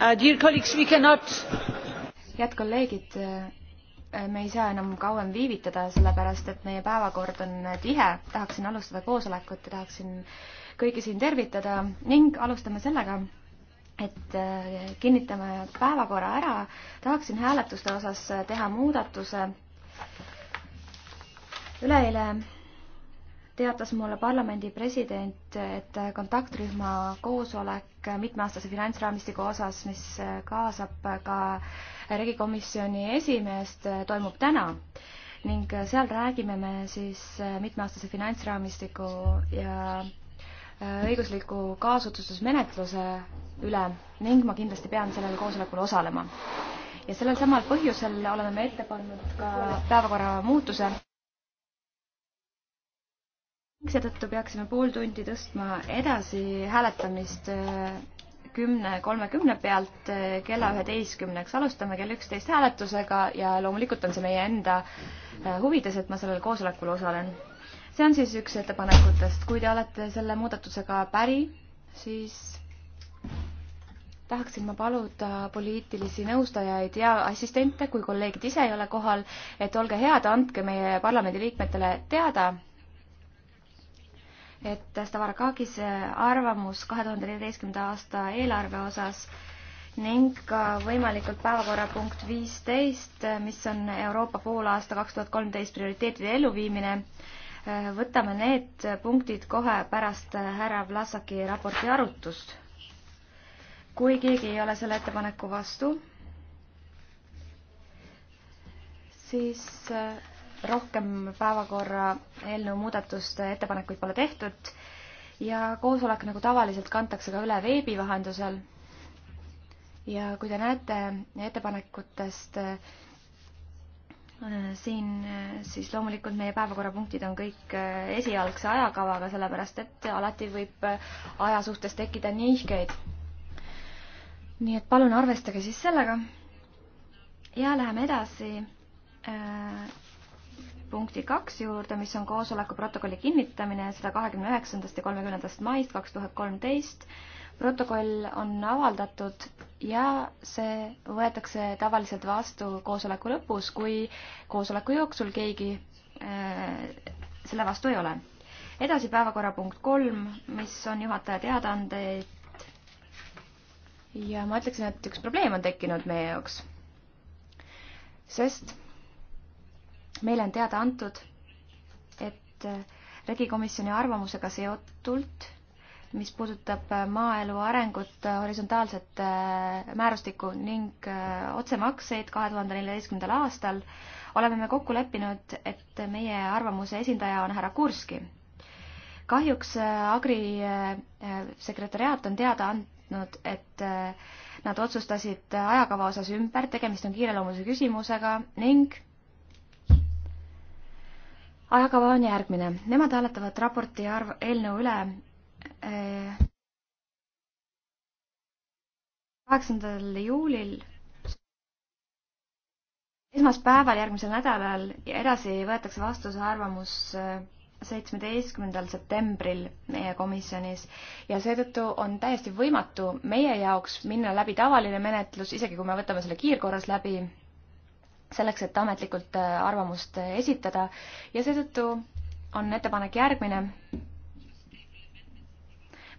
Uh, head kolleegid, äh, me ei saa enam kauem viivitada, sellepärast et meie päevakord on tihe. tahaksin alustada koosolekut ja tahaksin kõiki siin tervitada ning alustame sellega, et äh, kinnitame päevakorra ära. tahaksin hääletuste osas teha muudatuse. üleeile teatas mulle parlamendi president, et kontaktrühma koosolek mitmeaastase finantsraamistiku osas, mis kaasab ka regikomisjoni esimeest, toimub täna ning seal räägime me siis mitmeaastase finantsraamistiku ja õigusliku kaasotsustusmenetluse üle ning ma kindlasti pean sellel koosolekul osalema. ja sellel samal põhjusel oleme me ette pannud ka päevakorra muutuse seetõttu peaksime pool tundi tõstma edasi hääletamist äh, kümne kolmekümne pealt äh, kella üheteistkümneks. alustame kell üksteist hääletusega ja loomulikult on see meie enda äh, huvides, et ma sellel koosolekul osalen. see on siis üks ettepanekutest. kui te olete selle muudatusega päri, siis tahaksin ma paluda poliitilisi nõustajaid ja assistente, kui kolleegid ise ei ole kohal, et olge head, andke meie parlamendiliikmetele teada et Stavrakakis arvamus kahe tuhande neljateistkümnenda aasta eelarve osas ning ka võimalikult päevakorrapunkt viisteist, mis on Euroopa poolaasta kaks tuhat kolmteist prioriteetide elluviimine. võtame need punktid kohe pärast härra Vlasaki raporti arutust. kui keegi ei ole selle ettepaneku vastu, siis rohkem päevakorra eelnõu muudatuste ettepanekuid pole tehtud ja koosolek nagu tavaliselt kantakse ka üle veebi vahendusel. ja kui te näete ettepanekutest äh, siin, äh, siis loomulikult meie päevakorrapunktid on kõik äh, esialgse ajakavaga, sellepärast et alati võib aja suhtes tekkida nihkeid. nii et palun arvestage siis sellega. ja läheme edasi punkti kaks juurde, mis on koosoleku protokolli kinnitamine, seda kahekümne üheksandast ja kolmekümnendast maist kaks tuhat kolmteist. protokoll on avaldatud ja see võetakse tavaliselt vastu koosoleku lõpus, kui koosoleku jooksul keegi äh, selle vastu ei ole. edasi päevakorrapunkt kolm, mis on juhataja teadaandeid. ja ma ütleksin, et üks probleem on tekkinud meie jaoks, sest meile on teada antud, et äh, regikomisjoni arvamusega seotult, mis puudutab äh, maaelu arengut, äh, horisontaalset määrustikku ning otsemakseid kahe tuhande neljateistkümnendal aastal, oleme me kokku leppinud, et meie arvamuse esindaja on härra Kurski. kahjuks Agri sekretäriaat on teada andnud, et nad otsustasid ajakava osas ümber, tegemist on kiireloomulise küsimusega ning ajakava on järgmine. Nemad hääletavad raporti arv, eelnõu üle eh, kaheksandal juulil esmaspäeval järgmisel nädalal ja edasi võetakse vastuse arvamus eh, seitsmeteistkümnendal septembril meie komisjonis ja seetõttu on täiesti võimatu meie jaoks minna läbi tavaline menetlus, isegi kui me võtame selle kiirkorras läbi selleks, et ametlikult äh, arvamust äh, esitada ja seetõttu on ettepanek järgmine.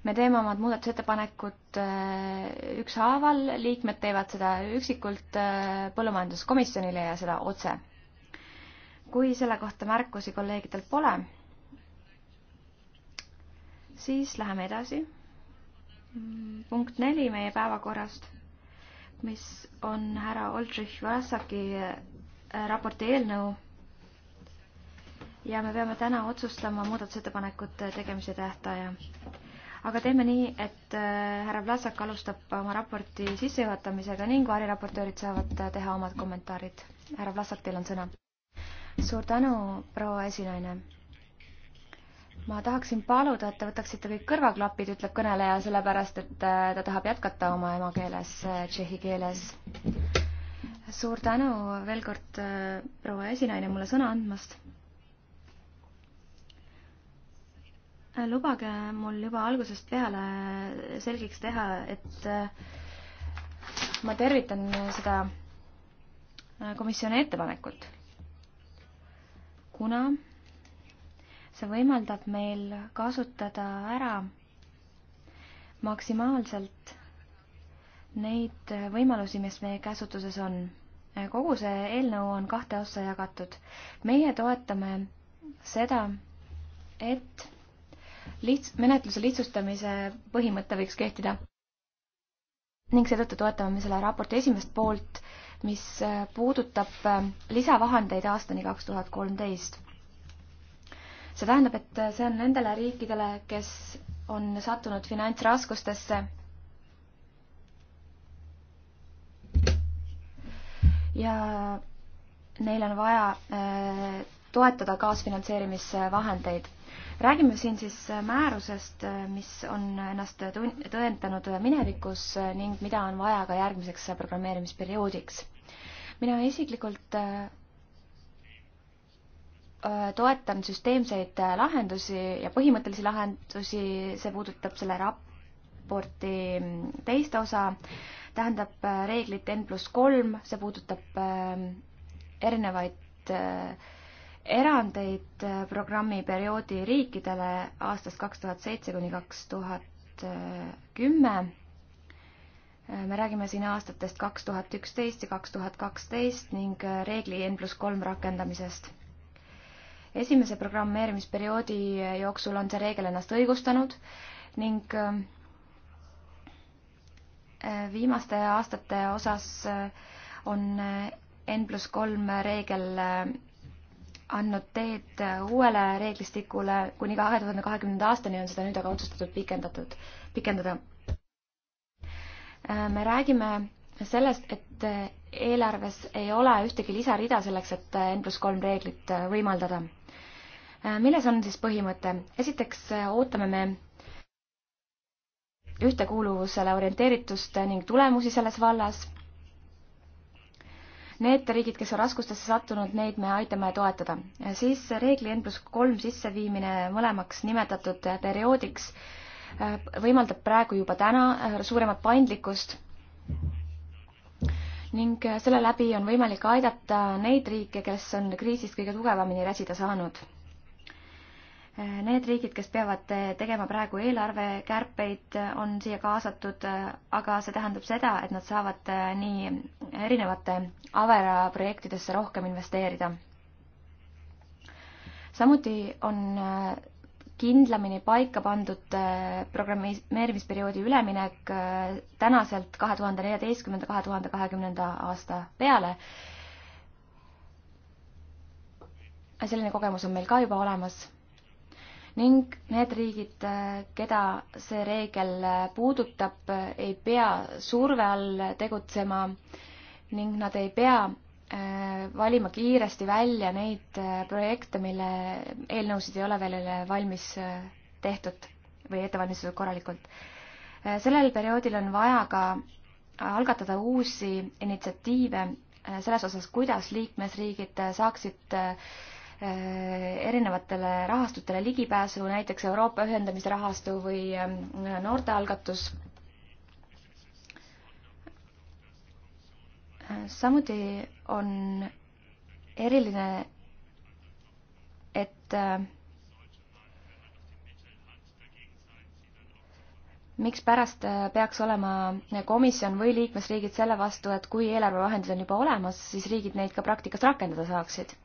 me teeme omad muudatusettepanekud äh, ükshaaval, liikmed teevad seda üksikult põllumajanduskomisjonile ja seda otse. kui selle kohta märkusi kolleegidel pole, siis läheme edasi. Mm, punkt neli meie päevakorrast mis on härra Oldrich Vasaki Äh, raporti eelnõu ja me peame täna otsustama muudatusettepanekute tegemise tähtaja. aga teeme nii, et äh, härra Vlasak alustab oma raporti sissejuhatamisega ning variraportöörid saavad äh, teha omad kommentaarid. härra Vlasak, teil on sõna. suur tänu, proua esinaine. ma tahaksin paluda, et te võtaksite kõik kõrvaklapid, ütleb kõneleja, sellepärast et ta tahab jätkata oma emakeeles, tšehhi keeles suur tänu veel kord äh, proua esinaine mulle sõna andmast. Äh, lubage mul juba algusest peale selgeks teha, et äh, ma tervitan seda komisjoni ettepanekut, kuna see võimaldab meil kasutada ära maksimaalselt neid võimalusi, mis meie käsutuses on kogu see eelnõu on kahte ossa jagatud. meie toetame seda, et lihts-, menetluse lihtsustamise põhimõte võiks kehtida. ning seetõttu toetame me selle raporti esimest poolt, mis puudutab äh, lisavahendeid aastani kaks tuhat kolmteist. see tähendab, et see on nendele riikidele, kes on sattunud finantsraskustesse ja neil on vaja äh, toetada kaasfinantseerimisvahendeid. räägime siin siis äh, määrusest, äh, mis on ennast tõendanud minevikus ning mida on vaja ka järgmiseks programmeerimisperioodiks. mina isiklikult toetan süsteemseid lahendusi ja põhimõttelisi lahendusi, see puudutab selle raporti mm, teist osa tähendab äh, reeglit N pluss kolm, see puudutab äh, erinevaid äh, erandeid programmiperioodi riikidele aastast kaks tuhat seitse kuni kaks tuhat kümme. me räägime siin aastatest kaks tuhat üksteist ja kaks tuhat kaksteist ning reegli N pluss kolm rakendamisest esimese programmeerimisperioodi jooksul on see reegel ennast õigustanud ning viimaste aastate osas äh, on äh, N pluss kolm reegel äh, andnud teed uuele reeglistikule, kuni kahe tuhande kahekümnenda aastani on seda nüüd aga otsustatud pikendatud, pikendada. me räägime sellest, et eelarves ei ole ühtegi lisarida selleks, et N pluss kolm reeglit võimaldada. milles on siis põhimõte? esiteks ootame me ühtekuuluvusele orienteeritust ning tulemusi selles vallas. Need riigid, kes on raskustesse sattunud, neid me aitame toetada. siis reegli N pluss kolm sisseviimine mõlemaks nimetatud perioodiks äh, võimaldab praegu juba täna äh, suuremat paindlikkust ning äh, selle läbi on võimalik aidata neid riike, kes on kriisist kõige tugevamini räsida saanud Need riigid, kes peavad eh, tegema praegu eelarvekärpeid, eh, on siia kaasatud, eh, aga see tähendab seda, et nad saavad nii erinevate Avera projektidesse rohkem investeerida. samuti on kindlamini paika pandud programmeerimisperioodi üleminek tänaselt kahe tuhande neljateistkümnenda, kahe tuhande kahekümnenda aasta peale. selline kogemus on meil ka juba olemas ning need riigid, keda see reegel puudutab, ei pea surve all tegutsema ning nad ei pea äh, valima kiiresti välja neid äh, projekte, mille eelnõusid ei ole veel valmis äh, tehtud või ette valmistatud korralikult. sellel perioodil on vaja ka algatada uusi initsiatiive selles osas, kuidas liikmesriigid saaksid Äh, erinevatele rahastutele ligipääsu, näiteks Euroopa ühendamise rahastu või ähm, noortealgatus. samuti on eriline, et äh, mikspärast äh, peaks olema komisjon või liikmesriigid selle vastu, et kui eelarvevahendid on juba olemas, siis riigid neid ka praktikas rakendada saaksid?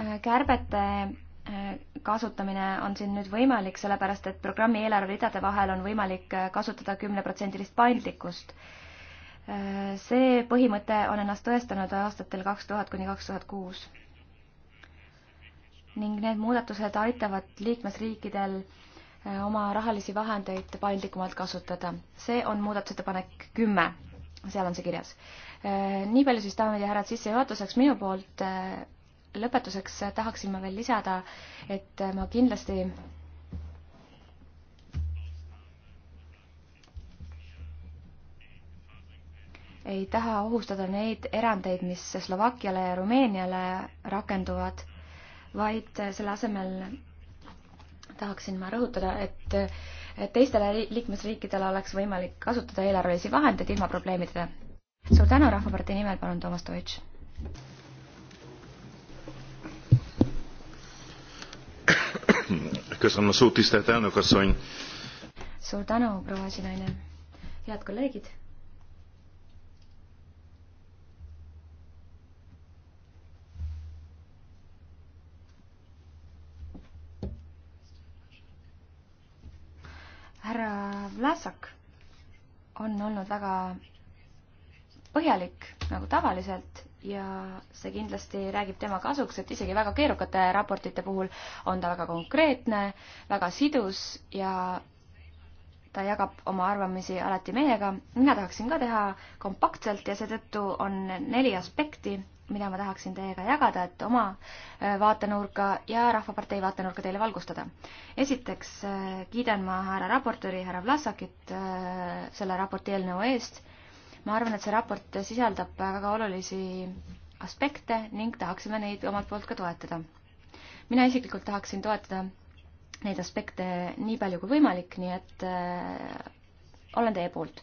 Äh, kärbete äh, kasutamine on siin nüüd võimalik, sellepärast et programmi eelarveridade vahel on võimalik äh, kasutada kümneprotsendilist paindlikkust. see põhimõte on ennast tõestanud aastatel kaks tuhat kuni kaks tuhat kuus. ning need muudatused aitavad liikmesriikidel oma rahalisi vahendeid paindlikumalt kasutada. see on muudatusettepanek kümme, seal on see kirjas. nii palju siis, daamid ja härrad, sissejuhatuseks minu poolt lõpetuseks tahaksin ma veel lisada, et ma kindlasti ei taha ohustada neid erandeid, mis Slovakkiale ja Rumeeniale rakenduvad, vaid selle asemel tahaksin ma rõhutada, et teistele liikmesriikidel oleks võimalik kasutada eelarvelisi vahendeid ilma probleemideta. suur tänu, Rahvapartei nimel palun Toomas Deutsch. köszönöm a szót, tisztelt elnök asszony. suur tänu, proua esinaine. head kolleegid. härra Vlasak on olnud väga põhjalik nagu tavaliselt ja see kindlasti räägib tema kasuks, et isegi väga keerukate raportite puhul on ta väga konkreetne, väga sidus ja ta jagab oma arvamisi alati meiega. mina tahaksin ka teha kompaktselt ja seetõttu on neli aspekti, mida ma tahaksin teiega jagada, et oma äh, vaatenurka ja Rahvapartei vaatenurka teile valgustada. esiteks äh, kiidan ma härra raportööri, härra Vlasakit äh, selle raporti eelnõu eest ma arvan, et see raport sisaldab väga olulisi aspekte ning tahaksime neid omalt poolt ka toetada. mina isiklikult tahaksin toetada neid aspekte nii palju kui võimalik, nii et äh, olen teie poolt.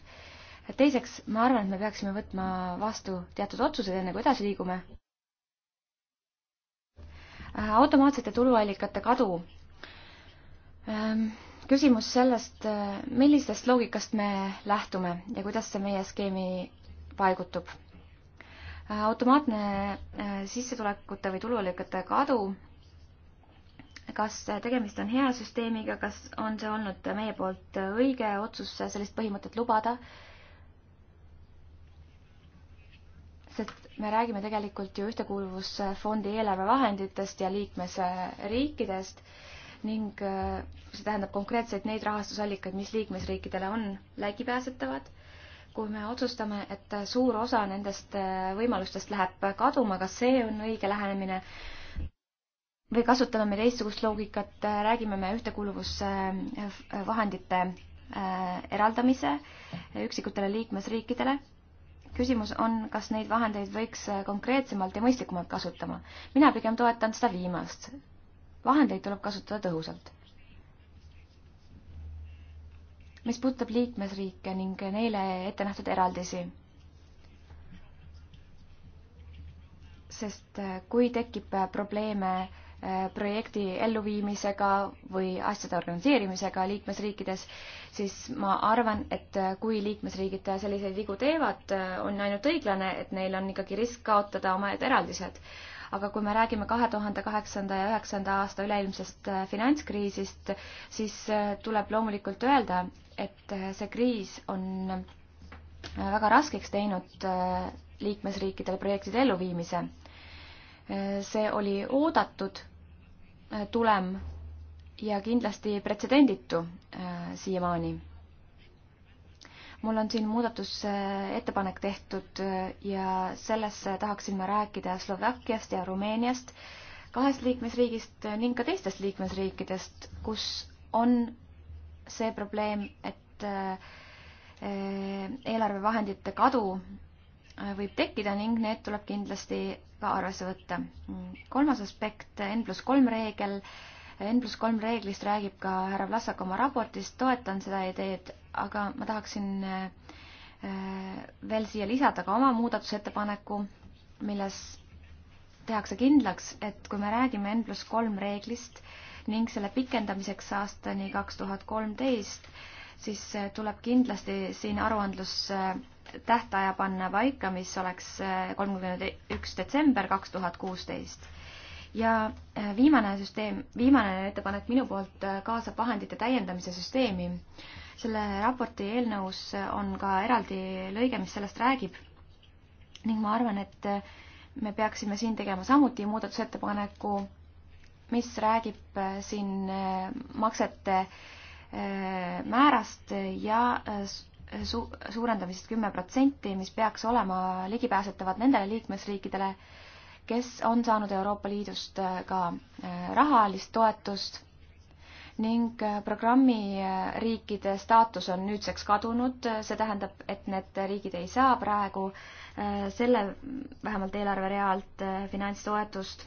teiseks, ma arvan, et me peaksime võtma vastu teatud otsused, enne kui edasi liigume. Äh, automaatsete tuluallikate kadu ähm, küsimus sellest, millisest loogikast me lähtume ja kuidas see meie skeemi paigutub. automaatne äh, sissetulekute või tuluallikate kadu, kas tegemist on hea süsteemiga, kas on see olnud meie poolt õige otsus sellist põhimõtet lubada? sest me räägime tegelikult ju ühtekuuluvusfondi eelarvevahenditest ja liikmesriikidest ning äh, see tähendab konkreetselt neid rahastusallikaid, mis liikmesriikidele on läbipääsetavad. kui me otsustame, et suur osa nendest äh, võimalustest läheb kaduma, kas see on õige lähenemine või kasutame me teistsugust loogikat, äh, räägime me ühtekuuluvusvahendite eraldamise üksikutele liikmesriikidele küsimus on, kas neid vahendeid võiks konkreetsemalt ja mõistlikumalt kasutama. mina pigem toetan seda viimast, vahendeid tuleb kasutada tõhusalt. mis puudutab liikmesriike ning neile ette nähtud eraldisi, sest äh, kui tekib äh, probleeme äh, projekti elluviimisega või asjade organiseerimisega liikmesriikides, siis ma arvan, et kui liikmesriigid selliseid vigu teevad, on ainult õiglane, et neil on ikkagi risk kaotada oma eraldised aga kui me räägime kahe tuhande kaheksanda ja üheksanda aasta üleilmsest äh, finantskriisist, siis äh, tuleb loomulikult öelda, et äh, see kriis on väga raskeks teinud liikmesriikidele projektide elluviimise. see oli oodatud tulem ja kindlasti pretsedenditu siiamaani mul on siin muudatusettepanek tehtud äh, ja selles tahaksin ma rääkida Slovakkiast ja Rumeeniast, kahest liikmesriigist äh, ning ka teistest liikmesriikidest, kus on see probleem, et äh, eelarvevahendite kadu võib tekkida ning need tuleb kindlasti ka arvesse võtta. kolmas aspekt, N pluss kolm reegel. N pluss kolm reeglist räägib ka härra Vlasak oma raportis, toetan seda ideed, aga ma tahaksin äh, veel siia lisada ka oma muudatusettepaneku, milles tehakse kindlaks, et kui me räägime N pluss kolm reeglist ning selle pikendamiseks aastani kaks tuhat kolmteist, siis äh, tuleb kindlasti siin aruandlus äh, tähtaja panna paika, mis oleks kolmkümmend üks detsember kaks tuhat kuusteist. ja viimane süsteem, viimane ettepanek minu poolt kaasab vahendite täiendamise süsteemi selle raporti eelnõus on ka eraldi lõige, mis sellest räägib. ning ma arvan, et me peaksime siin tegema samuti muudatusettepaneku, mis räägib äh, siin äh, maksete äh, määrast ja su suurendamisest kümme protsenti, mis peaks olema ligipääsetavad nendele liikmesriikidele, kes on saanud Euroopa Liidust ka rahalist toetust ning äh, programmi äh, riikide staatus on nüüdseks kadunud, see tähendab, et need riigid ei saa praegu äh, selle vähemalt eelarverealt finantstoetust.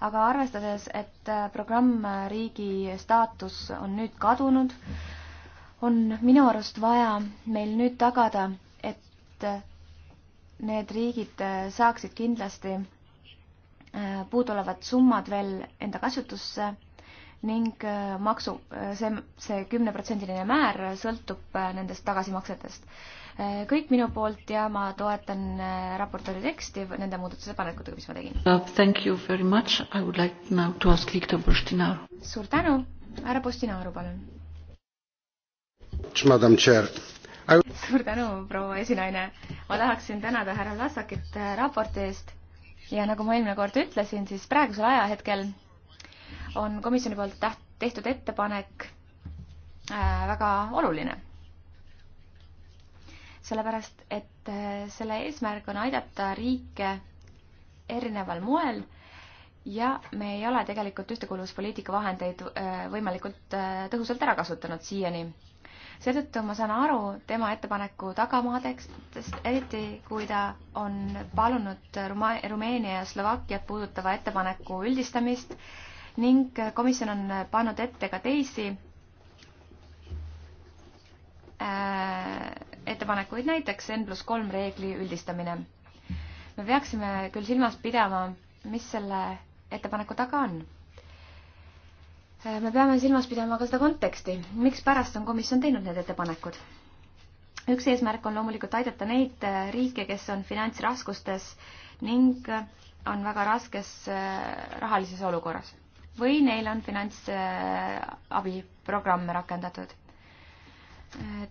aga arvestades, et programm riigi staatus on nüüd kadunud, on minu arust vaja meil nüüd tagada, et need riigid saaksid kindlasti puuduolevad summad veel enda kasutusse ning äh, maksu see, äh, see, see kümneprotsendiline määr sõltub äh, nendest tagasimaksetest. kõik minu poolt ja ma toetan raportööri teksti nende muudatusepanekutega, mis ma tegin uh,. Thank you very much, I would like now to ask Viktor Postinaru. suur tänu, härra Postinaru, palun. Madam Chair I.... suur tänu, proua esinaine. ma tahaksin tänada härra Lassakit raporti eest ja nagu ma eelmine kord ütlesin, siis praegusel ajahetkel on komisjoni poolt täht-, tehtud ettepanek äh, väga oluline. sellepärast, et äh, selle eesmärk on aidata riike erineval moel ja me ei ole tegelikult ühtekuuluvuspoliitika vahendeid äh, võimalikult tõhusalt ära kasutanud siiani. seetõttu ma saan aru tema ettepaneku tagamaadest, eriti kui ta on palunud Rumeenia ja Slovakkiat puudutava ettepaneku üldistamist äh, ning komisjon on pannud ette ka teisi äh, ettepanekuid, näiteks N pluss kolm reegli üldistamine. me peaksime küll silmas pidama, mis selle ettepaneku taga on. Äh, me peame silmas pidama ka seda konteksti, mikspärast on komisjon teinud need ettepanekud. üks eesmärk on loomulikult aidata neid äh, riike, kes on finantsraskustes ning on väga raskes rahalises olukorras või neil on finantsabiprogramm rakendatud.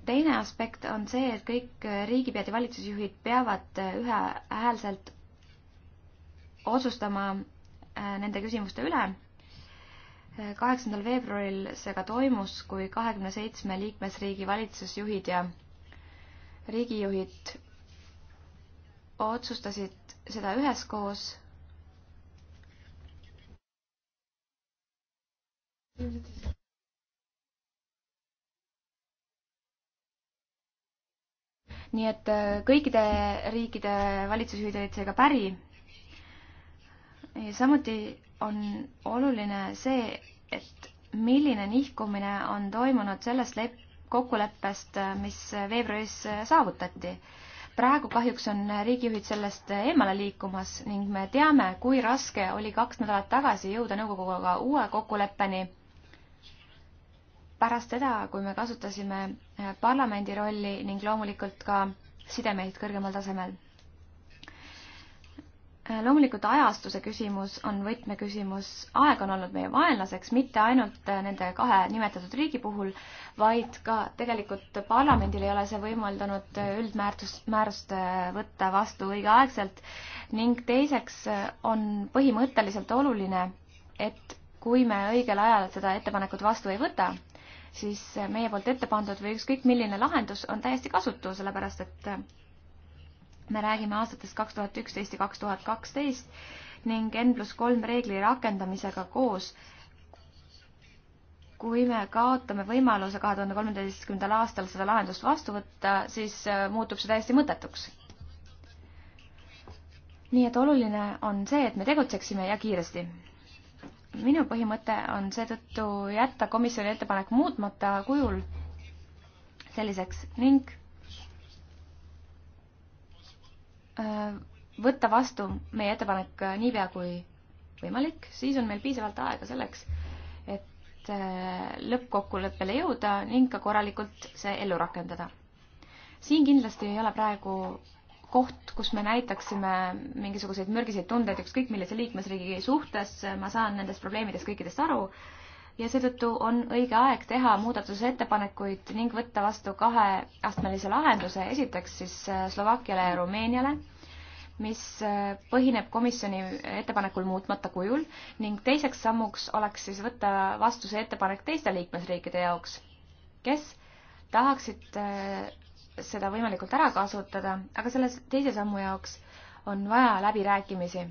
teine aspekt on see, et kõik riigipead ja valitsusjuhid peavad ühehäälselt otsustama äh, nende küsimuste üle. kaheksandal veebruaril see ka toimus, kui kahekümne seitsme liikmesriigi valitsusjuhid ja riigijuhid otsustasid seda üheskoos nii et äh, kõikide riikide valitsusjuhid olid seega päri. samuti on oluline see, et milline nihkumine on toimunud sellest lep-, kokkuleppest, äh, mis veebruaris äh, saavutati. praegu kahjuks on riigijuhid sellest eemale liikumas ning me teame, kui raske oli kaks nädalat tagasi jõuda nõukoguga uue kokkuleppeni pärast seda, kui me kasutasime äh, parlamendi rolli ning loomulikult ka sidemeid kõrgemal tasemel. Äh, loomulikult ajastuse küsimus on võtmeküsimus, aeg on olnud meie vaenlaseks mitte ainult äh, nende kahe nimetatud riigi puhul, vaid ka tegelikult parlamendil ei ole see võimaldanud üldmäärtust, määrust võtta vastu õigeaegselt ning teiseks on põhimõtteliselt oluline, et kui me õigel ajal seda ettepanekut vastu ei võta, siis meie poolt ette pandud või ükskõik milline lahendus on täiesti kasutu, sellepärast et me räägime aastatest kaks tuhat üksteist ja kaks tuhat kaksteist ning N pluss kolm reegli rakendamisega koos kui me kaotame võimaluse kahe tuhande kolmeteistkümnendal aastal seda lahendust vastu võtta, siis äh, muutub see täiesti mõttetuks. nii et oluline on see, et me tegutseksime ja kiiresti minu põhimõte on seetõttu jätta komisjoni ettepanek muutmata kujul selliseks ning äh, võtta vastu meie ettepanek niipea kui võimalik, siis on meil piisavalt aega selleks, et äh, lõppkokkuleppele jõuda ning ka korralikult see ellu rakendada. siin kindlasti ei ole praegu koht, kus me näitaksime mingisuguseid mürgiseid tundeid ükskõik millise liikmesriigi suhtes, ma saan nendest probleemidest kõikidest aru ja seetõttu on õige aeg teha muudatusettepanekuid ning võtta vastu kaheastmelise lahenduse, esiteks siis äh, Slovakkiale ja Rumeeniale, mis äh, põhineb komisjoni ettepanekul muutmata kujul ning teiseks sammuks oleks siis võtta vastu see ettepanek teiste liikmesriikide jaoks, kes tahaksid äh, seda võimalikult ära kasutada, aga selle teise sammu jaoks on vaja läbirääkimisi.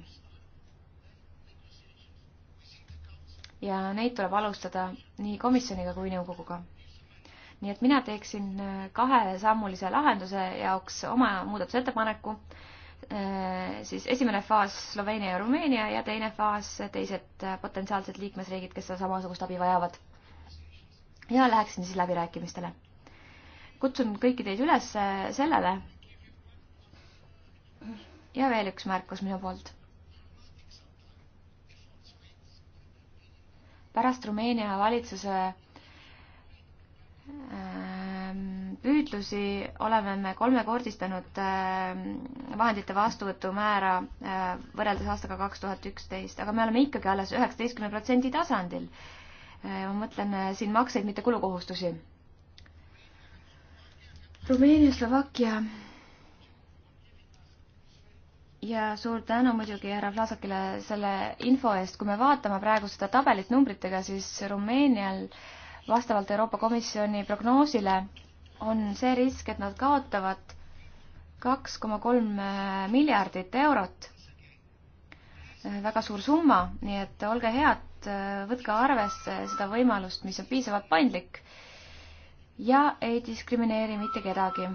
ja neid tuleb alustada nii komisjoniga kui nõukoguga. nii et mina teeksin kahesammulise lahenduse jaoks oma muudatusettepaneku, siis esimene faas Sloveenia ja Rumeenia ja teine faas teised potentsiaalsed liikmesriigid, kes seda samasugust abi vajavad. ja läheksin siis läbirääkimistele kutsun kõiki teid üles äh, sellele. ja veel üks märkus minu poolt. pärast Rumeenia valitsuse ähm, püüdlusi oleme me kolmekordistanud ähm, vahendite vastuvõtu määra äh, võrreldes aastaga kaks tuhat üksteist, aga me oleme ikkagi alles üheksateistkümne protsendi tasandil. Äh, ma mõtlen siin makseid, mitte kulukohustusi Rumeenia, Slovakkia ja suur tänu muidugi härra Vlasakile selle info eest, kui me vaatame praegu seda tabelit numbritega, siis Rumeenial vastavalt Euroopa Komisjoni prognoosile on see risk, et nad kaotavad kaks koma kolm miljardit eurot. väga suur summa, nii et olge head, võtke arvesse seda võimalust, mis on piisavalt paindlik ja ei diskrimineeri mitte kedagi.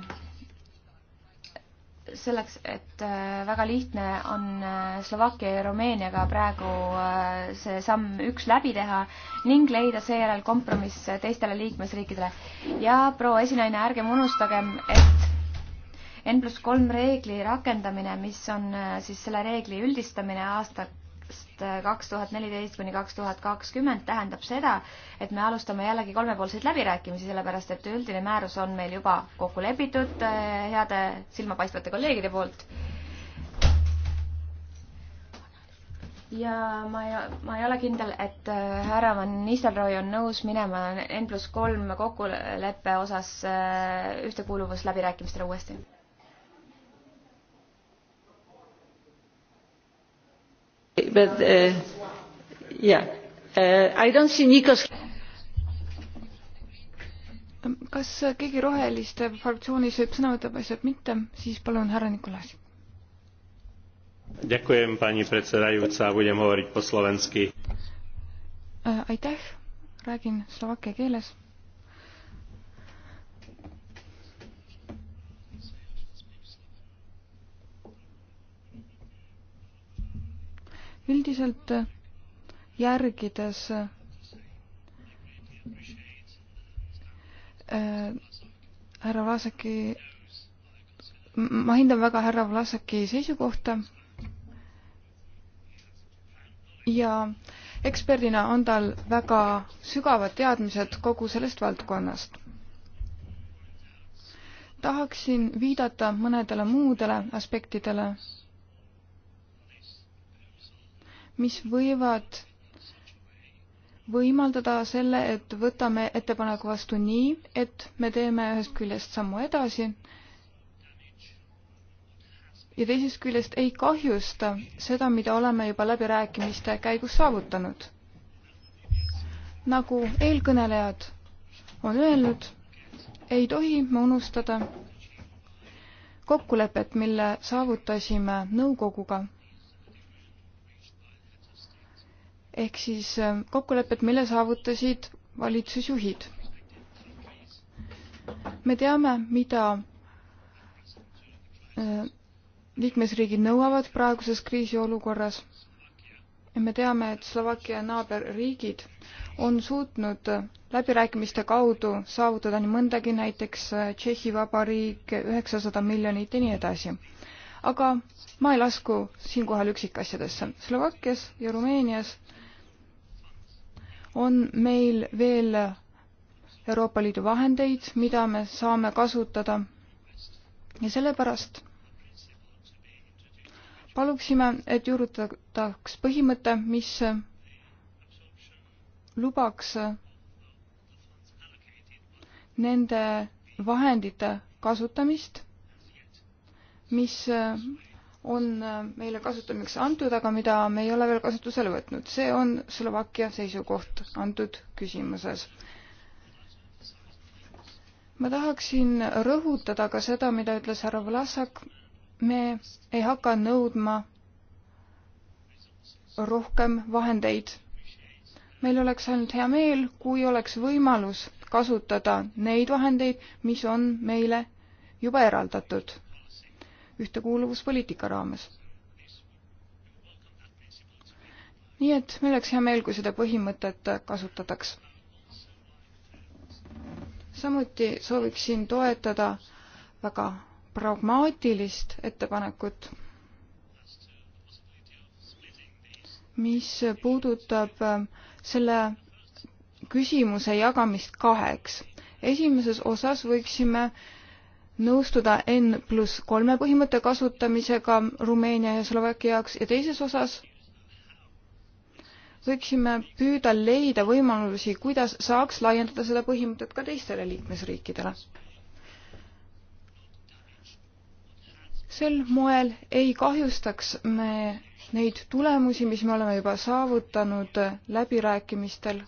selleks, et äh, väga lihtne on äh, Slovakkia ja Rumeeniaga praegu äh, see samm üks läbi teha ning leida seejärel kompromiss teistele liikmesriikidele. ja proua esinaine, ärgem unustagem, et N pluss kolm reegli rakendamine, mis on siis selle reegli üldistamine aastat Äh, kaks tuhat neliteist kuni kaks tuhat kakskümmend tähendab seda, et me alustame jällegi kolmepoolseid läbirääkimisi, sellepärast et üldine määrus on meil juba kokku lepitud äh, heade silmapaistvate kolleegide poolt. ja ma ei, ma ei ole kindel, et äh, härra Van Nistelrooy on nõus minema N pluss kolm kokkuleppe osas ühtekuuluvusläbirääkimistele uuesti But, uh, yeah. uh, Nikos... kas keegi roheliste fraktsioonis võib sõna võtta, paistab mitte, siis palun, härra Nikolai. Ďakujem, pani predsedajúca, budem hovoriť po slovensky. Äh, aitäh, räägin slovakkia keeles üldiselt järgides äh, härra Vlasaki, ma hindan väga härra Vlasaki seisukohta ja eksperdina on tal väga sügavad teadmised kogu sellest valdkonnast. tahaksin viidata mõnedele muudele aspektidele mis võivad võimaldada selle, et võtame ettepaneku vastu nii, et me teeme ühest küljest sammu edasi ja teisest küljest ei kahjusta seda, mida oleme juba läbirääkimiste käigus saavutanud. nagu eelkõnelejad on öelnud, ei tohi me unustada kokkulepet, mille saavutasime nõukoguga ehk siis ähm, kokkulepped, mille saavutasid valitsusjuhid. me teame, mida äh, liikmesriigid nõuavad praeguses kriisiolukorras. me teame, et Slovakkia naaberriigid on suutnud äh, läbirääkimiste kaudu saavutada nii mõndagi, näiteks äh, Tšehhi Vabariik üheksasada miljonit ja nii edasi aga ma ei lasku siinkohal üksikasjadesse. Slovakkias ja Rumeenias on meil veel Euroopa Liidu vahendeid, mida me saame kasutada. ja sellepärast paluksime, et juurutataks põhimõte, mis lubaks nende vahendite kasutamist, mis on äh, meile kasutamiseks antud, aga mida me ei ole veel kasutusele võtnud. see on Slovakkia seisukoht antud küsimuses. ma tahaksin rõhutada ka seda, mida ütles härra Vlasak. me ei hakka nõudma rohkem vahendeid. meil oleks ainult hea meel, kui oleks võimalus kasutada neid vahendeid, mis on meile juba eraldatud ühtekuuluvuspoliitika raames. nii et meil oleks hea meel, kui seda põhimõtet kasutataks. samuti sooviksin toetada väga pragmaatilist ettepanekut, mis puudutab ähm, selle küsimuse jagamist kaheks. esimeses osas võiksime äh, nõustuda N pluss kolme põhimõtte kasutamisega Rumeenia ja Slovakkia jaoks ja teises osas võiksime püüda leida võimalusi, kuidas saaks laiendada seda põhimõtet ka teistele liikmesriikidele. sel moel ei kahjustaks me neid tulemusi, mis me oleme juba saavutanud läbirääkimistel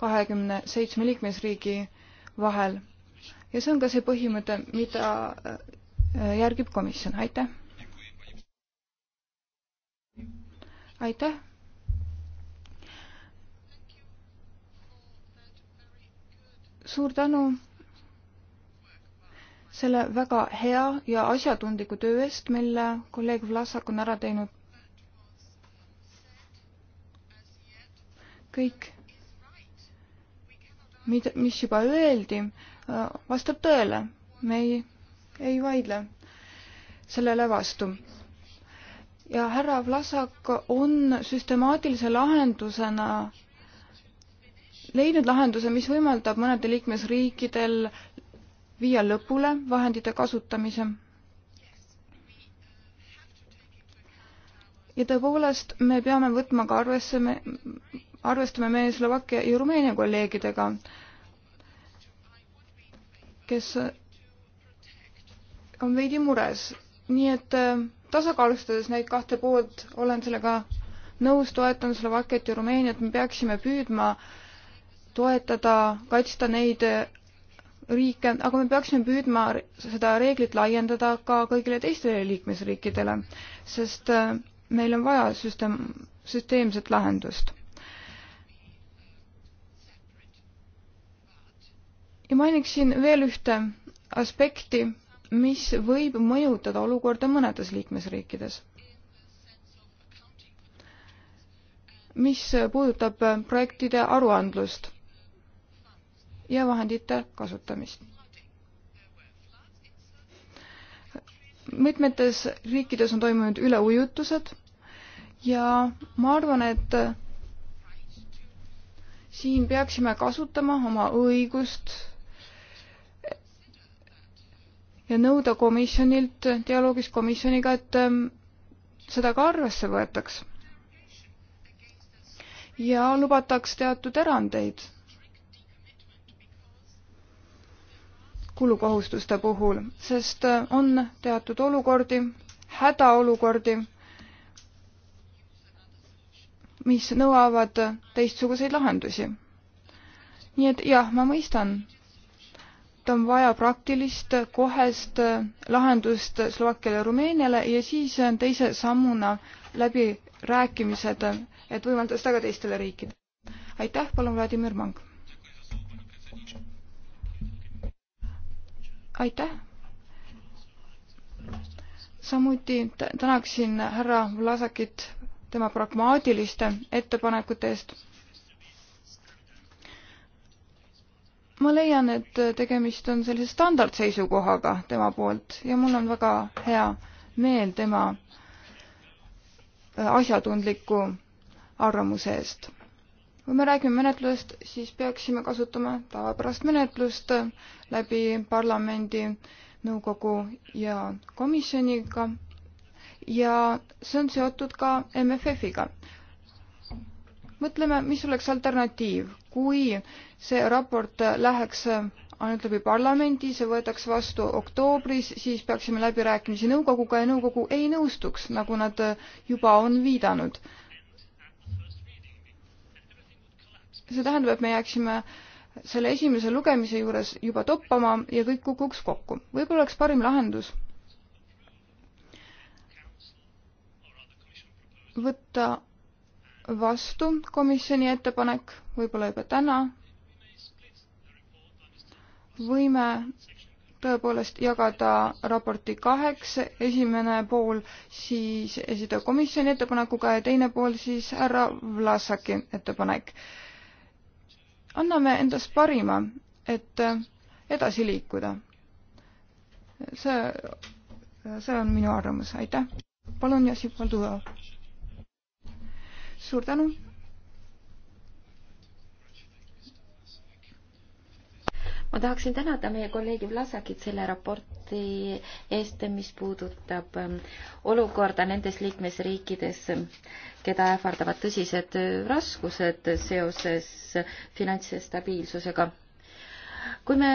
kahekümne seitsme liikmesriigi vahel ja see on ka see põhimõte, mida äh, järgib komisjon, aitäh. aitäh. suur tänu selle väga hea ja asjatundliku töö eest, mille kolleeg Vlasak on ära teinud. kõik, mida, mis juba öeldi, vastab tõele, me ei, ei vaidle sellele vastu. ja härra Vlasak on süstemaatilise lahendusena leidnud lahenduse, mis võimaldab mõnedel liikmesriikidel viia lõpule vahendite kasutamise. ja tõepoolest, me peame võtma ka arvesse, me arvestame meie Slovakkia ja Rumeenia kolleegidega, kes on veidi mures. nii et äh, tasakaalustades neid kahte poolt, olen sellega nõus, toetan Slovakkiat ja Rumeeniat, me peaksime püüdma toetada, kaitsta neid riike, aga me peaksime püüdma seda reeglit laiendada ka kõigile teistele liikmesriikidele, sest äh, meil on vaja süsteem, süsteemset lahendust ja mainiksin veel ühte aspekti, mis võib mõjutada olukorda mõnedes liikmesriikides. mis puudutab projektide aruandlust ja vahendite kasutamist. mitmetes riikides on toimunud üleujutused ja ma arvan, et siin peaksime kasutama oma õigust ja nõuda komisjonilt, dialoogis komisjoniga, et ähm, seda ka arvesse võetaks. ja lubataks teatud erandeid kulukohustuste puhul, sest äh, on teatud olukordi, hädaolukordi, mis nõuavad teistsuguseid lahendusi. nii et jah, ma mõistan on vaja praktilist kohest lahendust Slovakkiale ja Rumeeniale ja siis on teise sammuna läbirääkimised, et võimaldada seda ka teistele riikidele. aitäh, palun Vladimir Mang. aitäh. samuti tänaksin härra Vlasakit tema pragmaatiliste ettepanekute eest ma leian, et tegemist on sellise standardseisukohaga tema poolt ja mul on väga hea meel tema asjatundliku arvamuse eest. kui me räägime menetlusest, siis peaksime kasutama tavapärast menetlust läbi parlamendi, nõukogu ja komisjoniga ja see on seotud ka MFF-iga mõtleme, mis oleks alternatiiv, kui see raport läheks ainult läbi parlamendi, see võetakse vastu oktoobris, siis peaksime läbirääkimisi nõukoguga ja nõukogu ei nõustuks, nagu nad juba on viidanud. see tähendab, et me jääksime selle esimese lugemise juures juba toppama ja kõik kukuks kokku. võib-olla oleks parim lahendus võtta vastu komisjoni ettepanek, võib-olla juba täna. võime tõepoolest jagada raporti kaheks, esimene pool siis esitada komisjoni ettepanekuga ja teine pool siis härra Vlasaki ettepanek. anname endast parima, et edasi liikuda. see, see on minu arvamus, aitäh. palun, Jassif Valduja suur tänu. ma tahaksin tänada meie kolleegi Vlasakit selle raporti eest, mis puudutab ähm, olukorda nendes liikmesriikides, keda ähvardavad tõsised äh, raskused seoses finantsstabiilsusega. kui me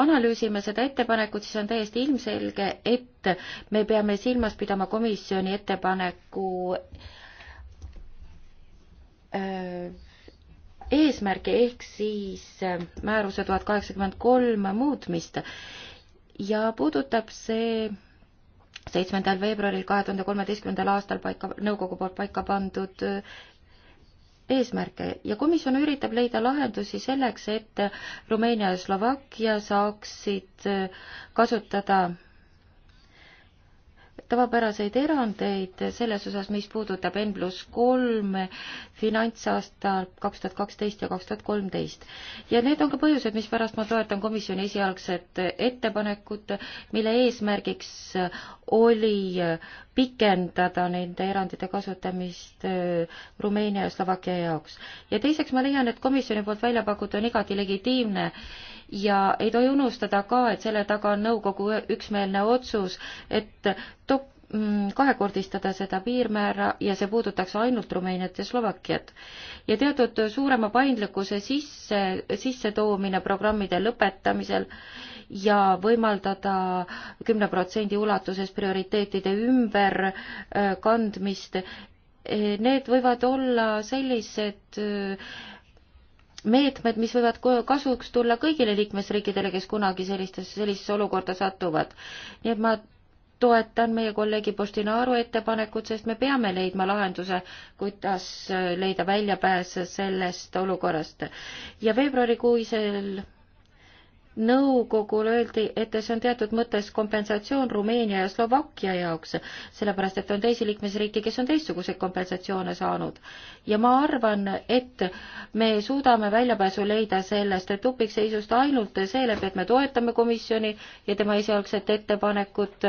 analüüsime seda ettepanekut, siis on täiesti ilmselge, et me peame silmas pidama komisjoni ettepaneku Äh, eesmärgi ehk siis äh, määruse tuhat kaheksakümmend kolm muutmist ja puudutab see seitsmendal veebruaril kahe tuhande kolmeteistkümnendal aastal paika, nõukogu poolt paika pandud äh, eesmärke ja komisjon üritab leida lahendusi selleks, et Rumeenia ja Slovakkia saaksid kasutada tavapäraseid erandeid selles osas, mis puudutab N pluss kolme finantsaasta kaks tuhat kaksteist ja kaks tuhat kolmteist. ja need on ka põhjused, mispärast ma toetan komisjoni esialgset ettepanekut, mille eesmärgiks oli pikendada nende erandite kasutamist äh, Rumeenia ja Slovakkia jaoks. ja teiseks ma leian, et komisjoni poolt välja pakutud on igati legitiimne ja ei tohi unustada ka, et selle taga on nõukogu üksmeelne otsus, et top-, mm, kahekordistada seda piirmäära ja see puudutaks ainult Rumeeniat ja Slovakkiat. ja teatud suurema paindlikkuse sisse, sissetoomine programmide lõpetamisel ja võimaldada kümne protsendi ulatuses prioriteetide ümberkandmist, äh, eh, need võivad olla sellised äh, meetmed, mis võivad kasuks tulla kõigile liikmesriikidele, kes kunagi sellistes, sellisesse olukorda satuvad. nii et ma toetan meie kolleegi Postinaru ettepanekut, sest me peame leidma lahenduse, kuidas leida väljapääs sellest olukorrast. ja veebruarikuisel nõukogule öeldi, et see on teatud mõttes kompensatsioon Rumeenia ja Slovakkia jaoks, sellepärast et on teisi liikmesriike, kes on teistsuguseid kompensatsioone saanud. ja ma arvan, et me suudame väljapääsu leida sellest tupikseisust ainult seeläbi, et me toetame komisjoni ja tema esialgset ettepanekut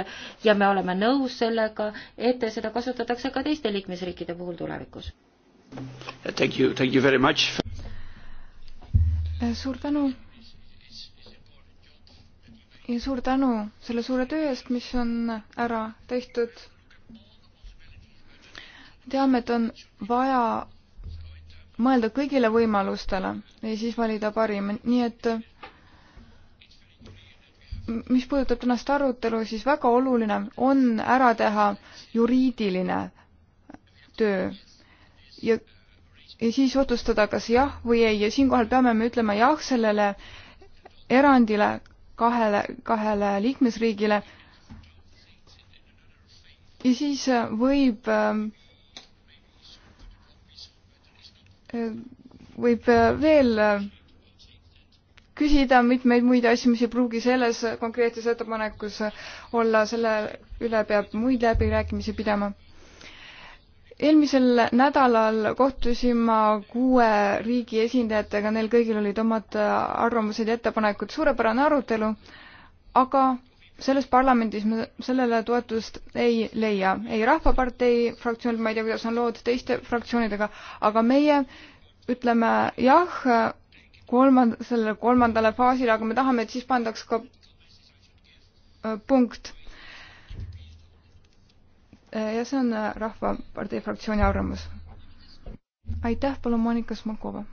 ja me oleme nõus sellega, et seda kasutatakse ka teiste liikmesriikide puhul tulevikus. Thank you, thank you very much. suur tänu ja suur tänu selle suure töö eest, mis on ära tehtud. teame, et on vaja mõelda kõigile võimalustele ja siis valida parim, nii et mis puudutab tänast arutelu, siis väga oluline on ära teha juriidiline töö ja, ja siis otsustada, kas jah või ei ja siinkohal peame me ütlema jah sellele erandile kahele, kahele liikmesriigile. ja siis äh, võib, ähm, äh, võib äh, veel küsida mitmeid muid asju, mis ei pruugi selles konkreetses ettepanekus olla, selle üle peab muid läbirääkimisi pidama eelmisel nädalal kohtusin ma kuue riigi esindajatega, neil kõigil olid omad äh, arvamused ja ettepanekud, suurepärane arutelu, aga selles parlamendis me sellele toetust ei leia, ei Rahvapartei fraktsioonilt, ma ei tea, kuidas on lood teiste fraktsioonidega, aga meie ütleme jah äh, kolmand-, sellele kolmandale faasile, aga me tahame, et siis pandaks ka äh, punkt ja see on äh, Rahvapartei fraktsiooni arvamus. aitäh, palun Monika Smolkova.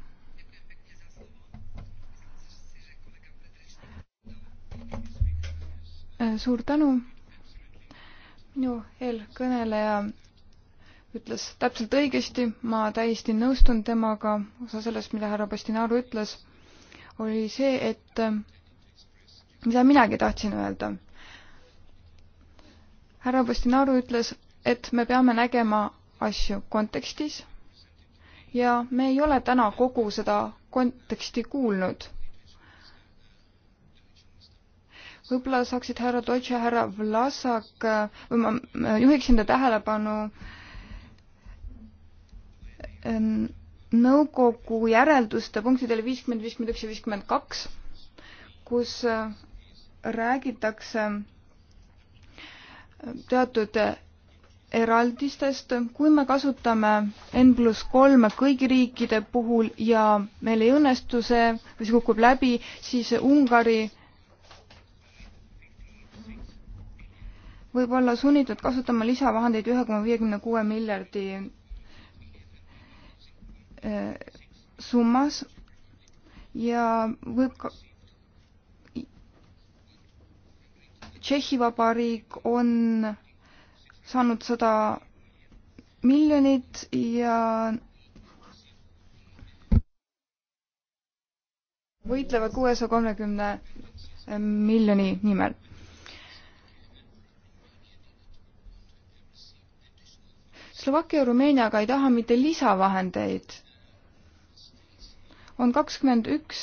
Äh, suur tänu. minu eelkõneleja ütles täpselt õigesti, ma täiesti nõustun temaga, osa sellest, mida härra Postinaru ütles, oli see, et äh, mida minagi tahtsin öelda. härra Postinaru ütles, et me peame nägema asju kontekstis ja me ei ole täna kogu seda konteksti kuulnud. võib-olla saaksid härra Deutsch ja härra Vlasak, või äh, ma juhiksin ta tähelepanu äh, nõukogu järelduste punktidele viiskümmend, viiskümmend üks ja viiskümmend kaks, kus äh, räägitakse teatud eraldistest, kui me kasutame N pluss kolme kõigi riikide puhul ja meil ei õnnestu see või see kukub läbi, siis Ungari võib olla sunnitud kasutama lisavahendeid ühe koma viiekümne kuue miljardi äh, summas ja võib ka Tšehhi Vabariik on saanud sada miljonit ja võitlevad kuuesaja kolmekümne miljoni nimel. Slovakkia ja Rumeeniaga ei taha mitte lisavahendeid. on kakskümmend üks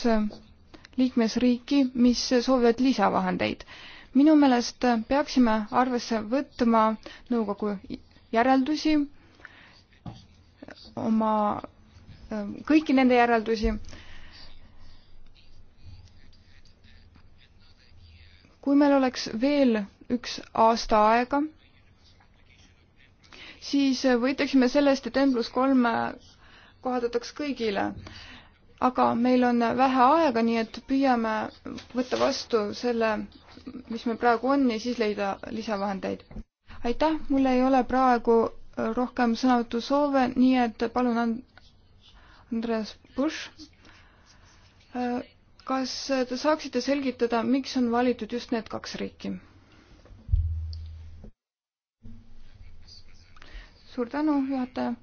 liikmesriiki, mis soovivad lisavahendeid minu meelest peaksime arvesse võtma nõukogu järeldusi, oma, ähm, kõiki nende järeldusi. kui meil oleks veel üks aasta aega, siis võitleksime sellest, et N pluss kolme kohaldataks kõigile äh, aga meil on vähe aega, nii et püüame võtta vastu selle, mis meil praegu on ja siis leida lisavahendeid. aitäh, mul ei ole praegu äh, rohkem sõnavõtusoove, nii et palun And-, Andreas Busch, äh, kas te saaksite selgitada, miks on valitud just need kaks riiki? suur tänu, juhataja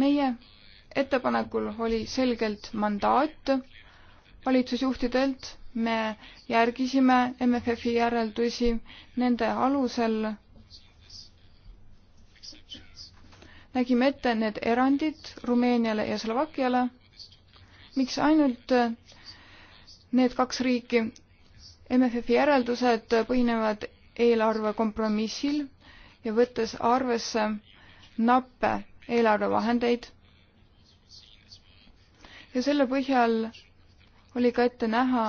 meie ettepanekul oli selgelt mandaat valitsusjuhtidelt, me järgisime MFF-i järeldusi, nende alusel nägime ette need erandid Rumeeniale ja Slovakkiale. miks ainult need kaks riiki? MFF-i järeldused põhinevad eelarve kompromissil ja võttes arvesse nappe eelarvevahendeid. ja selle põhjal oli ka ette näha,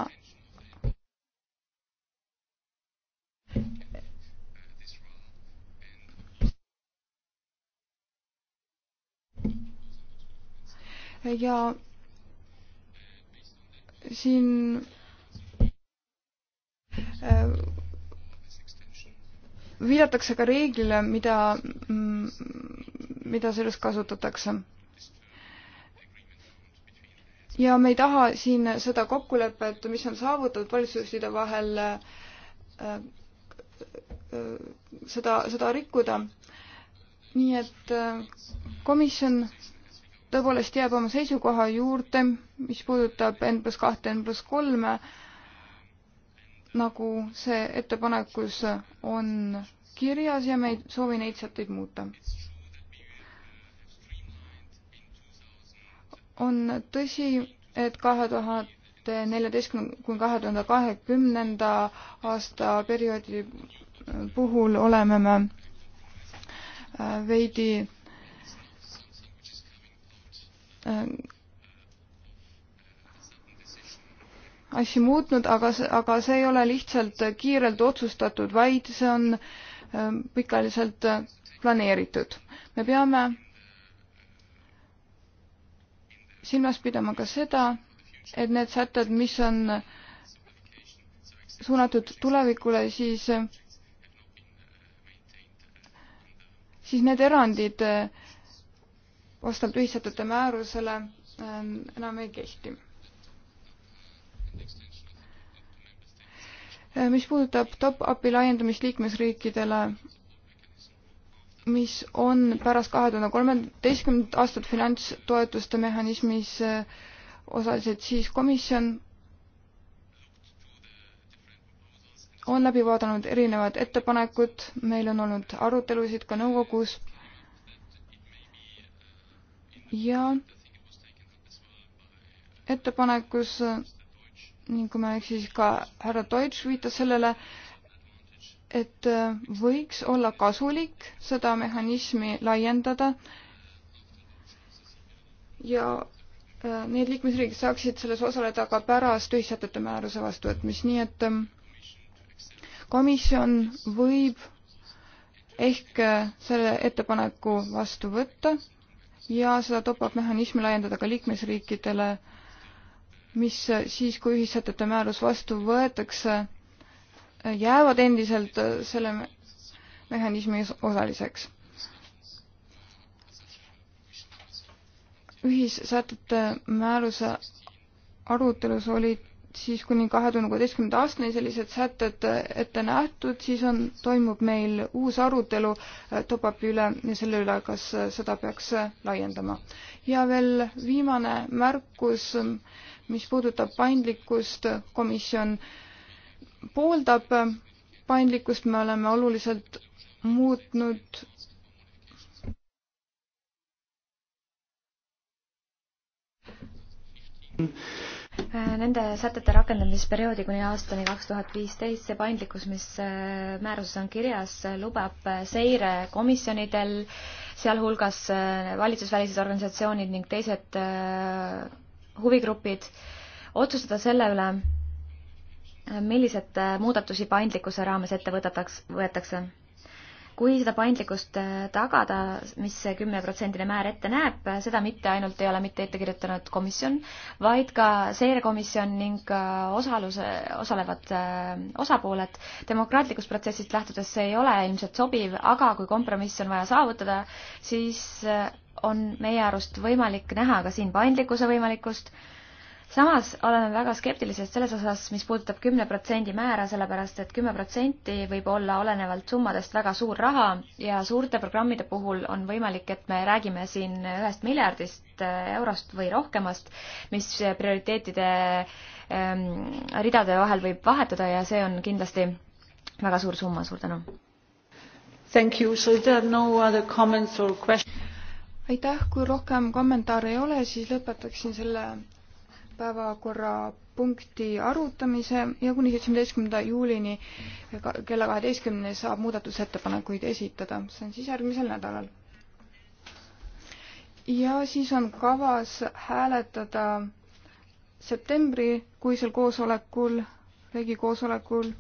ja siin äh, viidatakse ka reeglile, mida mm, mida selles kasutatakse. ja me ei taha siin seda kokkulepet, mis on saavutatud valitsusjuhtide vahel, äh, äh, seda, seda rikkuda. nii et äh, komisjon tõepoolest jääb oma seisukoha juurde, mis puudutab N pluss kahte, N pluss kolme, nagu see ettepanekus on kirjas ja me ei soovi neid sätteid muuta. on tõsi, et kahe tuhande neljateistkümne kuni kahe tuhande kahekümnenda aasta perioodi puhul oleme me äh, veidi äh, asju muutnud, aga, aga see ei ole lihtsalt kiirelt otsustatud, vaid see on äh, pikaliselt planeeritud. me peame silmas pidama ka seda, et need sätted, mis on suunatud tulevikule, siis, siis need erandid vastavalt ühissätete määrusele ähm, enam ei kehti. Äh, mis puudutab top-up'i laiendamist liikmesriikidele, mis on pärast kahe tuhande kolmeteistkümnendat aastat finantstoetuste mehhanismis eh, osaliselt siis komisjon on läbi vaadanud erinevad ettepanekud, meil on olnud arutelusid ka nõukogus ja ettepanekus, eh, nii kui ma ei eksi, siis ka härra Deutsch viitas sellele, et äh, võiks olla kasulik seda mehhanismi laiendada ja äh, need liikmesriigid saaksid selles osaleda ka pärast ühissätete määruse vastuvõtmist, nii et ähm, komisjon võib ehk äh, selle ettepaneku vastu võtta ja seda top-up mehhanismi laiendada ka liikmesriikidele, mis siis, kui ühissätete määrus vastu võetakse, jäävad endiselt äh, selle mehhanismi osaliseks. ühissätete määruse arutelus olid siis kuni kahe tuhande kuueteistkümnenda aastani sellised sätted ette nähtud, siis on, toimub meil uus arutelu äh, top-up'i üle ja selle üle, kas äh, seda peaks laiendama. ja veel viimane märkus, mis puudutab paindlikkust, komisjon äh, pooldab paindlikkust, me oleme oluliselt muutnud Nende sätete rakendamisperioodi kuni aastani kaks tuhat viisteist, see paindlikkus, mis äh, määruses on kirjas, lubab seirekomisjonidel, sealhulgas äh, valitsusvälised organisatsioonid ning teised äh, huvigrupid, otsustada selle üle, millised äh, muudatusi paindlikkuse raames ette võtataks, võetakse? kui seda paindlikkust äh, tagada, mis see kümneprotsendine määr ette näeb, äh, seda mitte ainult ei ole mitte ette kirjutanud komisjon, vaid ka seirekomisjon ning ka osaluse, osalevad osapooled. demokraatlikust protsessist lähtudes see ei ole ilmselt sobiv, aga kui kompromiss on vaja saavutada, siis on meie arust võimalik näha ka siin paindlikkuse võimalikkust samas oleme väga skeptilised selles osas, mis puudutab kümne protsendi määra, sellepärast et kümme protsenti võib olla olenevalt summadest väga suur raha ja suurte programmide puhul on võimalik, et me räägime siin ühest miljardist eurost või rohkemast, mis prioriteetide ähm, ridade vahel võib vahetuda ja see on kindlasti väga suur summa, suur tänu. aitäh, kui rohkem kommentaare ei ole, siis lõpetaksin selle päevakorrapunkti arutamise ja kuni seitsmeteistkümnenda juulini kella kaheteistkümneni saab muudatusettepanekuid esitada, see on siis järgmisel nädalal. ja siis on kavas hääletada septembrikuisel koosolekul, riigikoosolekul,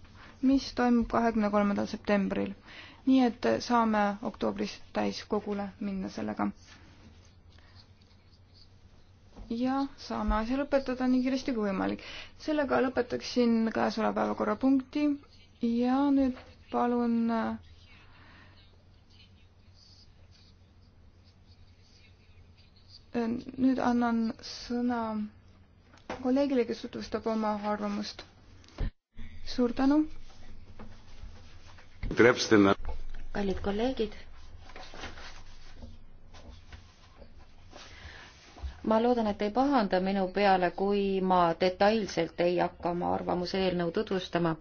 mis toimub kahekümne kolmandal septembril. nii et saame oktoobris täiskogule minna sellega ja saame asja lõpetada nii kiiresti kui võimalik. sellega lõpetaksin käesoleva päevakorrapunkti ja nüüd palun äh, nüüd annan sõna kolleegile, kes tutvustab oma arvamust. suur tänu. kallid kolleegid ma loodan, et ei pahanda minu peale, kui ma detailselt ei hakka oma arvamuse eelnõu tutvustama.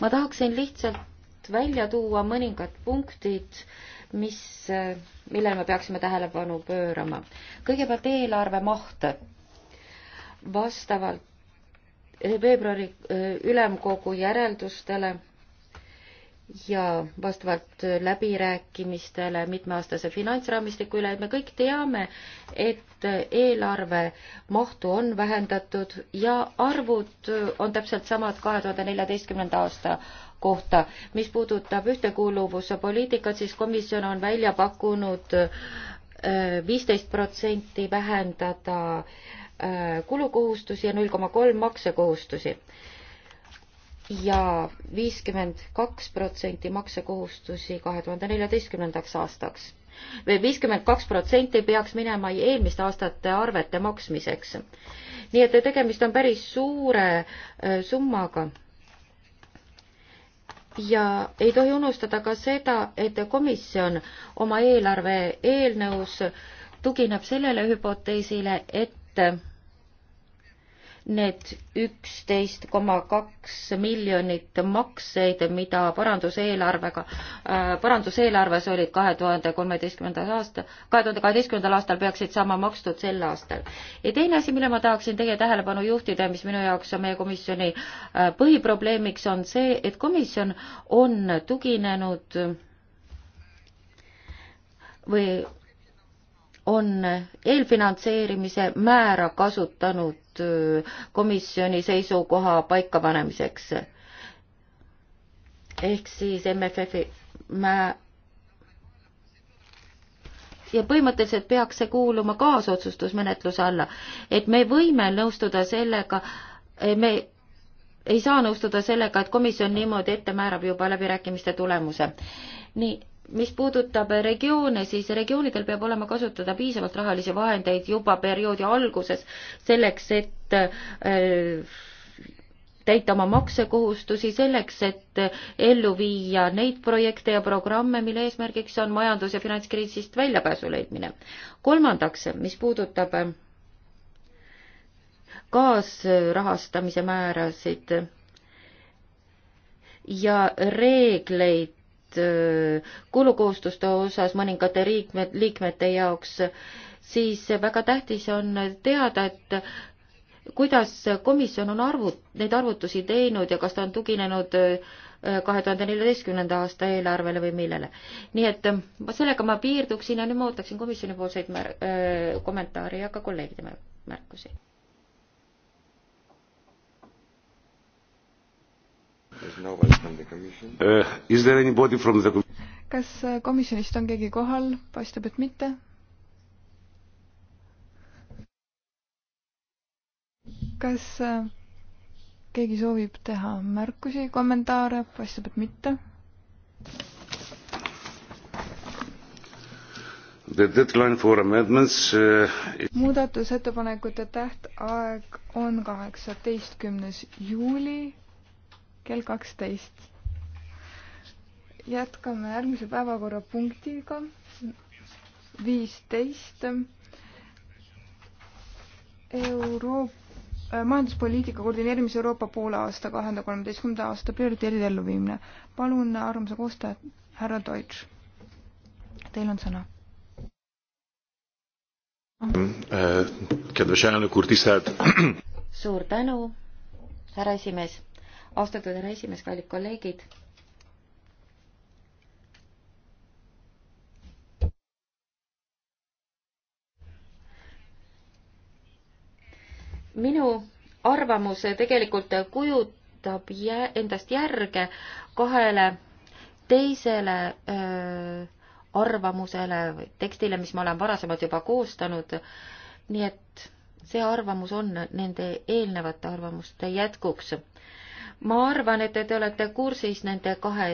ma tahaksin lihtsalt välja tuua mõningad punktid, mis, millele me peaksime tähelepanu pöörama. kõigepealt eelarve maht. vastavalt veebruari äh, ülemkogu järeldustele ja vastavalt äh, läbirääkimistele mitmeaastase finantsraamistiku üle, et me kõik teame, et et eelarve mahtu on vähendatud ja arvud on täpselt samad kahe tuhande neljateistkümnenda aasta kohta. mis puudutab ühtekuuluvuse poliitikat, siis komisjon on välja pakkunud äh, viisteist protsenti vähendada äh, kulukohustusi ja null koma kolm maksekohustusi ja viiskümmend kaks protsenti maksekohustusi kahe tuhande neljateistkümnendaks aastaks viiskümmend kaks protsenti peaks minema eelmiste aastate arvete maksmiseks. nii et tegemist on päris suure äh, summaga ja ei tohi unustada ka seda, et komisjon oma eelarve eelnõus tugineb sellele hüpoteesile, et need üksteist koma kaks miljonit makseid, mida paranduseelarvega, äh, paranduseelarves olid kahe tuhande kolmeteistkümnendal aasta, kahe tuhande kaheteistkümnendal aastal peaksid saama makstud sel aastal. ja teine asi, mille ma tahaksin teie tähelepanu juhtida ja mis minu jaoks on meie komisjoni äh, põhiprobleemiks, on see, et komisjon on tuginenud või on eelfinantseerimise määra kasutanud Äh, komisjoni seisukoha paikapanemiseks. ehk siis MFF-i mä- ja põhimõtteliselt peaks see kuuluma kaasotsustusmenetluse alla, et me võime nõustuda sellega, eh, me ei saa nõustuda sellega, et komisjon niimoodi ette määrab juba läbirääkimiste tulemuse. nii mis puudutab regioone, siis regioonidel peab olema kasutada piisavalt rahalisi vahendeid juba perioodi alguses selleks, et äh, täita oma maksekohustusi, selleks, et ellu viia neid projekte ja programme, mille eesmärgiks on majandus- ja finantskriisist väljapääsu leidmine. kolmandaks, mis puudutab äh, kaasrahastamise määrasid ja reegleid Äh, kulukohustuste osas mõningate liikmed, liikmete jaoks, siis väga tähtis on teada, et kuidas komisjon on arvut-, neid arvutusi teinud ja kas ta on tuginenud äh, kahe tuhande neljateistkümnenda aasta eelarvele või millele. nii et äh, ma sellega ma piirduksin ja nüüd ma ootaksin komisjonipoolseid mär-, kommentaare ja ka kolleegide märkusi Uh, kas äh, komisjonist on keegi kohal, paistab, et mitte. kas äh, keegi soovib teha märkusi, kommentaare, paistab, et mitte. Äh, muudatusettepanekute tähtaeg on kaheksateistkümnes juuli kell kaksteist. jätkame järgmise päevakorrapunktiga viisteist. Euroopa, äh, majanduspoliitika koordineerimise Euroopa poole aasta kahe tuhande kolmeteistkümnenda aasta prioriteedide elluviimine. palun arvamuse koostaja härra Deutsch. Teil on sõna. suur tänu, härra esimees austatud härra esimees, kallid kolleegid. minu arvamus tegelikult kujutab jä endast järge kahele teisele öö, arvamusele või tekstile, mis ma olen varasemalt juba koostanud. nii et see arvamus on nende eelnevate arvamuste jätkuks ma arvan, et te olete kursis nende kahe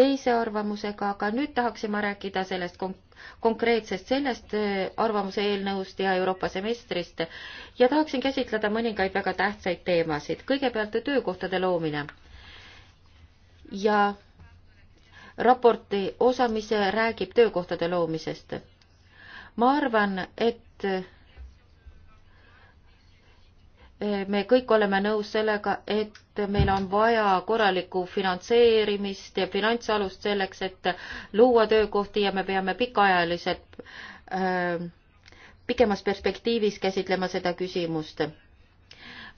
teise arvamusega, aga nüüd tahaksin ma rääkida sellest kon-, konkreetsest sellest äh, arvamuse eelnõust ja Euroopa semestrist ja tahaksin käsitleda mõningaid väga tähtsaid teemasid. kõigepealt töökohtade loomine ja raporti osa, mis räägib töökohtade loomisest. ma arvan, et me kõik oleme nõus sellega, et meil on vaja korralikku finantseerimist ja finantsalust selleks, et luua töökohti ja me peame pikaajaliselt, äh, pikemas perspektiivis käsitlema seda küsimust.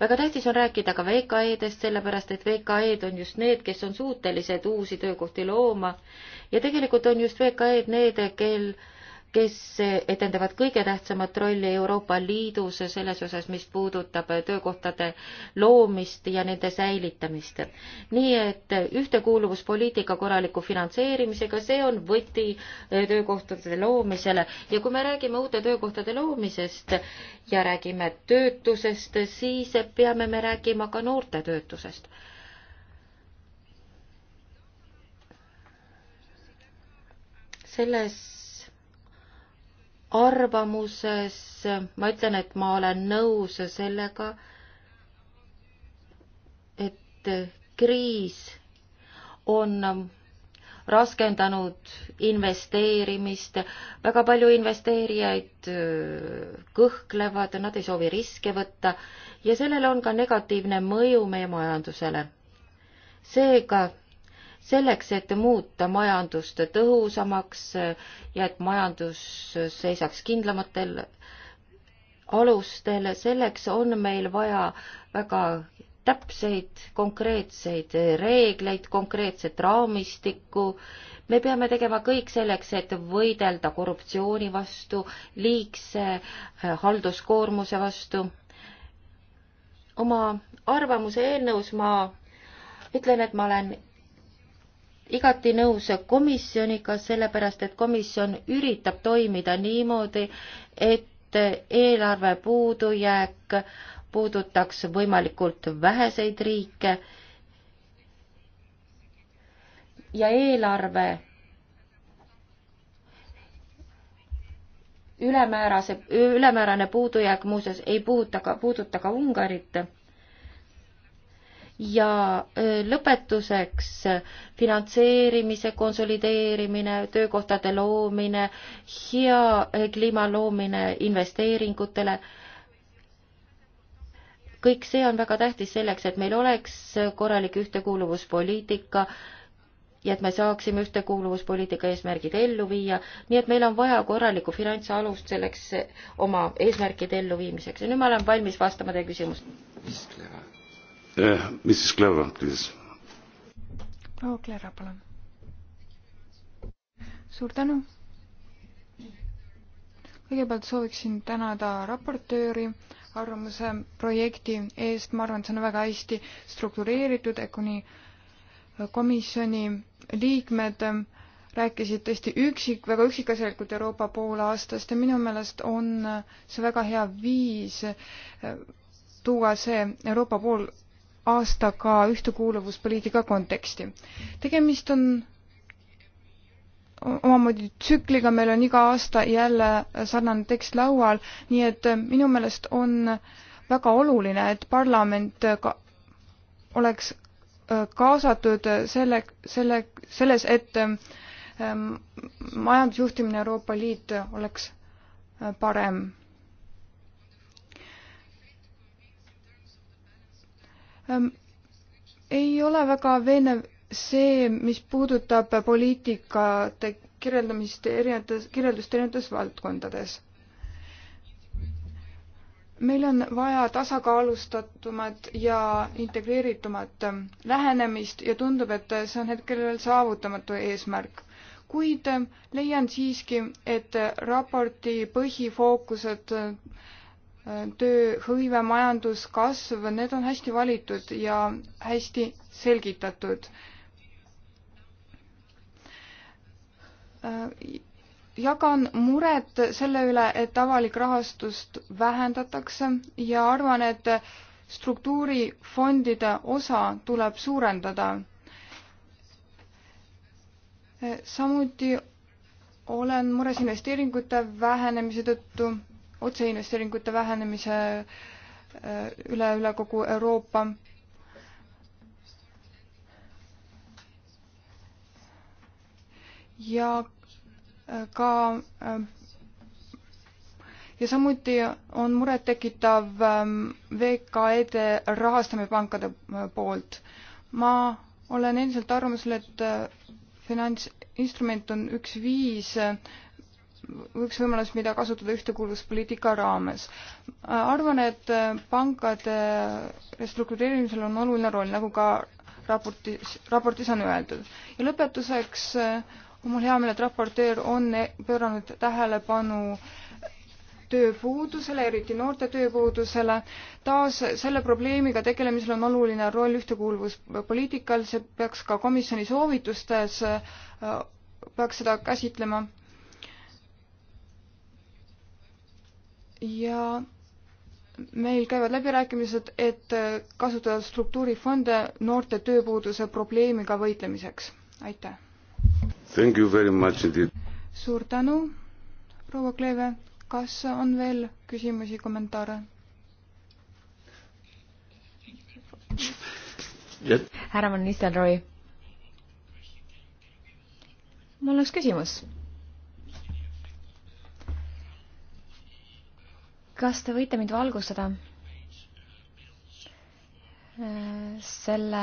väga tähtis on rääkida ka VKE-dest, sellepärast et VKE-d on just need, kes on suutelised uusi töökohti looma ja tegelikult on just VKE-d need, kel kes etendavad kõige tähtsamat rolli Euroopa Liidus selles osas, mis puudutab töökohtade loomist ja nende säilitamist. nii et ühtekuuluvuspoliitika korraliku finantseerimisega, see on võti töökohtade loomisele ja kui me räägime uute töökohtade loomisest ja räägime töötusest, siis peame me rääkima ka noorte töötusest selles arvamuses ma ütlen, et ma olen nõus sellega, et kriis on raskendanud investeerimist, väga palju investeerijaid äh, kõhklevad, nad ei soovi riske võtta ja sellel on ka negatiivne mõju meie majandusele. seega selleks, et muuta majandust tõhusamaks ja et majandus seisaks kindlamatel alustel, selleks on meil vaja väga täpseid konkreetseid reegleid, konkreetset raamistikku. me peame tegema kõik selleks, et võidelda korruptsiooni vastu, liigse eh, halduskoormuse vastu. oma arvamuse eelnõus ma ütlen, et ma olen igati nõus komisjoniga, sellepärast et komisjon üritab toimida niimoodi, et eelarve puudujääk puudutaks võimalikult väheseid riike ja eelarve ülemäärase, ülemäärane puudujääk muuseas ei puuduta ka, puuduta ka Ungarit ja lõpetuseks finantseerimise konsolideerimine, töökohtade loomine, hea kliima loomine investeeringutele kõik see on väga tähtis selleks, et meil oleks korralik ühtekuuluvuspoliitika ja et me saaksime ühtekuuluvuspoliitika eesmärgid ellu viia, nii et meil on vaja korralikku finantsalust selleks oma eesmärkide elluviimiseks ja nüüd ma olen valmis vastama teie küsimustele eh,. Mrs Clever, please. proua Clever, palun. suur tänu. kõigepealt sooviksin tänada raportööri arvamuse projekti eest, ma arvan, et see on väga hästi struktureeritud, Econi komisjoni liikmed rääkisid tõesti üksik, väga üksikasjalikult Euroopa poolaastast ja minu meelest on see väga hea viis tuua see Euroopa pool aasta ka ühtekuuluvuspoliitika konteksti. tegemist on omamoodi tsükliga, meil on iga aasta jälle sarnane tekst laual, nii et minu meelest on väga oluline, et parlament ka oleks äh, kaasatud selle, selle, selles, et ähm, majandusjuhtimine Euroopa Liit oleks äh, parem Ehm, ei ole väga veenev see, mis puudutab poliitikate kirjeldamist erinevates, kirjeldust erinevates valdkondades. meil on vaja tasakaalustatumat ja integreeritumat ehm, lähenemist ja tundub, et see on hetkel veel saavutamatu eesmärk. kuid ehm, leian siiski, et raporti põhifookused tööhõive, majanduskasv, need on hästi valitud ja hästi selgitatud. Äh, jagan muret selle üle, et avalik rahastust vähendatakse ja arvan, et struktuurifondide osa tuleb suurendada. Äh, samuti olen mures investeeringute vähenemise tõttu otseinvesteeringute vähenemise äh, üle, üle kogu Euroopa. ja äh, ka äh, ja samuti on murettekitav ähm, VKE-de rahastamine pankade poolt. ma olen endiselt arvamusel, et finantsinstrument on üks viis üks võimalus, mida kasutada ühtekuuluvuspoliitika raames. arvan, et pankade restruktureerimisel on oluline roll, nagu ka raportis, raportis on öeldud. ja lõpetuseks on mul hea meel, et raportöör on e-, pööranud tähelepanu tööpuudusele, eriti noorte tööpuudusele. taas selle probleemiga tegelemisel on oluline roll ühtekuuluvuspoliitikal, see peaks ka komisjoni soovitustes, äh, peaks seda käsitlema ja meil käivad läbirääkimised, et kasutada struktuurifonde noorte tööpuuduse probleemiga võitlemiseks. aitäh! suur tänu, proua Kleeve, kas on veel küsimusi, kommentaare? härra Van Nistelrooy, mul oleks küsimus kas te võite mind valgustada selle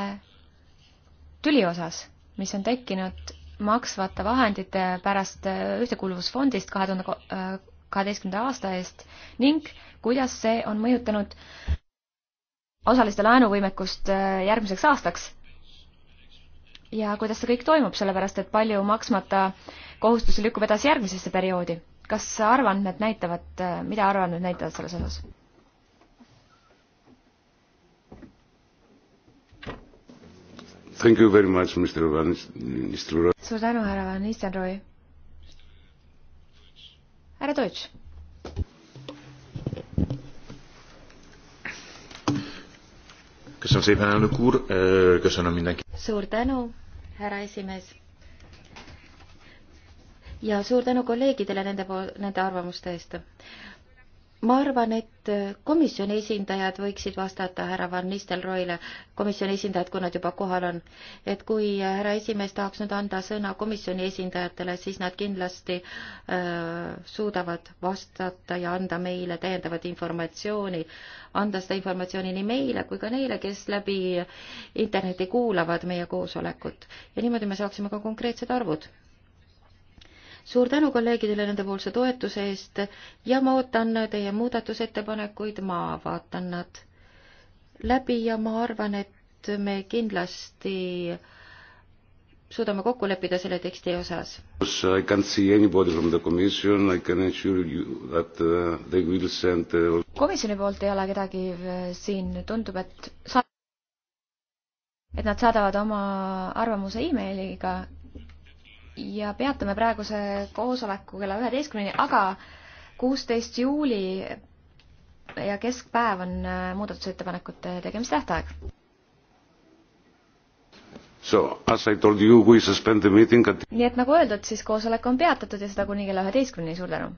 tüli osas, mis on tekkinud maksvate vahendite pärast Ühtekuuluvusfondist kahe tuhande kaheteistkümnenda aasta eest ning kuidas see on mõjutanud osaliste laenuvõimekust järgmiseks aastaks. ja kuidas see kõik toimub, sellepärast et palju maksmata kohustusi lükkub edasi järgmisesse perioodi kas arvandmed näitavad, äh, mida arvandmed näitavad selles osas? Thank you very much, Mr Van Nistelrooy. suur tänu, härra Van Nistelrooy. härra Deutsch. köszönöm szépen, elnök úr, köszönöm mindenki. suur tänu, härra esimees ja suur tänu kolleegidele nende, nende arvamuste eest. ma arvan, et komisjoni esindajad võiksid vastata härra Van Nistelrooile, komisjoni esindajad, kui nad juba kohal on. et kui härra esimees tahaks nüüd anda sõna komisjoni esindajatele, siis nad kindlasti öö, äh, suudavad vastata ja anda meile täiendavat informatsiooni, anda seda informatsiooni nii meile kui ka neile, kes läbi interneti kuulavad meie koosolekut ja niimoodi me saaksime ka konkreetsed arvud suur tänu kolleegidele nendepoolse toetuse eest ja ma ootan teie muudatusettepanekuid, ma vaatan nad läbi ja ma arvan, et me kindlasti suudame kokku leppida selle teksti osas. Uh, uh, komisjoni poolt ei ole kedagi uh, siin, tundub, et sa-, et nad saadavad oma arvamuse emailiga ja peatame praeguse koosoleku kella üheteistkümneni, aga kuusteist juuli ja keskpäev on äh, muudatusettepanekute tegemise tähtaeg. nii et nagu öeldud, siis koosolek on peatatud ja seda kuni kella üheteistkümneni, suur tänu!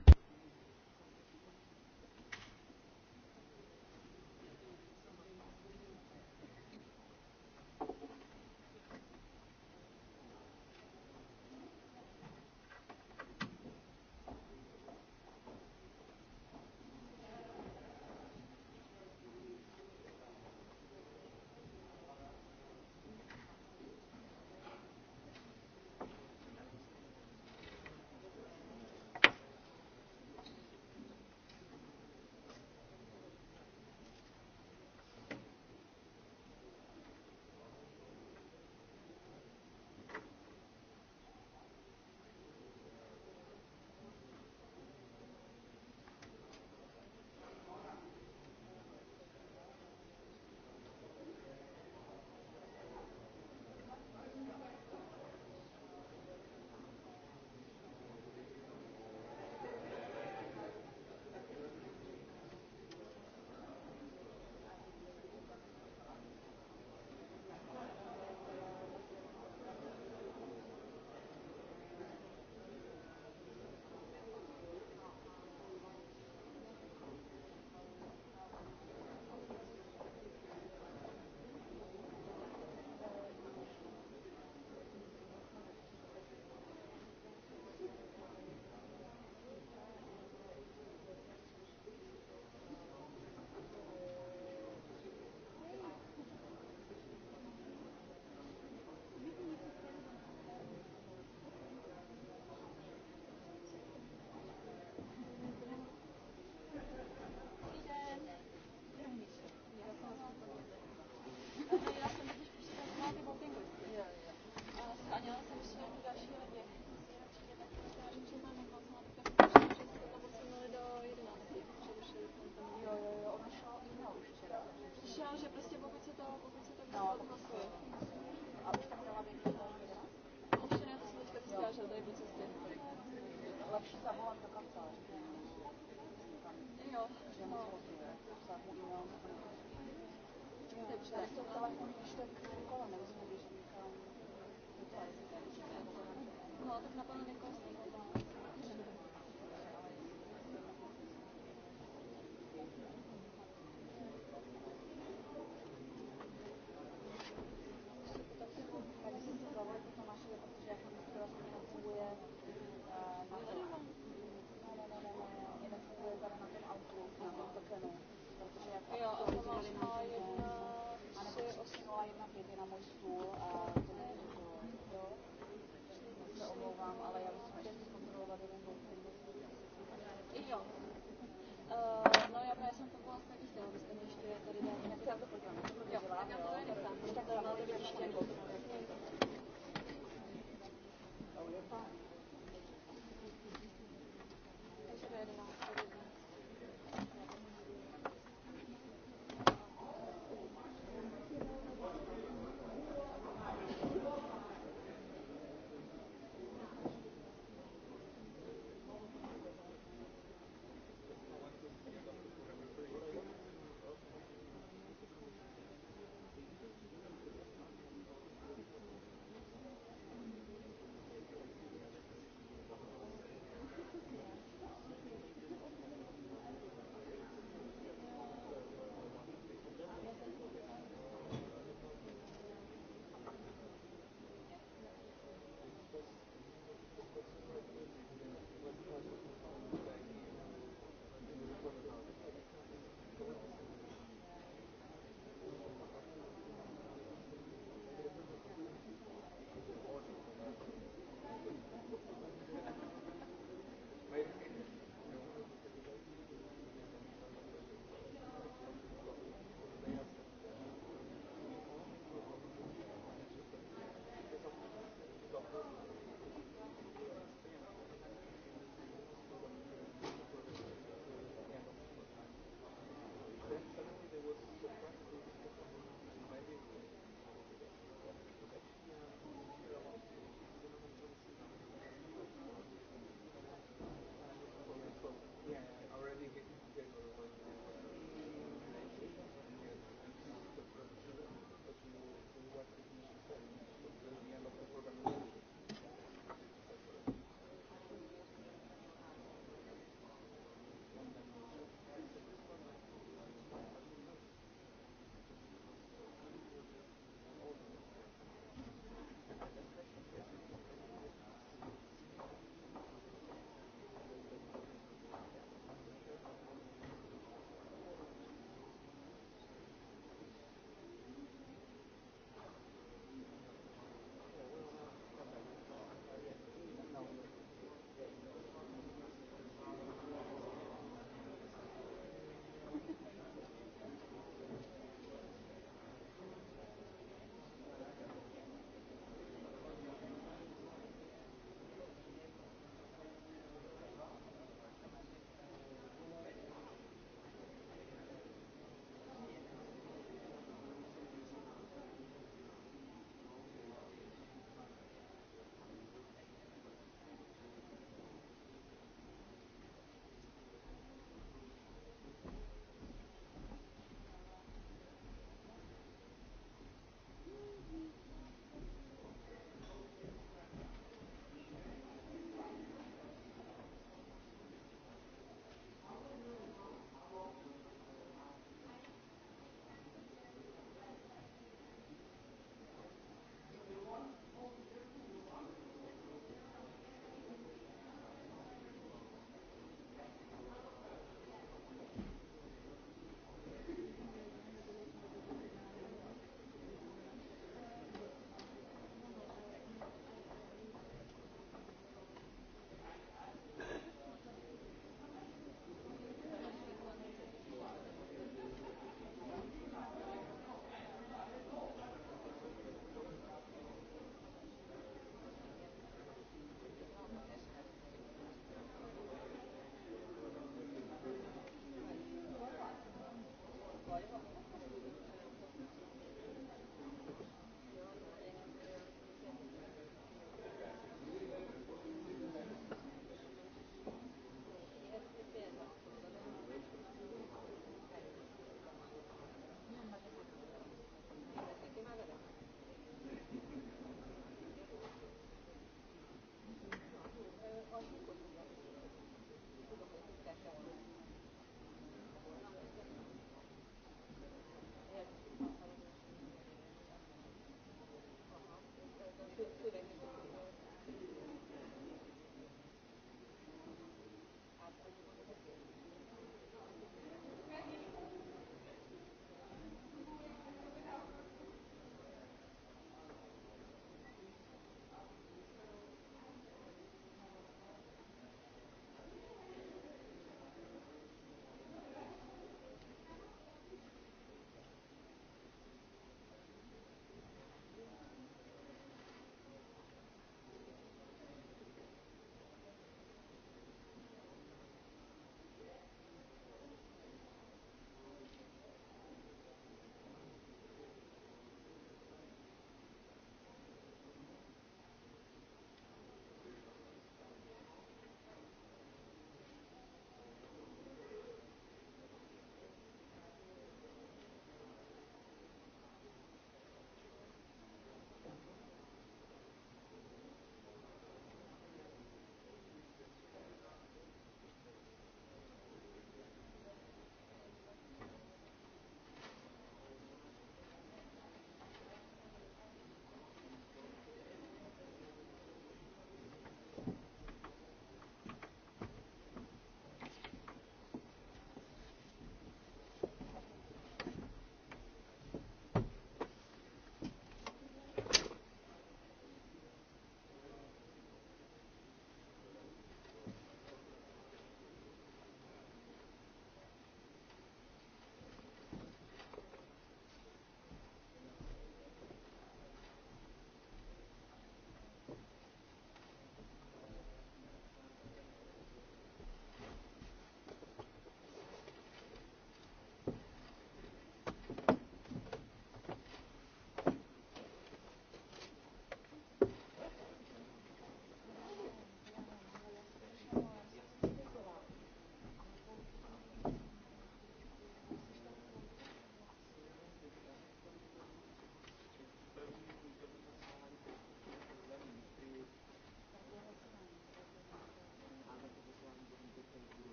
bylo to z naplněné kosti.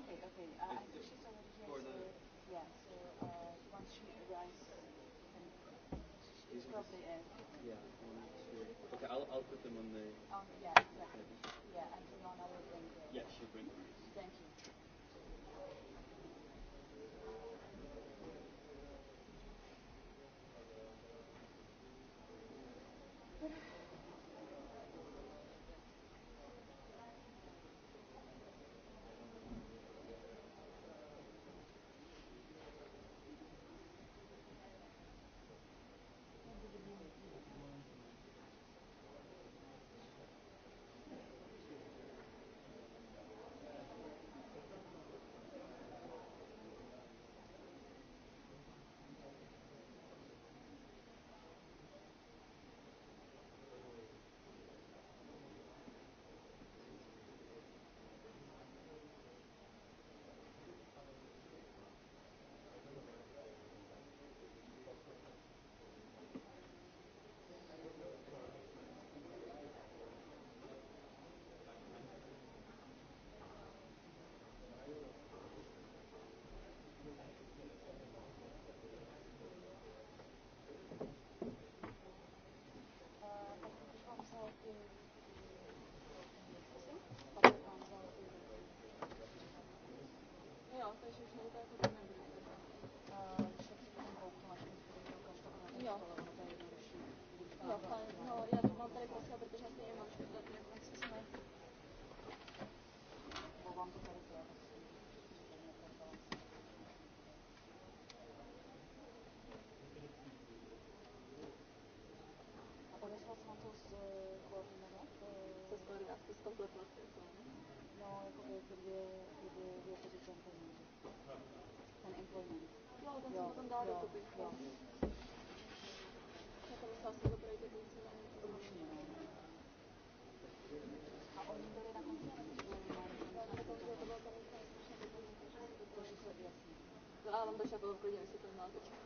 Okay, okay. Uh, I think she's already here. For so, the yeah, so uh, once she arrives, she's probably in. Uh, yeah. Sure. Okay, I'll, I'll put them on the. Um, yeah, exactly. Yeah, and Ramona will bring the. Yeah, she'll bring the. Thank you. No, porque de, de, de oposición con, con employment. Ja, dan ja, dan daar ja, ook op in. Ja. Ik heb zelfs gebruikt dat iets van het A oni byli na konci Ale on by šel v klidě, jestli to zná teďka.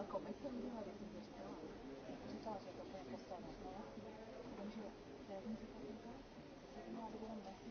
a comisión lleva la investigación. Muchas gracias por tener personas, ¿no? Entonces, ¿te has visto que no había más que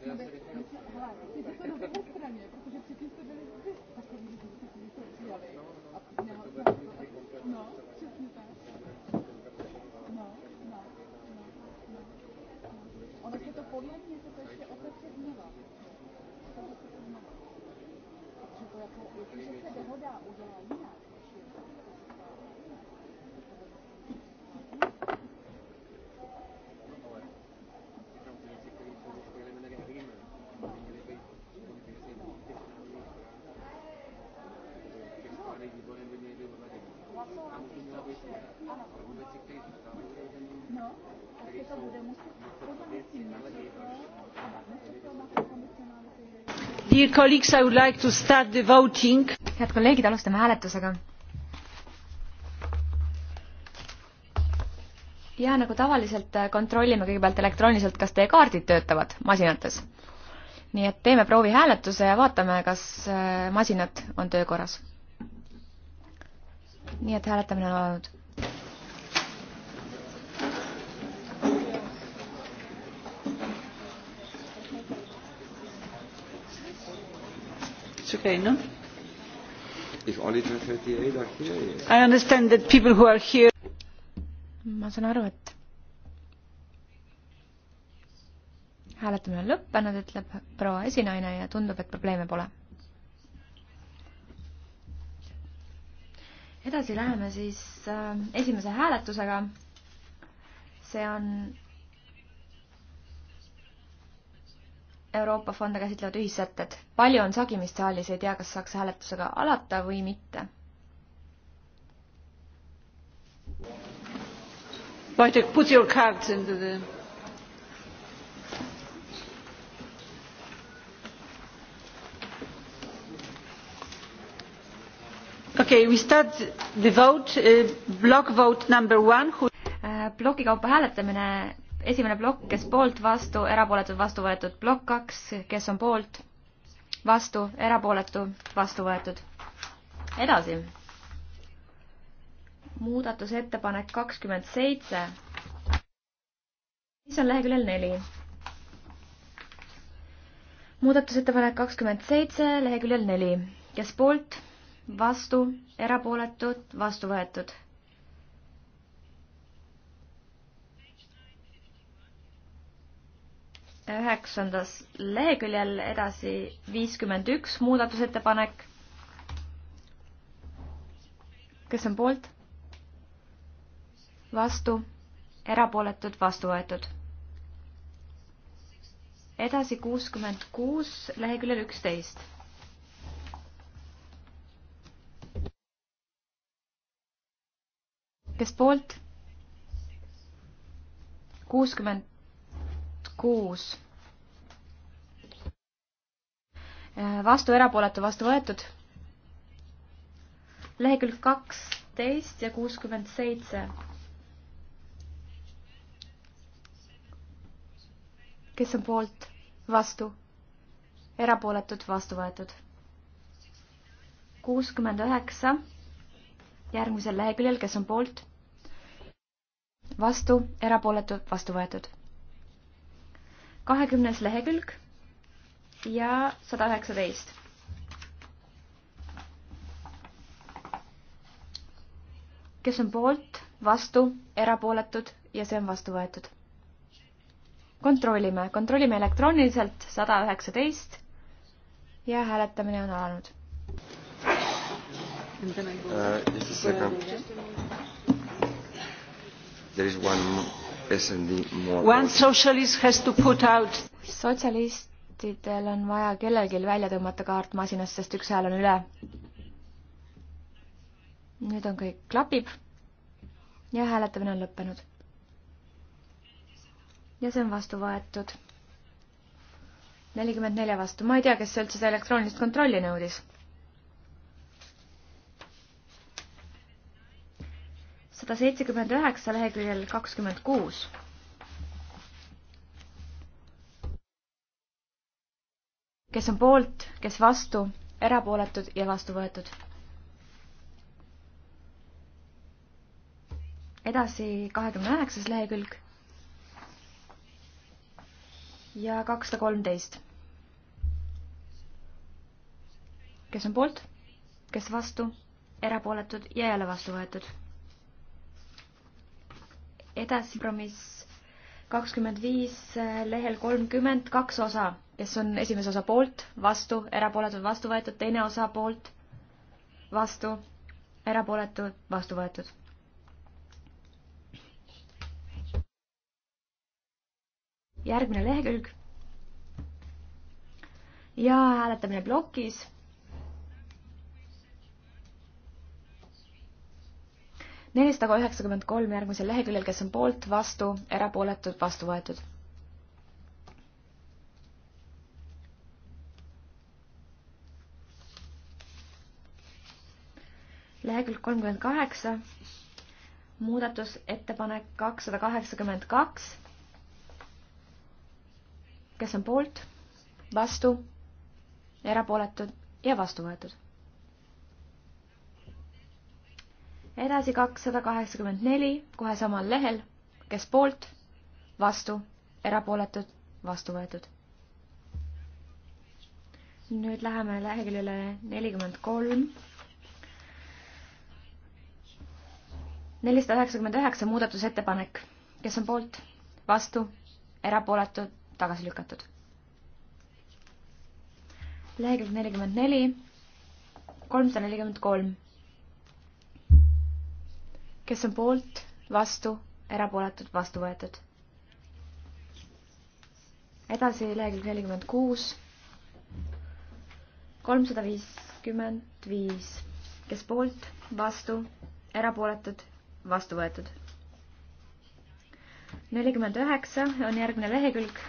Gracias. head kolleegid, alustame hääletusega. ja nagu tavaliselt eh, kontrollime kõigepealt elektrooniliselt, kas teie kaardid töötavad masinates. nii et teeme proovihääletuse ja vaatame, kas eh, masinad on töökorras. nii et hääletamine on alanud It's okay, no? If only 38 are here. Yes. I understand that people who are here. ma saan aru, et hääletamine on lõppenud, ütleb proua esinaine ja tundub, et probleeme pole. edasi läheme siis äh, esimese hääletusega. see on Euroopa fonde käsitlevad ühissätted. palju on sagimist saalis, ei tea, kas saaks hääletusega alata või mitte. Wojtek, put your cards into the Okay, we start the vote, uh, block vote number one. Who... Äh, Blokikaupa hääletamine esimene plokk, kes poolt, vastu, erapooletud, vastu võetud. plokk kaks, kes on poolt, vastu, erapooletu, vastu võetud. edasi. muudatusettepanek kakskümmend seitse, mis on leheküljel neli. muudatusettepanek kakskümmend seitse, leheküljel neli, kes poolt, vastu, erapooletud, vastu võetud üheksandas leheküljel edasi viiskümmend üks muudatusettepanek. kes on poolt? vastu, erapooletud, vastu võetud. edasi kuuskümmend kuus leheküljel üksteist kes poolt? kuuskümmend kuus. vastu, erapooletu, vastu võetud. lehekülg kaksteist ja kuuskümmend seitse. kes on poolt, vastu, erapooletud, vastu võetud. kuuskümmend üheksa, järgmisel leheküljel, kes on poolt, vastu, erapooletud, vastu võetud kahekümnes lehekülg ja sada üheksateist. kes on poolt, vastu, erapooletud ja see on vastu võetud. kontrollime, kontrollime elektrooniliselt sada üheksateist ja hääletamine on alanud. Uh, just a second. There is one more. One socialist has to put out. sotsialistidel on vaja kellelgi välja tõmmata kaart masinast, sest üks hääl on üle. nüüd on kõik, klapib. ja hääletamine on lõppenud. ja see on vastu võetud. nelikümmend nelja vastu, ma ei tea, kes üldse seda elektroonilist kontrolli nõudis sada seitsekümmend üheksa leheküljel kakskümmend kuus. kes on poolt, kes vastu, erapooletud ja vastu võetud. edasi kahekümne üheksas lehekülg ja kakssada kolmteist. kes on poolt, kes vastu, erapooletud ja jälle vastu võetud edasi promiss kakskümmend viis eh, lehel kolmkümmend kaks osa, kes on esimese osa poolt, vastu, erapooletud, vastu võetud, teine osa poolt, vastu, erapooletud, vastu võetud. järgmine lehekülg. ja hääletamine plokis nelisada üheksakümmend kolm järgmisel leheküljel, kes on poolt, vastu, erapooletud, vastu võetud. lehekülg kolmkümmend kaheksa, muudatusettepanek kakssada kaheksakümmend kaks. kes on poolt, vastu, erapooletud ja vastu võetud edasi kakssada kaheksakümmend neli, kohe samal lehel, kes poolt, vastu, erapooletud, vastu võetud. nüüd läheme leheküljele nelikümmend kolm. nelisada üheksakümmend üheksa muudatusettepanek, kes on poolt, vastu, erapooletud, tagasi lükatud. lehekülg nelikümmend neli, kolmsada nelikümmend kolm kes on poolt, vastu, erapooletud, vastu võetud. edasi lehekülg nelikümmend kuus, kolmsada viiskümmend viis, kes poolt, vastu, erapooletud, vastu võetud. nelikümmend üheksa on järgmine lehekülg,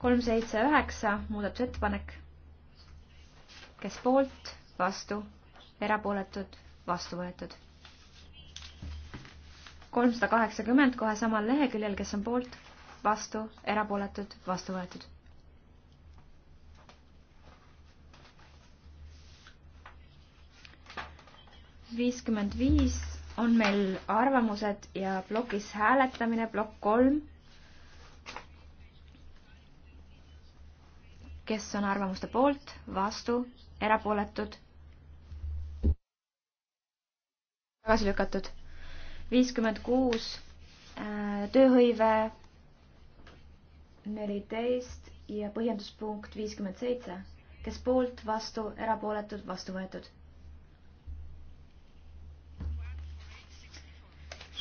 kolm, seitse, üheksa, muudatusettepanek kes poolt, vastu, erapooletud, vastu võetud kolmsada kaheksakümmend kohe samal leheküljel, kes on poolt, vastu, erapooletud, vastu võetud. viiskümmend viis on meil arvamused ja plokis hääletamine, plokk kolm. kes on arvamuste poolt, vastu, erapooletud? tagasi lükatud viiskümmend kuus, äh, tööhõive neliteist ja põhjenduspunkt viiskümmend seitse, kes poolt, vastu, erapooletud, vastu võetud.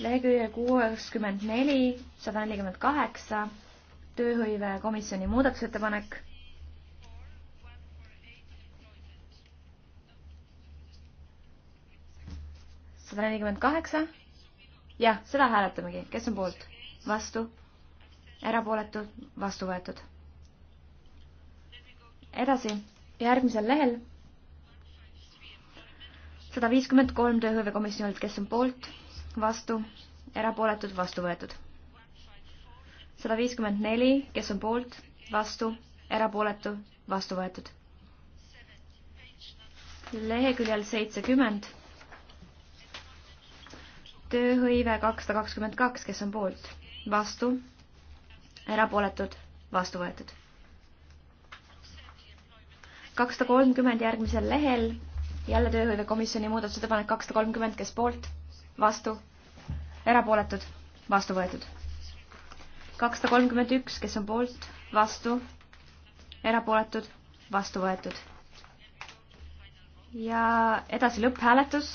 leheküljel kuuekümmend neli, sada nelikümmend kaheksa, tööhõive komisjoni muudatusettepanek sada nelikümmend kaheksa jah, seda hääletamegi, kes on poolt, vastu, erapooletu, vastu võetud. edasi, järgmisel lehel sada viiskümmend kolm tööhõivekomisjonilt, kes on poolt, vastu, erapooletud, vastu võetud. sada viiskümmend neli, kes on poolt, vastu, erapooletu, vastu võetud. leheküljel seitsekümmend tööhõive kakssada kakskümmend kaks, kes on poolt, vastu, erapooletud, vastu võetud. kakssada kolmkümmend järgmisel lehel, jälle tööhõivekomisjoni muudatusettepanek kakssada kolmkümmend, kes poolt, vastu, erapooletud, vastu võetud. kakssada kolmkümmend üks, kes on poolt, vastu, erapooletud, vastu võetud. ja edasi lõpphääletus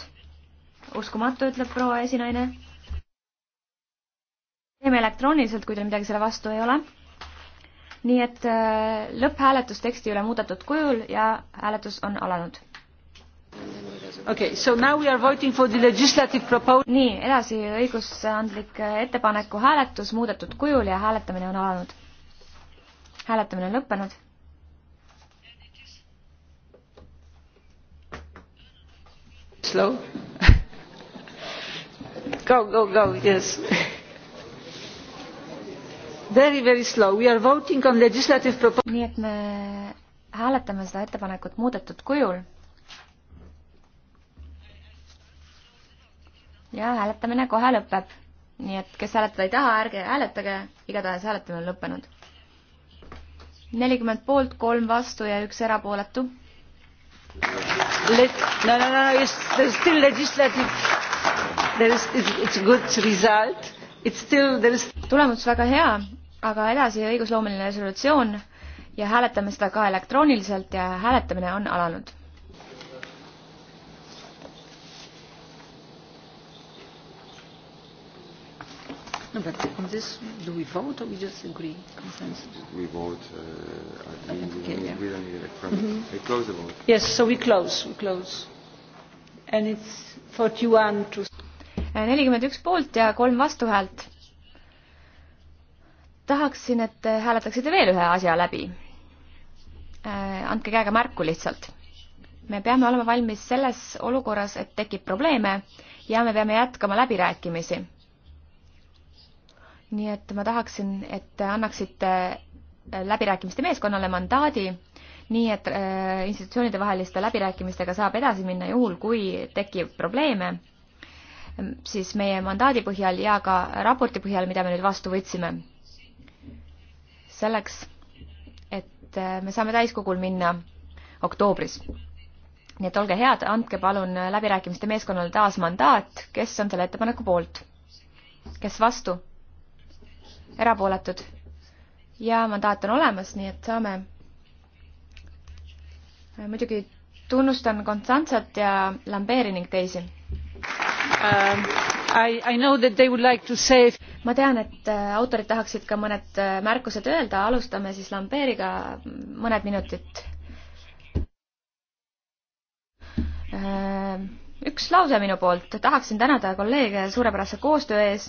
uskumatu, ütleb proua esinaine. teeme elektrooniliselt, kui teil midagi selle vastu ei ole. nii et äh, lõpphääletus teksti üle muudetud kujul ja hääletus on alanud. Okay, so now we are voting for the legislative proposal. nii, edasi õigusandlik äh, ettepaneku hääletus muudetud kujul ja hääletamine on alanud. hääletamine on lõppenud slow. Go, go, go, yes. Very, very slow. We are voting on legislative proposal. nii et me hääletame seda ettepanekut muudetud kujul. ja hääletamine kohe lõpeb. nii et kes hääletada ei taha, ärge hääletage, igatahes hääletamine on lõppenud. nelikümmend poolt, kolm vastu ja üks erapooletu. no, no, no, it's still legislative Is... tulemus väga hea, aga edasi õigusloomeline resolutsioon ja hääletame seda ka elektrooniliselt ja hääletamine on alanud. No, but on this, do we vote or we just agree consensus? We vote. Uh, I mean, okay, we, yeah. we don't need electronic. Mm -hmm. We close the vote. Yes, so we close. We close. And it's 41 to nelikümmend üks poolt ja kolm vastuhäält. tahaksin, et te hääletaksite veel ühe asja läbi. andke käega märku lihtsalt. me peame olema valmis selles olukorras, et tekib probleeme ja me peame jätkama läbirääkimisi. nii et ma tahaksin, et te annaksite läbirääkimiste meeskonnale mandaadi nii et äh, institutsioonide vaheliste läbirääkimistega saab edasi minna juhul, kui tekib probleeme siis meie mandaadi põhjal ja ka raporti põhjal, mida me nüüd vastu võtsime. selleks, et eh, me saame täiskogul minna oktoobris. nii et olge head, andke palun läbirääkimiste meeskonnale taas mandaat, kes on selle ettepaneku poolt, kes vastu, erapooletud ja mandaat on olemas, nii et saame muidugi tunnustan Konstantsat ja Lamberti ning teisi Um, ma tean, et äh, autorid tahaksid ka mõned äh, märkused öelda, alustame siis Lambeeriga mm, mõned minutid. Ähm, üks lause minu poolt, tahaksin tänada kolleege suurepärase koostöö ees,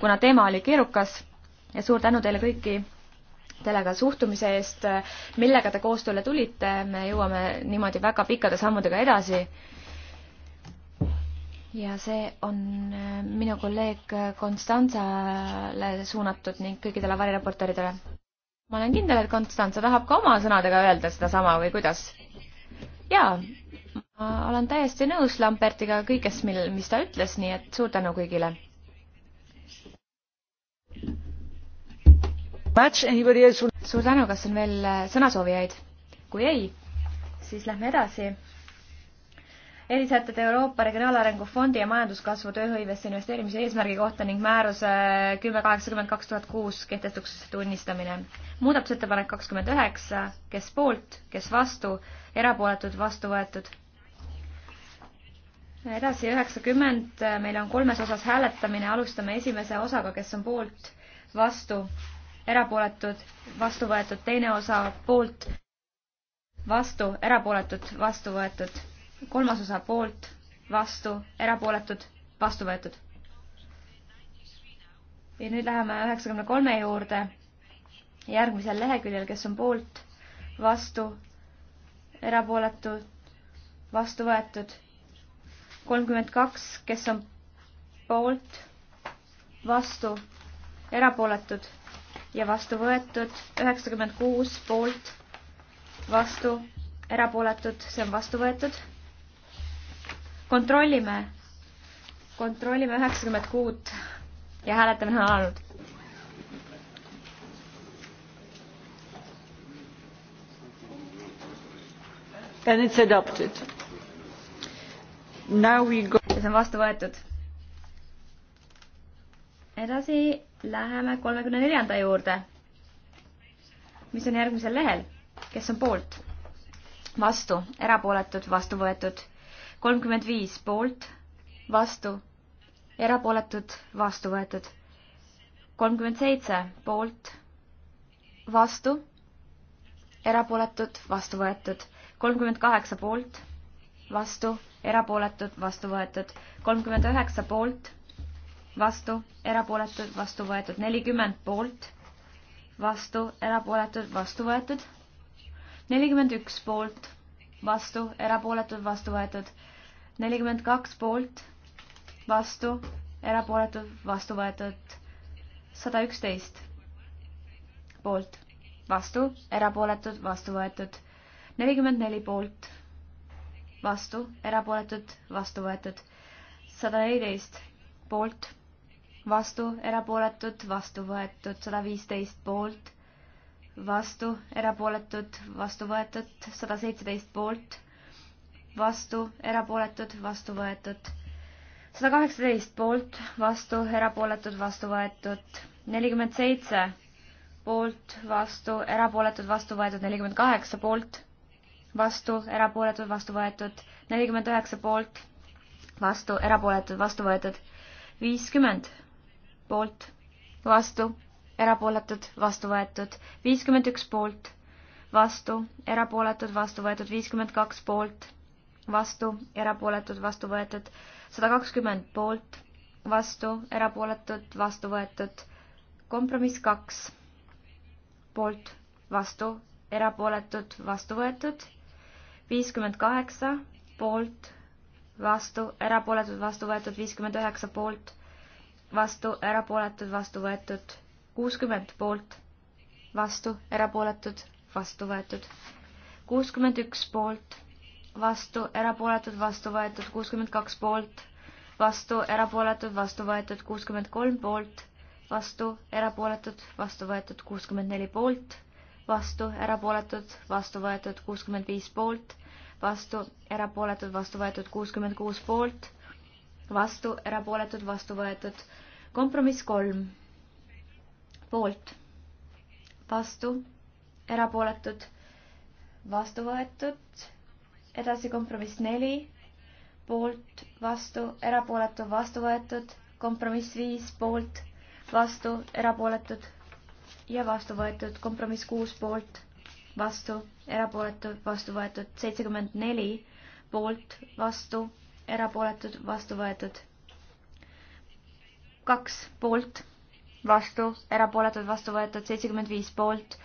kuna teema oli keerukas ja suur tänu teile kõiki teile ka suhtumise eest, äh, millega te koostööle tulite, me jõuame niimoodi väga pikkade sammudega edasi ja see on äh, minu kolleeg Konstantsale suunatud ning kõikidele varireporteridele. ma olen kindel, et Konstantsa tahab ka oma sõnadega öelda sedasama või kuidas? jaa, ma olen täiesti nõus Lambertiga kõiges, mil, mis ta ütles, nii et suur tänu kõigile. suur tänu, kas on veel äh, sõnasoovijaid? kui ei, siis lähme edasi erisätted Euroopa Regionaalarengu Fondi ja Majanduskasvu tööhõivesse investeerimise eesmärgi kohta ning määruse kümme kaheksakümmend kaks tuhat kuus kehtetuks tunnistamine. muudatusettepanek kakskümmend üheksa, kes poolt, kes vastu, erapooletud, vastu võetud edasi üheksakümmend, meil on kolmes osas hääletamine, alustame esimese osaga, kes on poolt, vastu, erapooletud, vastu võetud, teine osa poolt, vastu, erapooletud, vastu võetud kolmas osa poolt, vastu, erapooletud, vastu võetud. ja nüüd läheme üheksakümne kolme juurde, järgmisel leheküljel, kes on poolt, vastu, erapooletud, vastu võetud. kolmkümmend kaks, kes on poolt, vastu, erapooletud ja vastu võetud, üheksakümmend kuus poolt, vastu, erapooletud, see on vastu võetud kontrollime, kontrollime üheksakümmet kuut ja hääletamine on alanud. And it's adopted. Now we go. see on vastu võetud. edasi läheme kolmekümne neljanda juurde, mis on järgmisel lehel, kes on poolt, vastu, erapooletud, vastu võetud kolmkümmend viis poolt, vastu, erapooletud, vastu võetud. kolmkümmend seitse poolt, vastu, erapooletud, vastu võetud. kolmkümmend kaheksa poolt, vastu, erapooletud, vastu võetud. kolmkümmend üheksa poolt, vastu, erapooletud, vastu võetud. nelikümmend poolt, vastu, erapooletud, vastu võetud nelikümmend üks poolt, vastu, erapooletud, vastu võetud, nelikümmend kaks poolt, vastu, erapooletud, vastu võetud sada üksteist poolt, vastu, erapooletud, vastu võetud nelikümmend neli poolt, vastu, erapooletud, vastu võetud sada neliteist poolt, vastu, erapooletud, vastu võetud sada viisteist poolt, vastu, erapooletud, vastu võetud sada seitseteist poolt vastu, erapooletud, vastu võetud. sada kaheksateist poolt, vastu, erapooletud, vastu võetud. nelikümmend seitse poolt, vastu, erapooletud, vastu võetud. nelikümmend kaheksa poolt, vastu, erapooletud, vastu võetud. nelikümmend üheksa poolt, vastu, erapooletud, vastu võetud. viiskümmend poolt, vastu, erapooletud, vastu võetud. viiskümmend üks poolt, vastu, erapooletud, vastu võetud. viiskümmend kaks poolt vastu, erapooletud, vastu võetud, sada kakskümmend poolt, vastu, erapooletud, vastu võetud, kompromiss kaks, poolt, vastu, erapooletud, vastu võetud, viiskümmend kaheksa poolt, vastu, erapooletud, vastu võetud, viiskümmend üheksa poolt, vastu, erapooletud, vastu võetud, kuuskümmend poolt, vastu, erapooletud, vastu võetud, kuuskümmend üks poolt vastu, erapooletud, vastu võetud kuuskümmend kaks poolt, vastu, erapooletud, vastu võetud kuuskümmend kolm poolt, vastu, erapooletud, vastu võetud kuuskümmend neli poolt, vastu, erapooletud, vastu võetud kuuskümmend viis poolt, vastu, erapooletud, vastu võetud kuuskümmend kuus poolt, vastu, erapooletud, vastu võetud kompromiss kolm poolt, vastu, erapooletud, vastu võetud edasi kompromiss neli, poolt, vastu, erapooletu, vastu võetud, kompromiss viis, poolt, vastu, erapooletud ja vastu võetud, kompromiss kuus, poolt, vastu, erapooletud, vastu võetud, seitsekümmend neli, poolt, vastu, erapooletud, vastu võetud. kaks poolt, vastu, erapooletud, vastu võetud, seitsekümmend viis poolt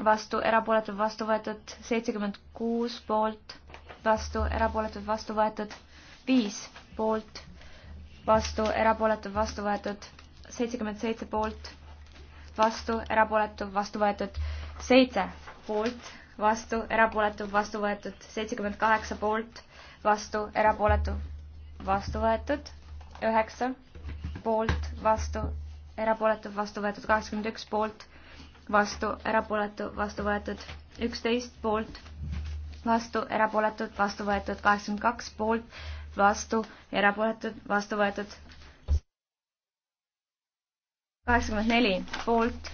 vastu, erapooletud, vastu võetud, seitsekümmend kuus poolt, vastu, erapooletud, vastu võetud, viis poolt, vastu, erapooletud, vastu võetud, seitsekümmend seitse poolt, vastu, erapooletu, vastu võetud, seitse poolt, vastu, erapooletu, vastu võetud, seitsekümmend kaheksa poolt, vastu, erapooletu, vastu võetud, üheksa poolt, vastu, erapooletu, vastu võetud, kaheksakümmend üks poolt vastu, erapooletu, vastu võetud üksteist poolt, vastu, erapooletud, vastu võetud kaheksakümmend kaks poolt, vastu, erapooletud, vastu võetud kaheksakümmend neli poolt,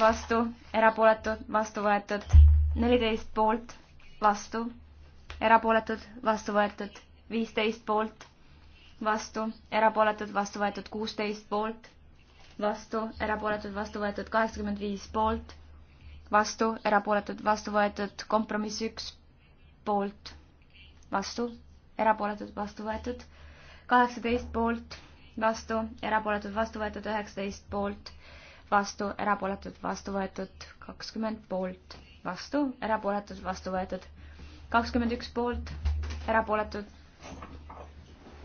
vastu, erapooletud, vastu võetud neliteist poolt, vastu, erapooletud, vastu võetud viisteist poolt, vastu, erapooletud, vastu võetud kuusteist poolt vastu, erapooletud, vastu võetud kaheksakümmend viis poolt, vastu, erapooletud, vastu võetud, kompromiss üks poolt, vastu, erapooletud, vastu võetud, kaheksateist poolt, vastu, erapooletud, vastu võetud, üheksateist poolt, vastu, erapooletud, vastu võetud, kakskümmend poolt, vastu, erapooletud, vastu võetud, kakskümmend üks poolt, erapooletud,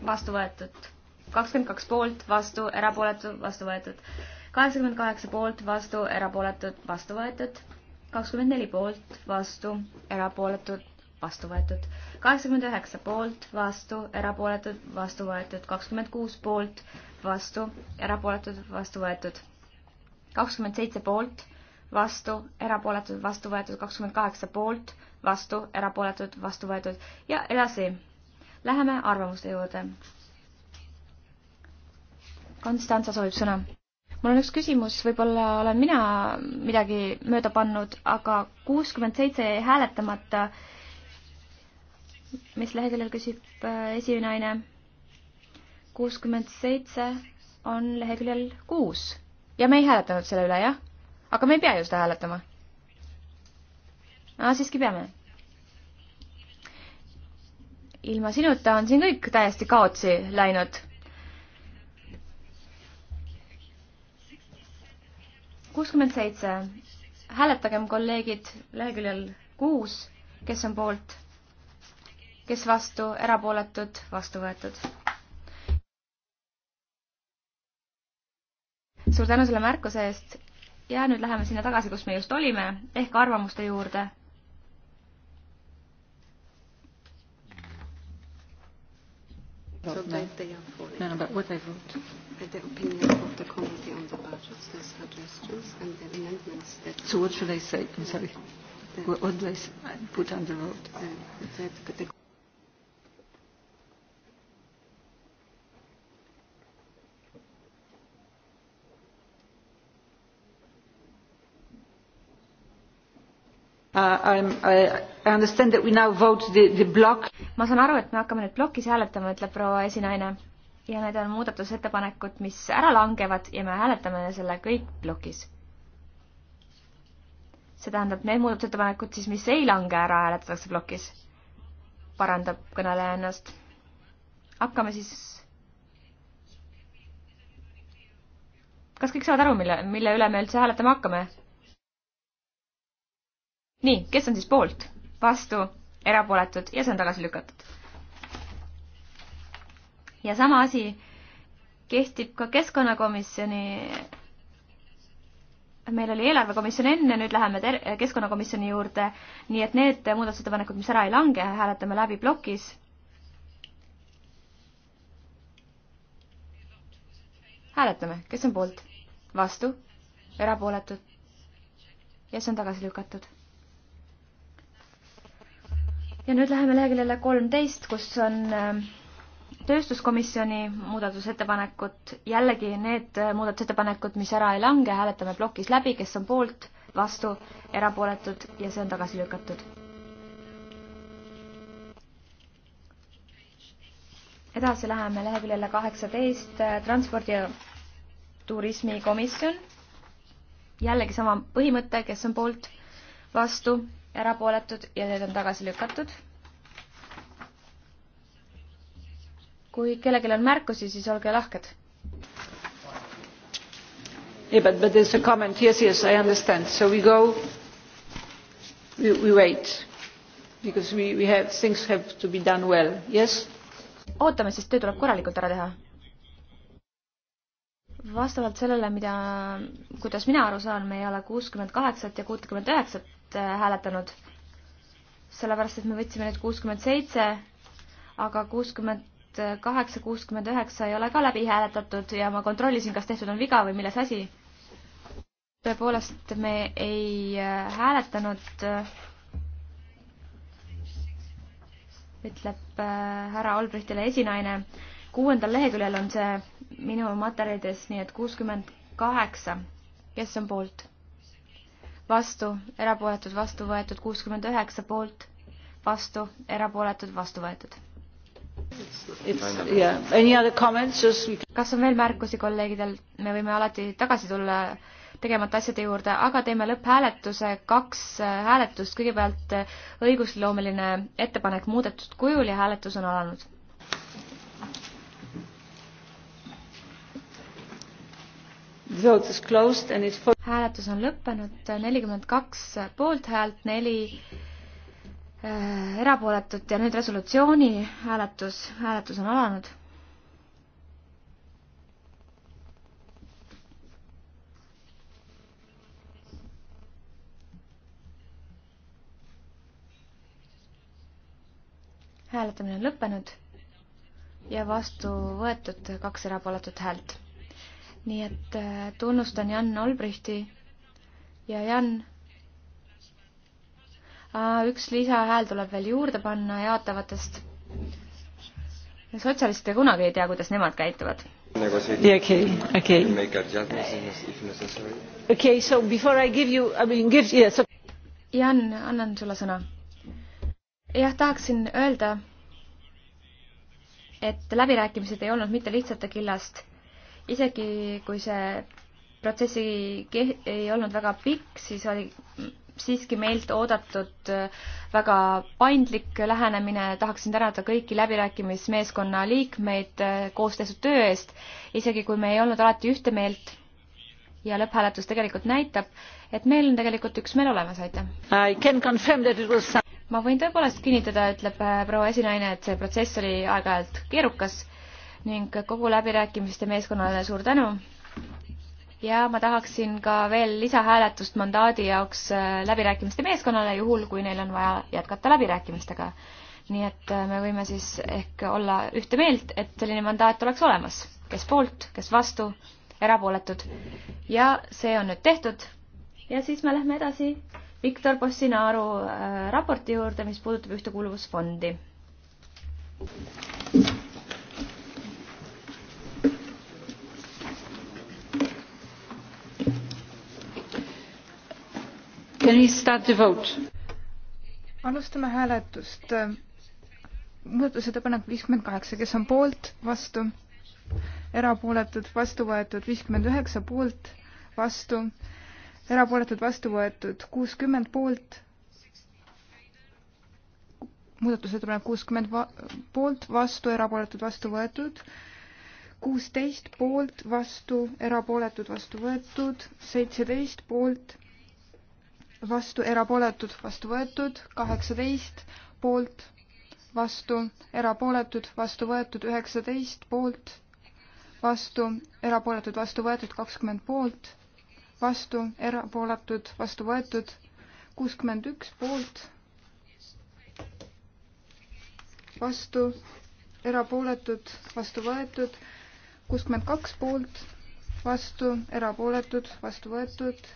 vastu võetud kakskümmend kaks poolt, vastu, erapooletu, vastu võetud. kaheksakümmend kaheksa poolt, vastu, erapooletud, vastu võetud. kakskümmend neli poolt, vastu, erapooletud, vastu võetud. kaheksakümmend üheksa poolt, vastu, erapooletud, vastu võetud. kakskümmend kuus poolt, vastu, erapooletud, vastu võetud. kakskümmend seitse poolt, vastu, erapooletud, vastu võetud. kakskümmend kaheksa poolt, vastu, erapooletud, vastu võetud ja edasi. Läheme arvamuste juurde Konstantsa soovib sõna. mul on üks küsimus, võib-olla olen mina midagi mööda pannud, aga kuuskümmend seitse jäi hääletamata. mis leheküljel küsib äh, esinaine? kuuskümmend seitse on leheküljel kuus ja me ei hääletanud selle üle, jah? aga me ei pea ju seda hääletama. aa, siiski peame ilma sinuta on siin kõik täiesti kaotsi läinud. kuuskümmend seitse. hääletagem, kolleegid, leheküljel kuus, kes on poolt, kes vastu, erapooletud, vastu võetud. suur tänu selle märkuse eest ja nüüd läheme sinna tagasi, kus me just olime, ehk arvamuste juurde No, no, but what I vote the opinion of the Committee on the Budget, the suggestions and the amendments that... So what should I say? I'm sorry. The, what do I say? put on the road? Uh, that the uh, I, I understand that we now vote the, the block. ma saan aru, et me hakkame nüüd plokis hääletama, ütleb proua esinaine ja need on muudatusettepanekud, mis ära langevad ja me hääletame selle kõik plokis. see tähendab, need muudatusettepanekud siis, mis ei lange ära, hääletatakse plokis. parandab kõneleja ennast. hakkame siis. kas kõik saavad aru, mille, mille üle me üldse hääletama hakkame? nii, kes on siis poolt, vastu, erapooletud ja see on tagasi lükatud ja sama asi kehtib ka keskkonnakomisjoni. meil oli eelarvekomisjon enne, nüüd läheme ter-, keskkonnakomisjoni juurde, nii et need muudatusettepanekud, mis ära ei lange, hääletame läbi plokis. hääletame, kes on poolt, vastu, erapooletud ja see on tagasi lükatud ja nüüd läheme leheküljele kolmteist, kus on ähm, tööstuskomisjoni muudatusettepanekut, jällegi need muudatusettepanekud, mis ära ei lange, hääletame plokis läbi, kes on poolt, vastu, erapooletud ja see on tagasi lükatud. edasi läheme leheküljele kaheksateist, transpordi ja turismikomisjon. jällegi sama põhimõte, kes on poolt, vastu, erapooletud ja need on tagasi lükatud kui kellelgi on märkusi, siis olge lahked. Yeah, but, but there's a comment. Yes, yes, I understand. So we go, we, we wait, because we, we have, things have to be done well. Yes? ootame, sest töö tuleb korralikult ära teha. vastavalt sellele, mida, kuidas mina aru saan, me ei ole kuuskümmend kaheksat ja kuutkümmend üheksat äh, hääletanud. sellepärast, et me võtsime nüüd kuuskümmend seitse, aga kuuskümmend kaheksa, kuuskümmend üheksa ei ole ka läbi hääletatud ja ma kontrollisin, kas tehtud on viga või milles asi. tõepoolest, me ei äh, hääletanud, äh, ütleb äh, härra Olbrichtile esinaine. kuuendal leheküljel on see minu materjalides, nii et kuuskümmend kaheksa. kes on poolt? vastu, erapooletud, vastu võetud, kuuskümmend üheksa poolt, vastu, erapooletud, vastu võetud kas on veel märkusi kolleegidel, me võime alati tagasi tulla tegemata asjade juurde, aga teeme lõpphääletuse, kaks äh, hääletust, kõigepealt äh, õigusloomeline ettepanek muudetud kujul ja hääletus on alanud. hääletus on lõppenud, nelikümmend kaks poolthäält, neli Äh, erapooletut ja nüüd resolutsiooni hääletus, hääletus on alanud. hääletamine on lõppenud ja vastu võetud kaks erapooletut häält. nii et äh, tunnustan Jan Olbrichti ja Jan üks lisahääl tuleb veel juurde panna jaatavatest. sotsialistid kunagi ei tea, kuidas nemad käituvad. Okay, okay. okay, so before I give you, I mean give yes. Jan, annan sulle sõna. jah, tahaksin öelda, et läbirääkimised ei olnud mitte lihtsate killast, isegi kui see protsessi ei olnud väga pikk, siis oli siiski meilt oodatud äh, väga paindlik lähenemine, tahaksin tänada kõiki läbirääkimismeeskonna liikmeid äh, koos tehtud töö eest, isegi kui me ei olnud alati ühte meelt ja lõpphääletus tegelikult näitab, et meil on tegelikult üksmeel olemas, aitäh! Was... ma võin tõepoolest kinnitada, ütleb äh, proua esinaine, et see protsess oli aeg-ajalt keerukas ning kogu läbirääkimiste meeskonnale suur tänu ja ma tahaksin ka veel lisahääletust mandaadi jaoks äh, läbirääkimiste meeskonnale, juhul kui neil on vaja jätkata läbirääkimistega. nii et äh, me võime siis ehk olla ühte meelt, et selline mandaat oleks olemas, kes poolt, kes vastu, erapooletud. ja see on nüüd tehtud. ja siis me lähme edasi Viktor Postinaru äh, raporti juurde, mis puudutab ühtekuuluvusfondi. alustame hääletust. muudatusettepanek viiskümmend kaheksa, kes on poolt, vastu, erapooletud, vastu võetud, viiskümmend üheksa poolt, vastu, erapooletud, vastu võetud, kuuskümmend poolt, muudatusettepanek kuuskümmend poolt, vastu, erapooletud, vastu võetud, kuusteist poolt, vastu, erapooletud, vastu võetud, seitseteist poolt vastu, erapooletud, vastu võetud, kaheksateist poolt, vastu, erapooletud, vastu võetud, üheksateist poolt, vastu, erapooletud, vastu võetud, kakskümmend poolt, vastu, erapooletud, vastu võetud, kuuskümmend üks poolt, vastu, erapooletud, vastu võetud, kuuskümmend kaks poolt, vastu, erapooletud, vastu võetud,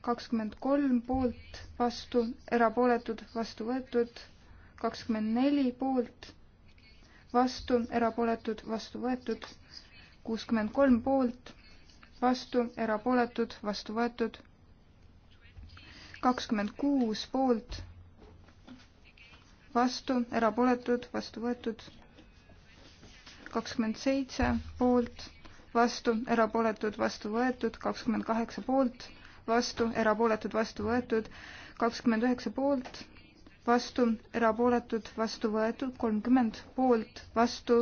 kakskümmend kolm poolt, vastu, erapooletud, vastu võetud, kakskümmend neli poolt, vastu, erapooletud, vastu võetud, kuuskümmend kolm poolt, vastu, erapooletud, vastu võetud, kakskümmend kuus poolt, vastu, erapooletud, vastu võetud, kakskümmend seitse poolt, vastu, erapooletud, vastu võetud, kakskümmend kaheksa poolt vastu, erapooletud, vastu võetud, kakskümmend üheksa poolt, vastu, erapooletud, vastu võetud, kolmkümmend poolt, vastu,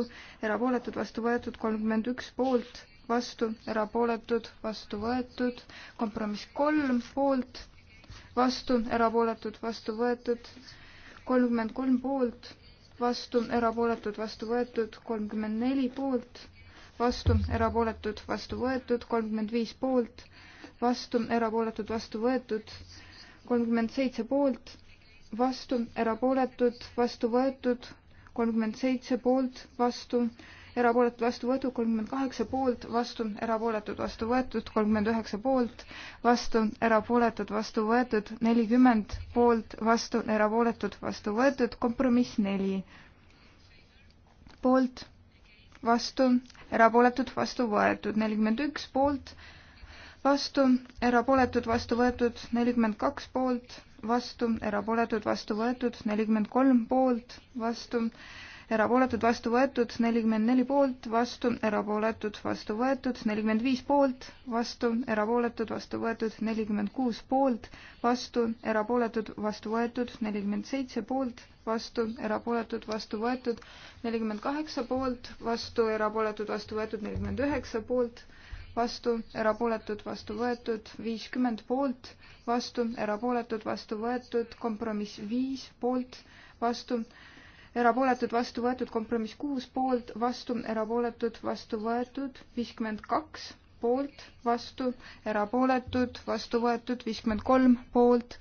erapooletud, vastu võetud, kolmkümmend üks poolt, vastu, erapooletud, vastu võetud, kompromiss kolm poolt, vastu, erapooletud, vastu võetud, kolmkümmend kolm poolt, vastu, erapooletud, vastu võetud, kolmkümmend neli poolt, vastu, erapooletud, vastu võetud, kolmkümmend viis poolt, vastu, erapooletud, vastu võetud, kolmkümmend seitse poolt, vastu, erapooletud, vastu võetud, kolmkümmend seitse poolt, vastu, erapooletud, vastu võetud, kolmkümmend kaheksa poolt, vastu, erapooletud, vastu võetud, kolmkümmend üheksa poolt, vastu, erapooletud, vastu võetud, nelikümmend poolt, vastu, erapooletud, vastu võetud, kompromiss neli. poolt vastu, erapooletud vastu võetud, nelikümmend üks poolt, vastu, erapooletud, vastu võetud nelikümmend kaks poolt, vastu, erapooletud, vastu võetud nelikümmend kolm poolt, vastu, erapooletud, vastu võetud nelikümmend neli poolt, vastu, erapooletud, vastu võetud nelikümmend viis poolt, vastu, erapooletud, vastu võetud nelikümmend kuus poolt, vastu, erapooletud, vastu võetud nelikümmend seitse poolt, vastu, erapooletud, vastu võetud nelikümmend kaheksa poolt, vastu, erapooletud, vastu võetud nelikümmend üheksa poolt vastu, erapooletud, vastu võetud, viiskümmend poolt, vastu, erapooletud, vastu võetud, kompromiss viis poolt, vastu, erapooletud, vastu võetud, kompromiss kuus poolt, vastu, erapooletud, vastu võetud, viiskümmend kaks poolt, vastu, erapooletud, vastu võetud, viiskümmend kolm poolt,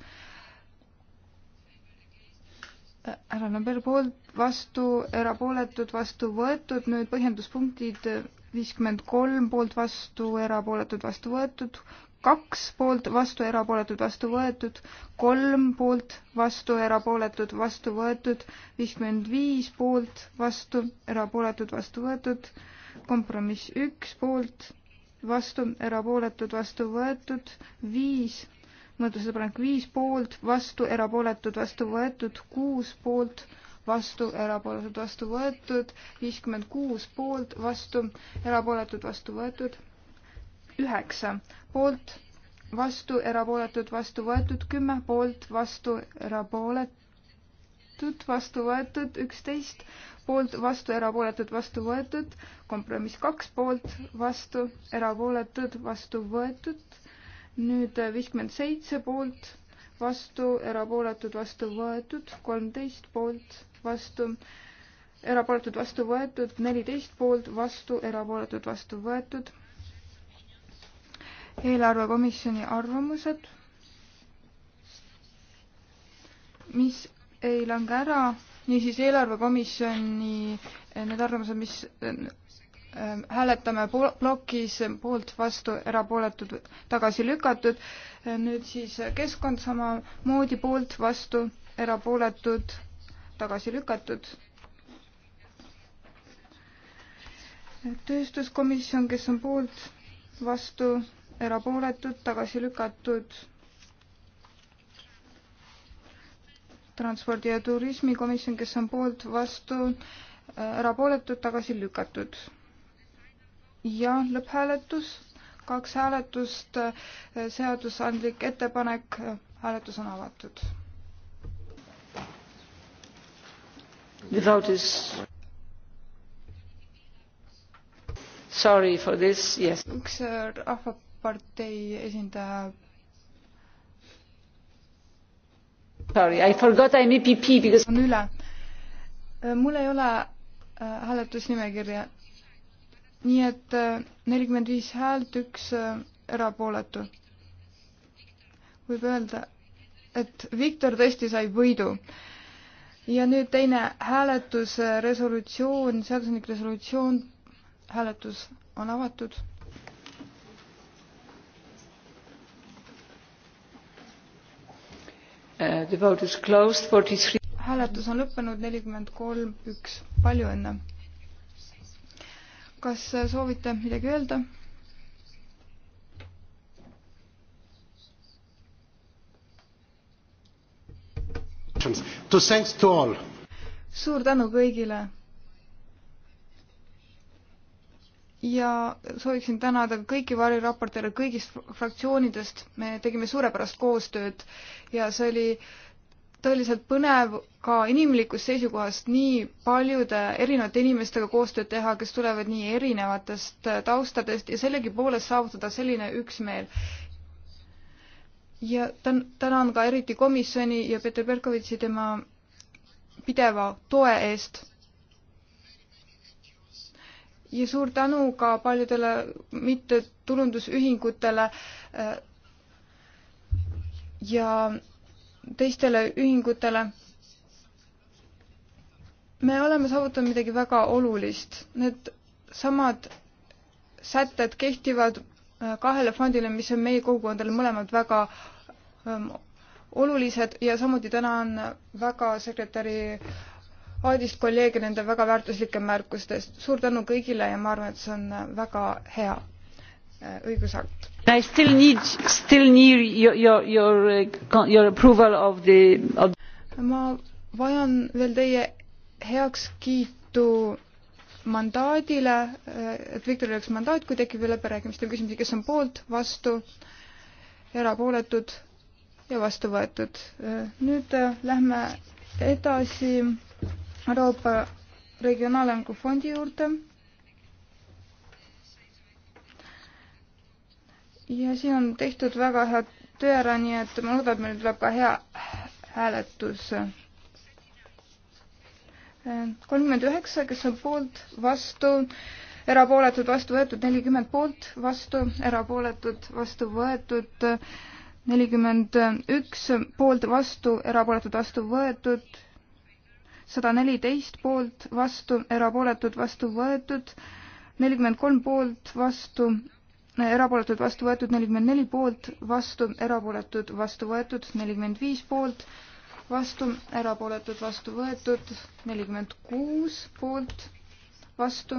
härra Lambert poolt, vastu, erapooletud, vastu võetud, nüüd põhjenduspunktid viiskümmend kolm poolt vastu, erapooletud vastu võetud, kaks poolt vastu, erapooletud vastu võetud, kolm poolt vastu, erapooletud vastu võetud, viiskümmend viis poolt vastu, erapooletud vastu võetud, kompromiss üks poolt vastu, erapooletud vastu võetud, viis, muudatusettepanek viis poolt vastu, erapooletud vastu võetud, kuus poolt vastu, vastu, erapooletud, vastu võetud, viiskümmend kuus poolt, vastu, erapooletud, vastu võetud, üheksa poolt, vastu, erapooletud, vastu võetud, kümme poolt, vastu, erapooletud, vastu võetud, üksteist poolt, vastu, erapooletud, vastu võetud, kompromiss kaks poolt, vastu, erapooletud, vastu võetud, nüüd viiskümmend seitse poolt vastu, erapooletud vastu võetud, kolmteist poolt, vastu, erapooletud vastu võetud, neliteist poolt vastu, erapooletud vastu võetud. eelarvekomisjoni arvamused, mis ei lange ära, niisiis eelarvekomisjoni eh, need arvamused, mis eh, eh, hääletame plokis poolt vastu, erapooletud tagasi lükatud. nüüd siis keskkond samamoodi poolt vastu, erapooletud tagasi lükatud. tööstuskomisjon, kes on poolt, vastu, erapooletud, tagasi lükatud. transpordi- ja turismikomisjon, kes on poolt, vastu, erapooletud, tagasi lükatud. ja lõpphääletus, kaks hääletust, seadusandlik ettepanek, hääletus on avatud The vote is. Sorry for this, yes. üks rahvapartei esindaja. Sorry, I forgot I am EPP because. on üle. Äh, mul ei ole äh, hääletusnimekirja. nii et äh, nelikümmend viis häält, üks erapooletu. võib öelda, et Viktor tõesti sai võidu ja nüüd teine hääletus, äh, resolutsioon, seaduslik resolutsioon, hääletus on avatud. Uh, the vote is closed, forty three. hääletus on lõppenud, nelikümmend kolm, üks, palju õnne. kas äh, soovite midagi öelda? Actions to thanks to all. suur tänu kõigile. ja sooviksin tänada kõiki variraportööre kõigist fraktsioonidest, me tegime suurepärast koostööd ja see oli tõeliselt põnev ka inimlikust seisukohast nii paljude erinevate inimestega koostööd teha, kes tulevad nii erinevatest taustadest ja sellegipoolest saavutada selline üksmeel ja tän-, tänan ka eriti komisjoni ja Peeter Berkovitši tema pideva toe eest. ja suur tänu ka paljudele mittetulundusühingutele äh, ja teistele ühingutele me oleme saavutanud midagi väga olulist. Need samad sätted kehtivad Äh, kahele fondile, mis on meie kogukondadele mõlemad väga um, olulised ja samuti tänan väga sekretäri Aadist kolleege nende väga väärtuslike märkustest. suur tänu kõigile ja ma arvan, et see on äh, väga hea äh, õigusakt. I still need, still need your, your, your, uh, your approval of the of... ma vajan veel teie heakskiitu mandaadile, et Viktoril oleks mandaat, kui tekib läbirääkimistel küsimusi, kes on poolt, vastu, erapooletud ja vastu võetud. nüüd äh, lähme edasi Euroopa Regionaalarengu Fondi juurde. ja siin on tehtud väga head töö ära, nii et ma loodan, et meil tuleb ka hea hääletus kolmkümmend üheksa, kes on poolt, vastu, erapooletud, vastu võetud, nelikümmend poolt, vastu, erapooletud, vastu võetud, nelikümmend üks poolt, vastu, erapooletud, vastu võetud, sada neliteist poolt, vastu, erapooletud, vastu võetud, nelikümmend kolm poolt, vastu, erapooletud, vastu võetud, nelikümmend neli poolt, vastu, erapooletud, vastu võetud, nelikümmend viis poolt, vastu, erapooletud, vastu võetud, nelikümmend kuus poolt, vastu,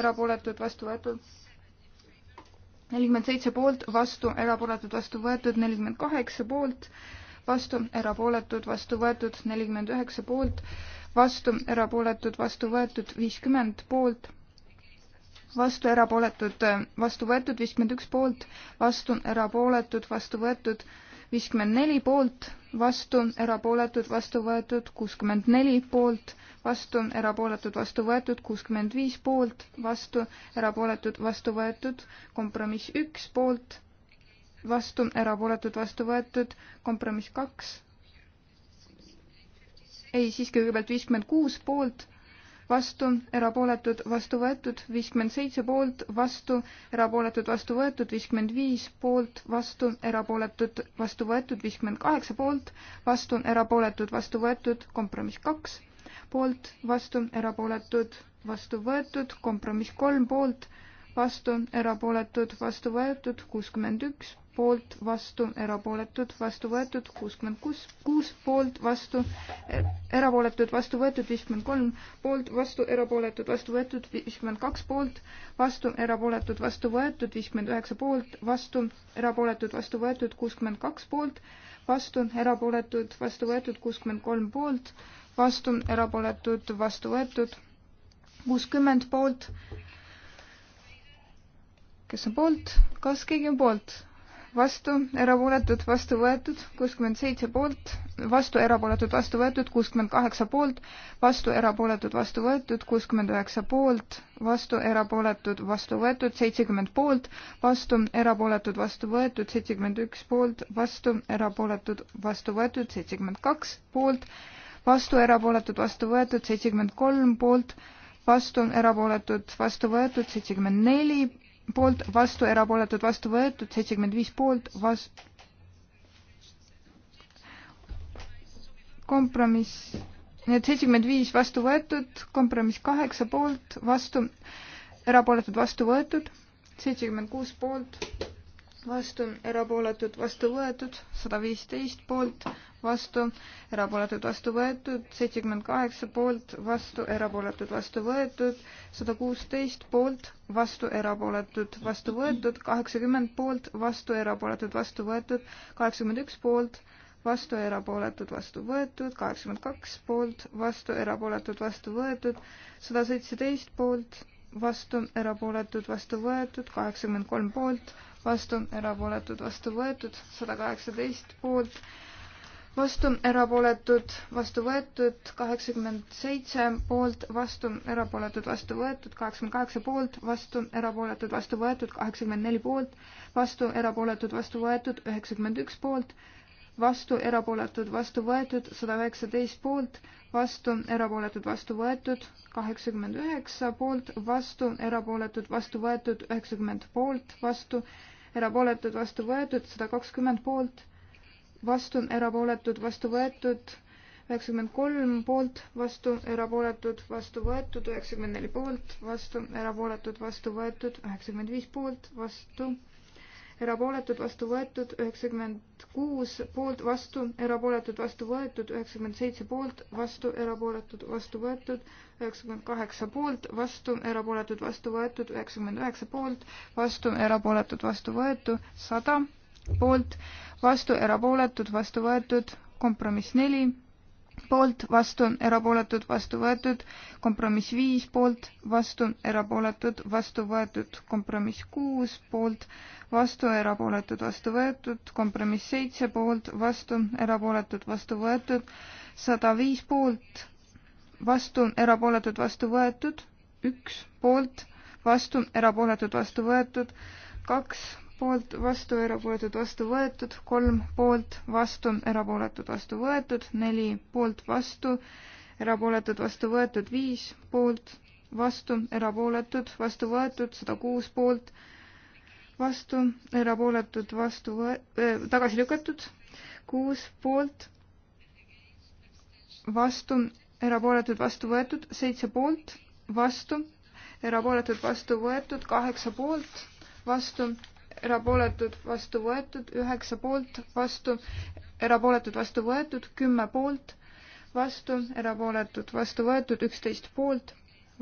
erapooletud, vastu võetud, nelikümmend seitse poolt, vastu, erapooletud, vastu võetud, nelikümmend kaheksa poolt, vastu, erapooletud, vastu võetud, nelikümmend üheksa poolt, vastu, erapooletud, vastu võetud, viiskümmend poolt vastu erapooletud, vastu võetud viiskümmend üks poolt, vastu erapooletud, vastu võetud viiskümmend neli poolt, vastu, erapooletud, vastu võetud, kuuskümmend neli poolt, vastu, erapooletud, vastu võetud, kuuskümmend viis poolt, vastu, erapooletud, vastu võetud, kompromiss üks poolt, vastu, erapooletud, vastu võetud, kompromiss kaks. ei, siiski kõigepealt viiskümmend kuus poolt, vastu, erapooletud, vastu võetud, viiskümmend seitse poolt, vastu, erapooletud, vastu võetud, viiskümmend viis poolt, vastu, erapooletud, vastu võetud, viiskümmend kaheksa poolt, vastu, erapooletud, vastu võetud, kompromiss kaks, poolt, vastu, erapooletud, vastu võetud, kompromiss kolm poolt, vastu, erapooletud, vastu võetud, kuuskümmend üks poolt, vastu, erapooletud, vastu võetud, kuuskümmend kuus, kuus poolt, vastu, erapooletud, vastu võetud, viiskümmend kolm poolt, vastu, erapooletud, vastu võetud, viiskümmend kaks poolt, vastu, erapooletud, vastu võetud, viiskümmend üheksa poolt, vastu, erapooletud, vastu võetud, kuuskümmend kaks poolt, vastu, erapooletud, vastu võetud, kuuskümmend kolm poolt, vastu, erapooletud, vastu võetud, kuuskümmend poolt, kes on poolt, kas keegi on poolt? vastu, erapooletud, vastu võetud, kuuskümmend seitse poolt, vastu, erapooletud, vastu võetud, kuuskümmend kaheksa poolt, vastu, erapooletud, vastu võetud, kuuskümmend üheksa poolt, vastu, erapooletud, vastu võetud, seitsekümmend poolt, vastu, erapooletud, vastu võetud, seitsekümmend üks poolt, vastu, erapooletud, vastu võetud, seitsekümmend kaks poolt, vastu, erapooletud, vastu võetud, seitsekümmend kolm poolt, vastu, erapooletud, vastu võetud, seitsekümmend neli poolt, vastu, erapooletud, vastu võetud, seitsekümmend viis poolt, vastu. kompromiss, nii et seitsekümmend viis vastu võetud, kompromiss kaheksa poolt, vastu, erapooletud, vastu võetud, seitsekümmend kuus poolt, vastu, erapooletud, vastu võetud, sada viisteist poolt, vastu, erapooletud, vastu võetud, seitsekümmend kaheksa poolt, vastu, erapooletud, vastu võetud, sada kuusteist poolt, vastu, erapooletud, vastu võetud, kaheksakümmend poolt, vastu, erapooletud, vastu võetud, kaheksakümmend üks poolt, vastu, erapooletud, vastu võetud, kaheksakümmend kaks poolt, vastu, erapooletud, vastu võetud, sada seitseteist poolt, vastu, erapooletud, vastu võetud, kaheksakümmend kolm poolt, vastu, erapooletud, vastu võetud, sada kaheksateist poolt, vastu, erapooletud, vastu võetud, kaheksakümmend seitse poolt, vastu, erapooletud, vastu võetud, kaheksakümmend kaheksa poolt, vastu, erapooletud, vastu võetud, kaheksakümmend neli poolt, vastu, erapooletud, vastu võetud, üheksakümmend üks poolt, vastu, erapooletud, vastu võetud, sada üheksateist poolt, vastu, erapooletud, vastu võetud, kaheksakümmend üheksa poolt, vastu, erapooletud, vastu võetud, üheksakümmend poolt, vastu, erapooletud, vastu võetud, sada kakskümmend poolt, vastu, erapooletud, vastu võetud, üheksakümmend kolm poolt, vastu, erapooletud, vastu võetud, üheksakümmend neli poolt, vastu, erapooletud, vastu võetud, üheksakümmend viis poolt, vastu erapooletud, vastu võetud, üheksakümmend kuus poolt, vastu, erapooletud, vastu võetud, üheksakümmend seitse poolt, vastu, erapooletud, vastu võetud, üheksakümmend kaheksa poolt, vastu, erapooletud, vastu võetud, üheksakümmend üheksa poolt, vastu, erapooletud, vastu võetud, sada poolt, vastu, erapooletud, vastu võetud, kompromiss neli poolt, vastu, erapooletud, vastu võetud, kompromiss viis poolt, vastu, erapooletud, vastu võetud, kompromiss kuus poolt, vastu, erapooletud, vastu võetud, kompromiss seitse poolt, vastu, erapooletud, vastu võetud, sada viis poolt, vastu, erapooletud, vastu võetud, üks poolt, vastu, erapooletud, vastu võetud, kaks poolt, vastu, erapooletud, vastu võetud, kolm poolt, vastu, erapooletud, vastu võetud, neli poolt, vastu, erapooletud, vastu võetud, viis poolt, vastu, erapooletud, vastu võetud, sada kuus poolt, vastu, erapooletud, vastu võe-, äh, tagasi lükatud, kuus poolt, vastu, erapooletud, vastu võetud, seitse poolt, vastu, erapooletud, vastu võetud, kaheksa poolt, vastu, erapooletud, vastu võetud, üheksa poolt, vastu, erapooletud, vastu võetud, kümme poolt, vastu, erapooletud, vastu võetud, üksteist poolt,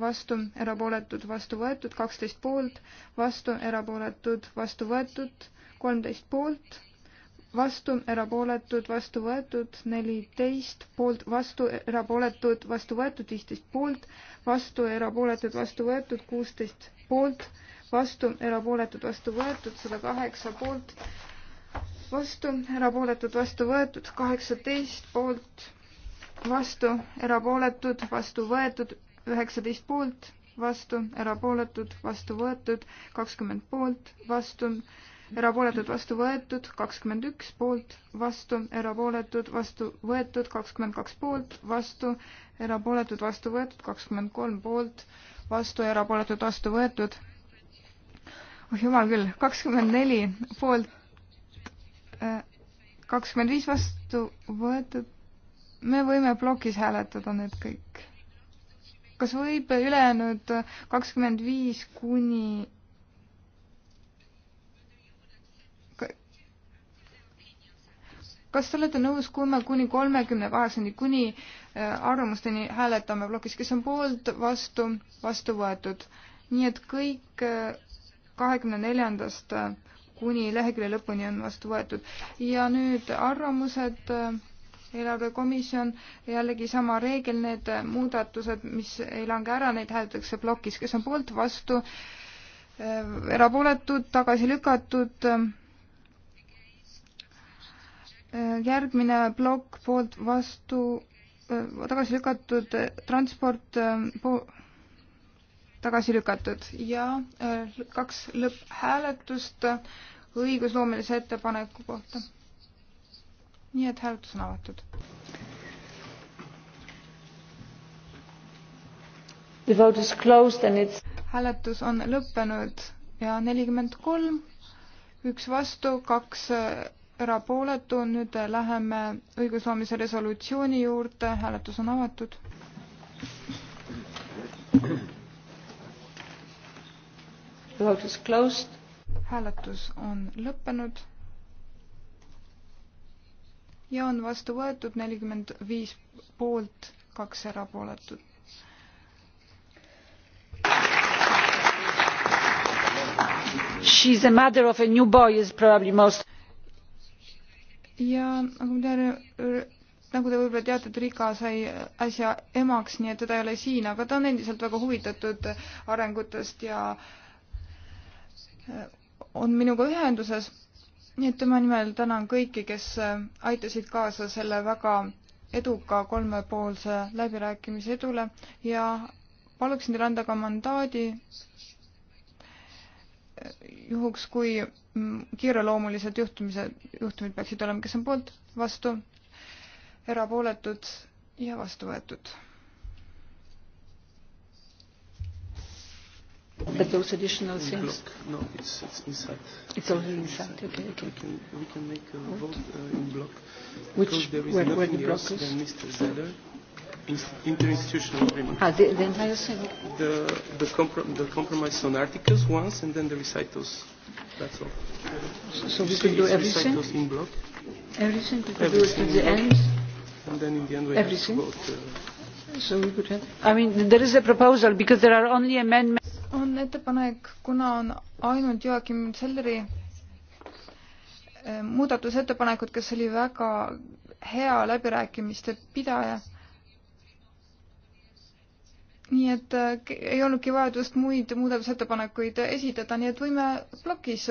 vastu, erapooletud, vastu võetud, kaksteist poolt, vastu, erapooletud, vastu võetud, kolmteist poolt, vastu, erapooletud, vastu võetud, neliteist poolt, vastu, erapooletud, vastu võetud, viisteist poolt, vastu, erapooletud, vastu võetud, kuusteist poolt, vastu, erapooletud, vastu võetud, sada kaheksa poolt, vastu, erapooletud, vastu võetud, kaheksateist poolt, vastu, erapooletud, vastu võetud, üheksateist poolt, vastu, erapooletud, vastu võetud, kakskümmend poolt, vastu, erapooletud, vastu võetud, kakskümmend üks poolt, vastu, erapooletud, vastu võetud, kakskümmend kaks poolt, vastu, erapooletud, vastu võetud, kakskümmend kolm poolt, vastu, erapooletud, vastu võetud, oh jumal küll, kakskümmend neli poolt, äh, kakskümmend viis vastu võetud. me võime plokis hääletada need kõik. kas võib ülejäänud kakskümmend viis kuni kas te olete nõus, kui me kuni kolmekümne kaheksani, kuni äh, arvamusteni hääletame plokis, kes on poolt, vastu, vastu võetud? nii et kõik äh, kahekümne neljandast äh, kuni lehekülje lõpuni on vastu võetud. ja nüüd arvamused, äh, eelarvekomisjon, jällegi sama reegel, need muudatused, mis ei lange ära, neid hääletatakse plokis, kes on poolt, vastu, äh, erapooletud, tagasi lükatud, järgmine plokk poolt, vastu, tagasi lükatud, transport po-, tagasi lükatud ja äh, kaks lõpphääletust õigusloomelise ettepaneku kohta. nii et hääletus on avatud. The vote is closed and it's hääletus on lõppenud ja nelikümmend kolm, üks vastu, kaks äh, erapooletu, nüüd läheme õigusloomise resolutsiooni juurde, hääletus on avatud hääletus on lõppenud ja on vastu võetud nelikümmend viis poolt, kaks erapooletut. She is a mother of a new boy is probably most. ja nagu te, nagu te võib-olla teate, et Rika sai äsja emaks, nii et teda ei ole siin, aga ta on endiselt väga huvitatud arengutest ja äh, on minuga ühenduses. nii et tema nimel tänan kõiki, kes äh, aitasid kaasa selle väga eduka kolmepoolse läbirääkimise edule ja paluksin teile anda ka mandaadi äh, juhuks, kui mm, kiireloomulised juhtumised, juhtumid peaksid olema, kes on poolt, vastu, erapooletud ja vastu võetud But those additional things? Block. No, it's, it's inside. It's only inside, okay. okay. We, can, we can make a what? vote uh, in block. Which, because there is where, where the block else is? than Mr. Zeller. In, interinstitutional agreement. Ah, the, the entire thing? The, the, comprom the compromise on articles once and then the recitals. That's all. So, so we can do everything? Recitals in block. Everything? We can everything do it to the end? And then in the end we everything? have to vote. Uh, so we could have... I mean, there is a proposal because there are only amendments on ettepanek, kuna on ainult Joachim Selleri eh, muudatusettepanekud, kes oli väga hea läbirääkimiste pidaja. nii et eh, ei olnudki vajadust muid muudatusettepanekuid esitada, nii et võime plokis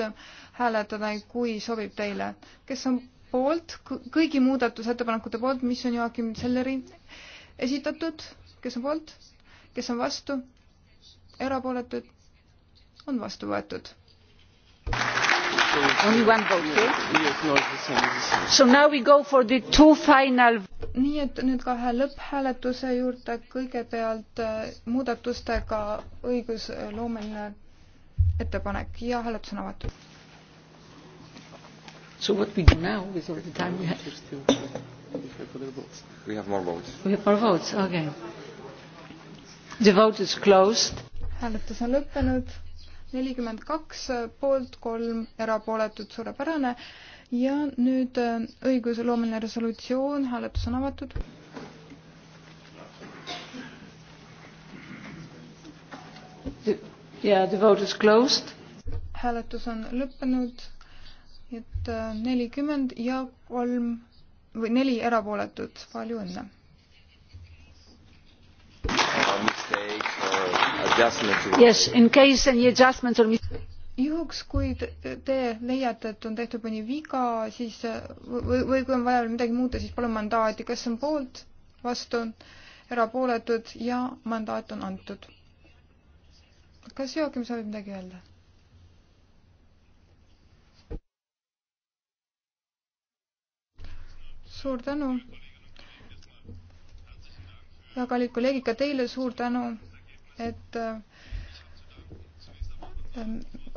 hääletada, kui sobib teile. kes on poolt, kõigi muudatusettepanekute poolt, mis on Joachim Selleri esitatud, kes on poolt, kes on vastu, erapooletud, on vastu võetud. Final... nii et nüüd kahe lõpphääletuse juurde kõigepealt äh, muudatustega õigusloomeline ettepanek ja hääletus on avatud. So what we do now with all the time we have? We have more votes. We have more votes, okay. The vote is closed hääletus on lõppenud, nelikümmend kaks poolt, kolm erapooletut, suurepärane. ja nüüd äh, õigusloomeline resolutsioon, hääletus on avatud. Yeah, the vote is closed. hääletus on lõppenud, et äh, nelikümmend ja kolm või neli erapooletut, palju õnne mistakes or adjustments to... Yes, in case any adjustments or mistakes juhuks, kui te leiate, et on tehtud mõni viga, siis või, või kui on vaja midagi muuta, siis palun mandaati, kas on poolt, vastu, erapooletud ja mandaat on antud. kas Joakim soovib midagi öelda? suur tänu ja kallid kolleegid, ka teile suur tänu, et ähm,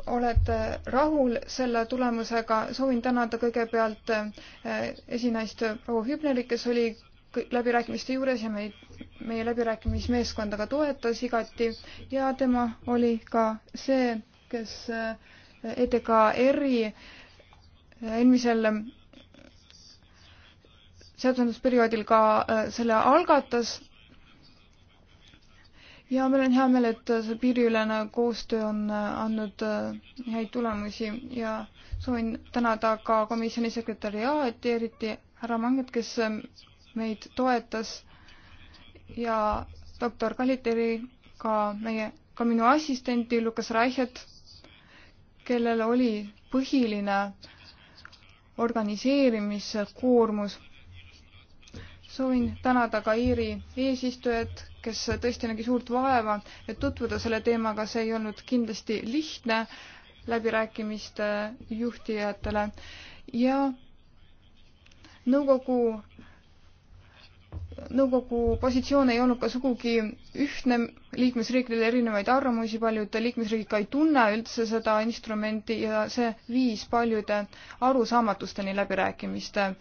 olete rahul selle tulemusega. soovin tänada kõigepealt äh, esinaist proua Hübnerit, kes oli läbirääkimiste juures ja meid, meie läbirääkimismeeskonda ka toetas igati ja tema oli ka see, kes äh, EDKR-i äh, eelmisel seadusandlusperioodil ka selle algatas ja meil on hea meel, et äh, see piiriülene koostöö on äh, andnud äh, häid tulemusi ja soovin tänada ka komisjoni sekretäriaati, eriti härra Manget, kes meid toetas ja doktor Kaliteri, ka meie, ka minu assistenti Lukas Reichet, kellel oli põhiline organiseerimiskoormus. soovin tänada ka Iiri eesistujat, kes tõesti nägi suurt vaeva, et tutvuda selle teemaga, see ei olnud kindlasti lihtne läbirääkimiste juhtijatele ja nõukogu nõukogu positsioon ei olnud ka sugugi ühtne, liikmesriikidel erinevaid arvamusi, paljud liikmesriigid ka ei tunne üldse seda instrumenti ja see viis paljude arusaamatusteni läbirääkimiste äh,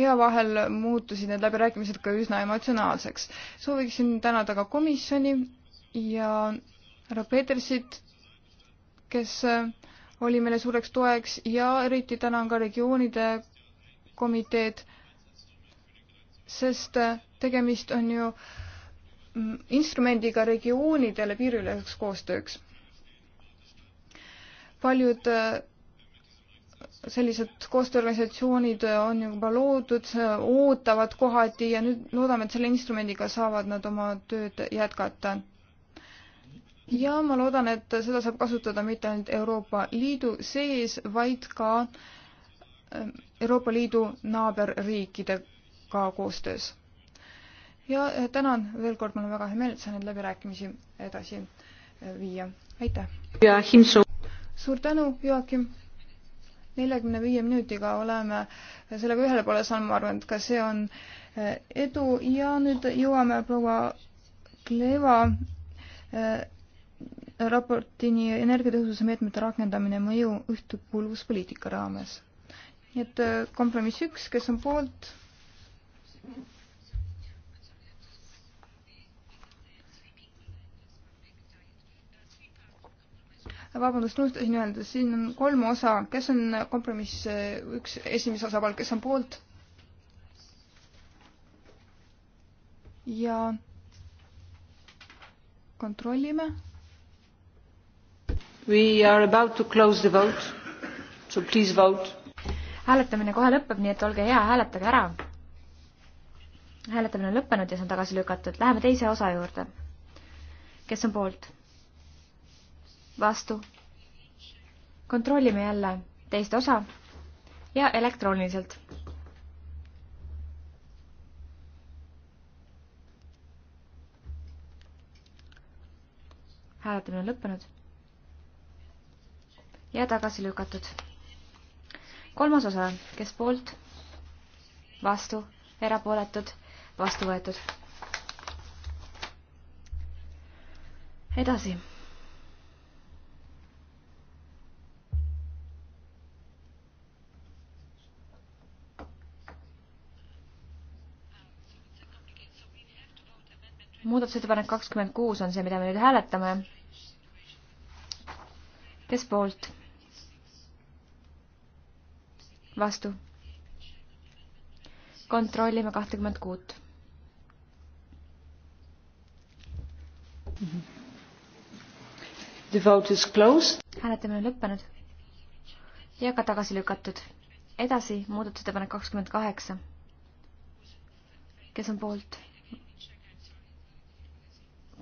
ja vahel muutusid need läbirääkimised ka üsna emotsionaalseks. sooviksin tänada ka komisjoni ja härra Petersit, kes oli meile suureks toeks ja eriti tänan ka regioonide komiteed, sest tegemist on ju instrumendiga regioonidele piiriüleseks koostööks. paljud sellised koostööorganisatsioonid on juba loodud, ootavad kohati ja nüüd loodame, et selle instrumendiga saavad nad oma tööd jätkata. ja ma loodan, et seda saab kasutada mitte ainult Euroopa Liidu sees, vaid ka ähm, Euroopa Liidu naaberriikidega koostöös. ja äh, tänan veel kord, mul on väga hea meel, et saan neid läbirääkimisi edasi äh, viia. aitäh! suur tänu, Joakim! neljakümne viie minutiga oleme sellega ühele poole saanud, ma arvan, et ka see on eh, edu ja nüüd jõuame proua Kleva eh, raportini energiatõhususe meetmete rakendamine mõju ühtekuuluvuspoliitika raames. nii et eh, kompromiss üks, kes on poolt, Ah, vabandust, unustasin öelda, siin on kolm osa, kes on kompromiss eh, üks esimese osapool, kes on poolt? ja kontrollime. We are about to close the vote, so please vote. hääletamine kohe lõpeb, nii et olge hea, hääletage ära. hääletamine on lõppenud ja see on tagasi lükatud, läheme teise osa juurde. kes on poolt? vastu. kontrollime jälle teist osa ja elektrooniliselt. hääletamine on lõppenud ja tagasi lükatud. kolmas osa, kes poolt, vastu, erapooletud, vastu võetud. edasi muudatusettepanek kakskümmend kuus on see, mida me nüüd hääletame. kes poolt? vastu. kontrollime kahtekümmet kuut. The vote is closed. hääletamine on lõppenud ja ka tagasi lükatud. edasi muudatusettepanek kakskümmend kaheksa. kes on poolt?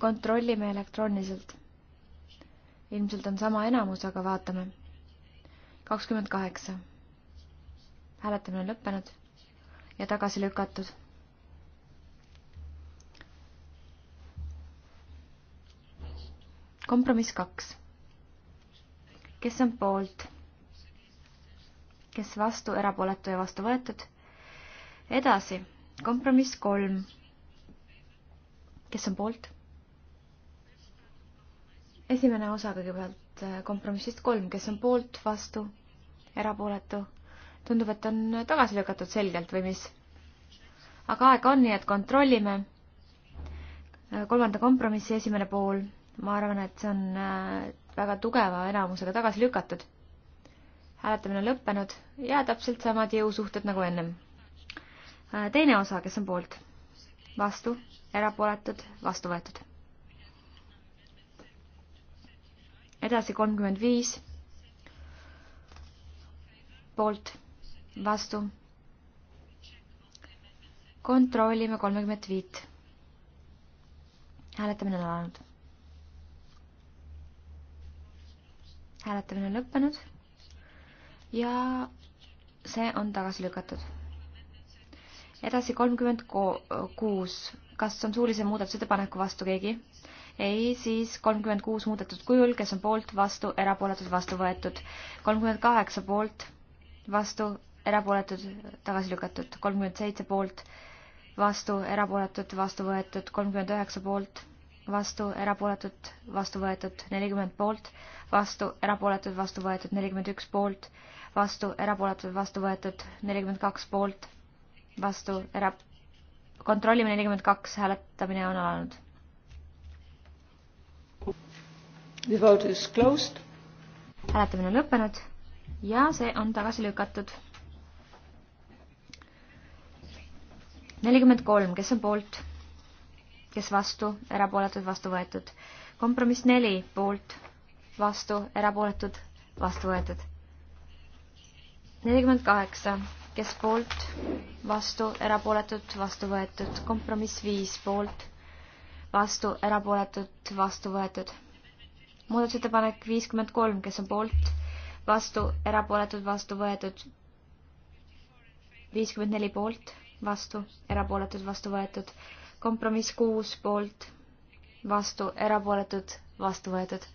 kontrollime elektrooniliselt. ilmselt on sama enamus, aga vaatame. kakskümmend kaheksa. hääletamine on lõppenud ja tagasi lükatud. kompromiss kaks. kes on poolt? kes vastu, erapooletu ja vastu võetud? edasi, kompromiss kolm. kes on poolt? esimene osa kõigepealt äh, kompromissist kolm, kes on poolt, vastu, erapooletu. tundub, et on tagasi lükatud selgelt või mis? aga aega on, nii et kontrollime. Äh, kolmanda kompromissi esimene pool, ma arvan, et see on äh, väga tugeva enamusega tagasi lükatud. hääletamine on lõppenud ja täpselt samad jõusuhted nagu ennem. teine osa, kes on poolt, vastu, erapooletud, vastu võetud edasi kolmkümmend viis poolt, vastu. kontrollime kolmekümmet viit. hääletamine on alanud. hääletamine on lõppenud ja see on tagasi lükatud. edasi kolmkümmend kuus, kas on suulise muudatusettepaneku vastu keegi? ei, siis kolmkümmend kuus muudetud kujul, kes on poolt, vastu, erapooletud, vastu võetud. kolmkümmend kaheksa poolt, vastu, erapooletud, tagasi lükatud. kolmkümmend seitse poolt, vastu, erapooletud, vastu võetud. kolmkümmend üheksa poolt, vastu, erapooletud, vastu võetud. nelikümmend poolt, vastu, erapooletud, vastu võetud. nelikümmend üks poolt, vastu, erapooletud, vastu võetud. nelikümmend kaks poolt, vastu, era-, kontrollime nelikümmend kaks, hääletamine on alanud The vote is closed. hääletamine on lõppenud ja see on tagasi lükatud. nelikümmend kolm, kes on poolt, kes vastu, erapooletud, vastu võetud. kompromiss neli, poolt, vastu, erapooletud, vastu võetud. nelikümmend kaheksa, kes poolt, vastu, erapooletud, vastu võetud. kompromiss viis, poolt, vastu, erapooletud, vastu võetud muudatusettepanek viiskümmend kolm, kes on poolt, vastu, erapooletud, vastu võetud. viiskümmend neli poolt, vastu, erapooletud, vastu võetud. kompromiss kuus poolt, vastu, erapooletud, vastu võetud.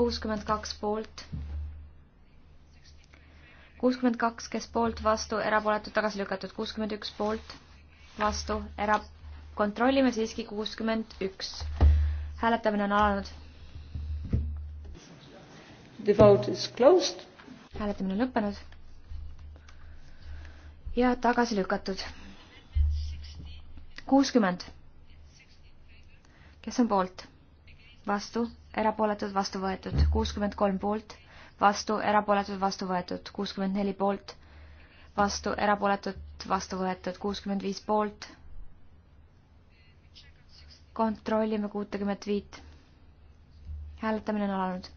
kuuskümmend kaks poolt. kuuskümmend kaks, kes poolt, vastu, erapooletud, tagasi lükatud. kuuskümmend üks poolt, vastu, era-, kontrollime siiski kuuskümmend üks. hääletamine on alanud The vote is closed. hääletamine on lõppenud. ja tagasi lükatud. kuuskümmend. kes on poolt? vastu, erapooletud, vastu võetud, kuuskümmend kolm poolt, vastu, erapooletud, vastu võetud, kuuskümmend neli poolt, vastu, erapooletud, vastu võetud, kuuskümmend viis poolt. kontrollime kuutekümmet viit. hääletamine on alanud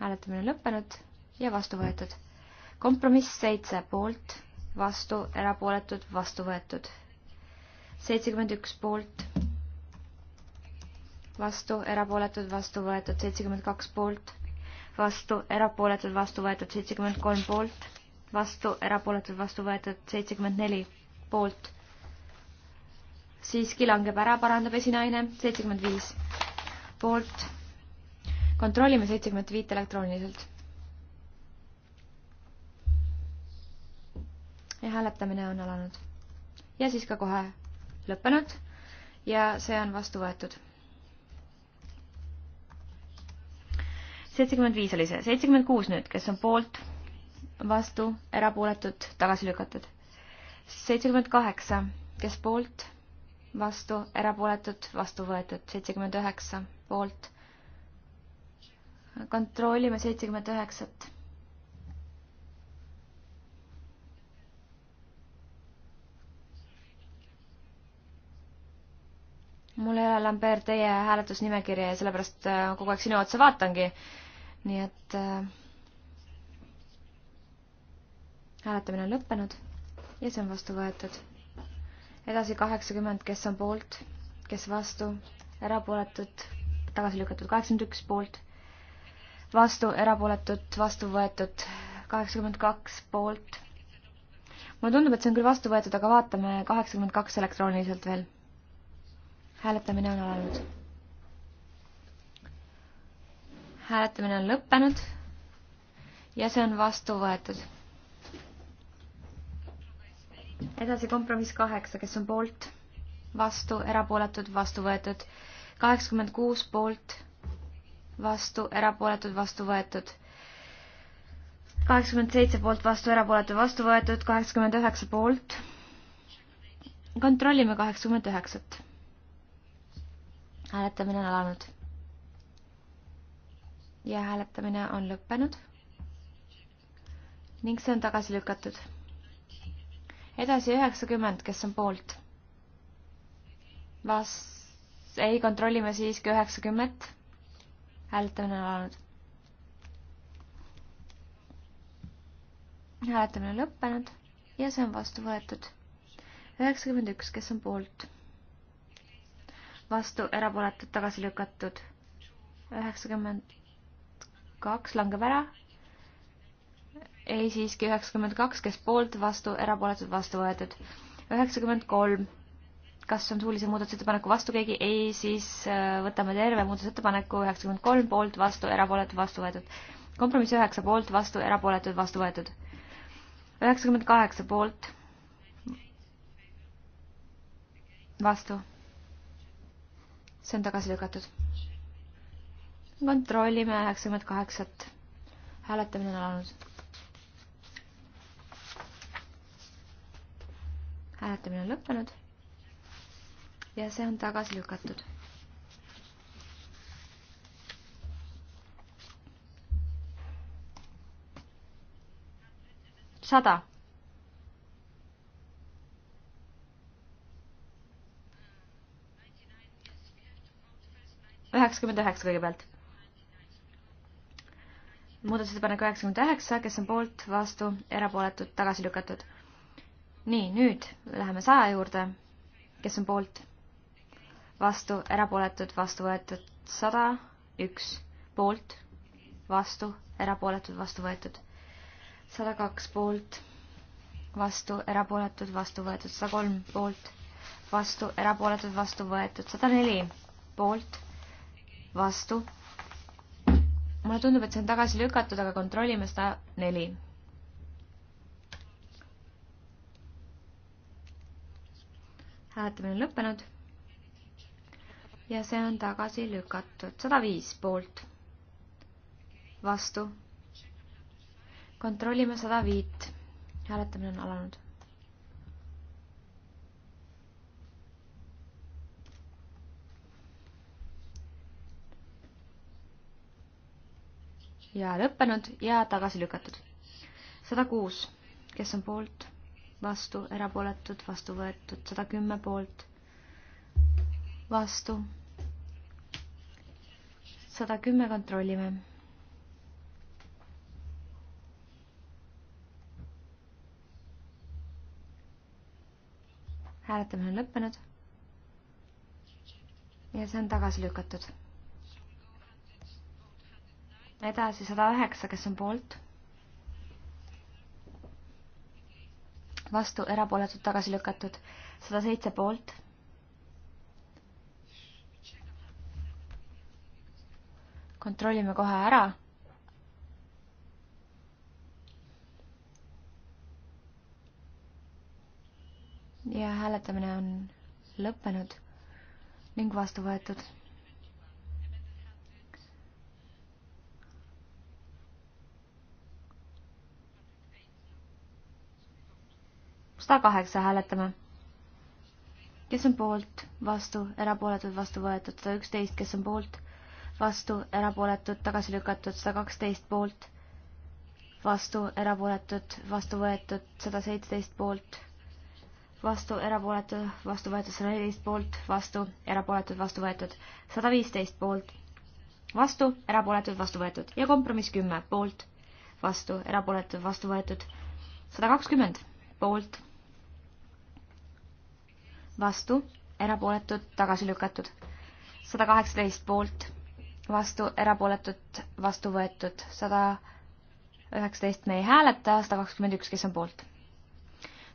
hääletamine lõppenud ja vastu võetud. kompromiss seitse poolt, vastu, erapooletud, vastu võetud. seitsekümmend üks poolt, vastu, erapooletud, vastu võetud, seitsekümmend kaks poolt, vastu, erapooletud, vastu võetud, seitsekümmend kolm poolt, vastu, erapooletud, vastu võetud, seitsekümmend neli poolt. siiski langeb ära, parandab esinaine, seitsekümmend viis poolt kontrollime seitsekümmend viit elektrooniliselt. ja hääletamine on alanud. ja siis ka kohe lõppenud ja see on vastu võetud. seitsekümmend viis oli see, seitsekümmend kuus nüüd, kes on poolt, vastu, erapooletud, tagasi lükatud. seitsekümmend kaheksa, kes poolt, vastu, erapooletud, vastu võetud, seitsekümmend üheksa, poolt kontrollime seitsekümmend üheksat. mul ei ole, Lambert, teie hääletusnimekirja ja sellepärast äh, kogu aeg sinu otsa vaatangi. nii et äh, hääletamine on lõppenud ja see on vastu võetud. edasi kaheksakümmend, kes on poolt, kes vastu, erapooletud, tagasi lükatud kaheksakümmend üks poolt vastu, erapooletud, vastu võetud kaheksakümmend kaks poolt. mulle tundub, et see on küll vastu võetud, aga vaatame kaheksakümmend kaks elektrooniliselt veel. hääletamine on alanud. hääletamine on lõppenud ja see on vastu võetud. edasi kompromiss kaheksa, kes on poolt, vastu, erapooletud, vastu võetud, kaheksakümmend kuus poolt vastu, erapooletud, vastu võetud. kaheksakümmend seitse poolt vastu, erapooletu vastu võetud, kaheksakümmend üheksa poolt. kontrollime kaheksakümmend üheksat. hääletamine on alanud. ja hääletamine on lõppenud. ning see on tagasi lükatud. edasi üheksakümmend, kes on poolt? vas-, ei, kontrollime siiski üheksakümmet hääletamine on alanud. hääletamine on lõppenud ja see on vastu võetud. üheksakümmend üks, kes on poolt? vastu, erapooletud, tagasi lükatud. üheksakümmend kaks langeb ära. ei, siiski üheksakümmend kaks, kes poolt, vastu, erapooletud, vastu võetud. üheksakümmend kolm kas on suulise muudatusettepaneku vastu keegi? ei, siis äh, võtame terve muudatusettepaneku üheksakümmend kolm poolt vastu, erapooletud vastu võetud. kompromiss üheksa poolt vastu, erapooletud vastu võetud. üheksakümmend kaheksa poolt vastu. see on tagasi lükatud. kontrollime üheksakümmend kaheksat. hääletamine on alanud hääletamine on lõppenud ja see on tagasi lükatud. sada. üheksakümmend üheksa kõigepealt. muudatusettepanek üheksakümmend üheksa, kes on poolt, vastu, erapooletud, tagasi lükatud. nii, nüüd läheme saja juurde, kes on poolt vastu, erapooletud, vastu võetud sada üks poolt, vastu, erapooletud, vastu võetud sada kaks poolt, vastu, erapooletud, vastu võetud sada kolm poolt, vastu, erapooletud, vastu võetud sada neli poolt, vastu. mulle tundub, et see on tagasi lükatud, aga kontrollime seda neli hääletamine on lõppenud ja see on tagasi lükatud. sada viis poolt, vastu. kontrollime sada viit. hääletamine on alanud. ja lõppenud ja tagasi lükatud. sada kuus, kes on poolt, vastu, erapooletud, vastu võetud, sada kümme poolt, vastu sada kümme kontrollime. hääletamine on lõppenud. ja see on tagasi lükatud. edasi sada üheksa, kes on poolt. vastu, erapooletud, tagasi lükatud. sada seitse poolt kontrollime kohe ära. ja hääletamine on lõppenud ning vastu võetud. sada kaheksa hääletame kes on poolt, vastu, erapooletud, vastu võetud, sada üksteist, kes on poolt, vastu, erapooletud, tagasi lükatud, sada kaksteist poolt, vastu, erapooletud, vastu võetud, sada seitseteist poolt, vastu, erapooletud, vastu võetud, sada neliteist poolt, vastu, erapooletud, vastu võetud, sada viisteist poolt, vastu, erapooletud, vastu võetud ja kompromiss kümme poolt, vastu, erapooletud, vastu võetud, sada kakskümmend poolt, vastu, erapooletud, tagasi lükatud, sada kaheksateist poolt vastu, erapooletud, vastu võetud, sada üheksateist me ei hääleta, sada kakskümmend üks, kes on poolt.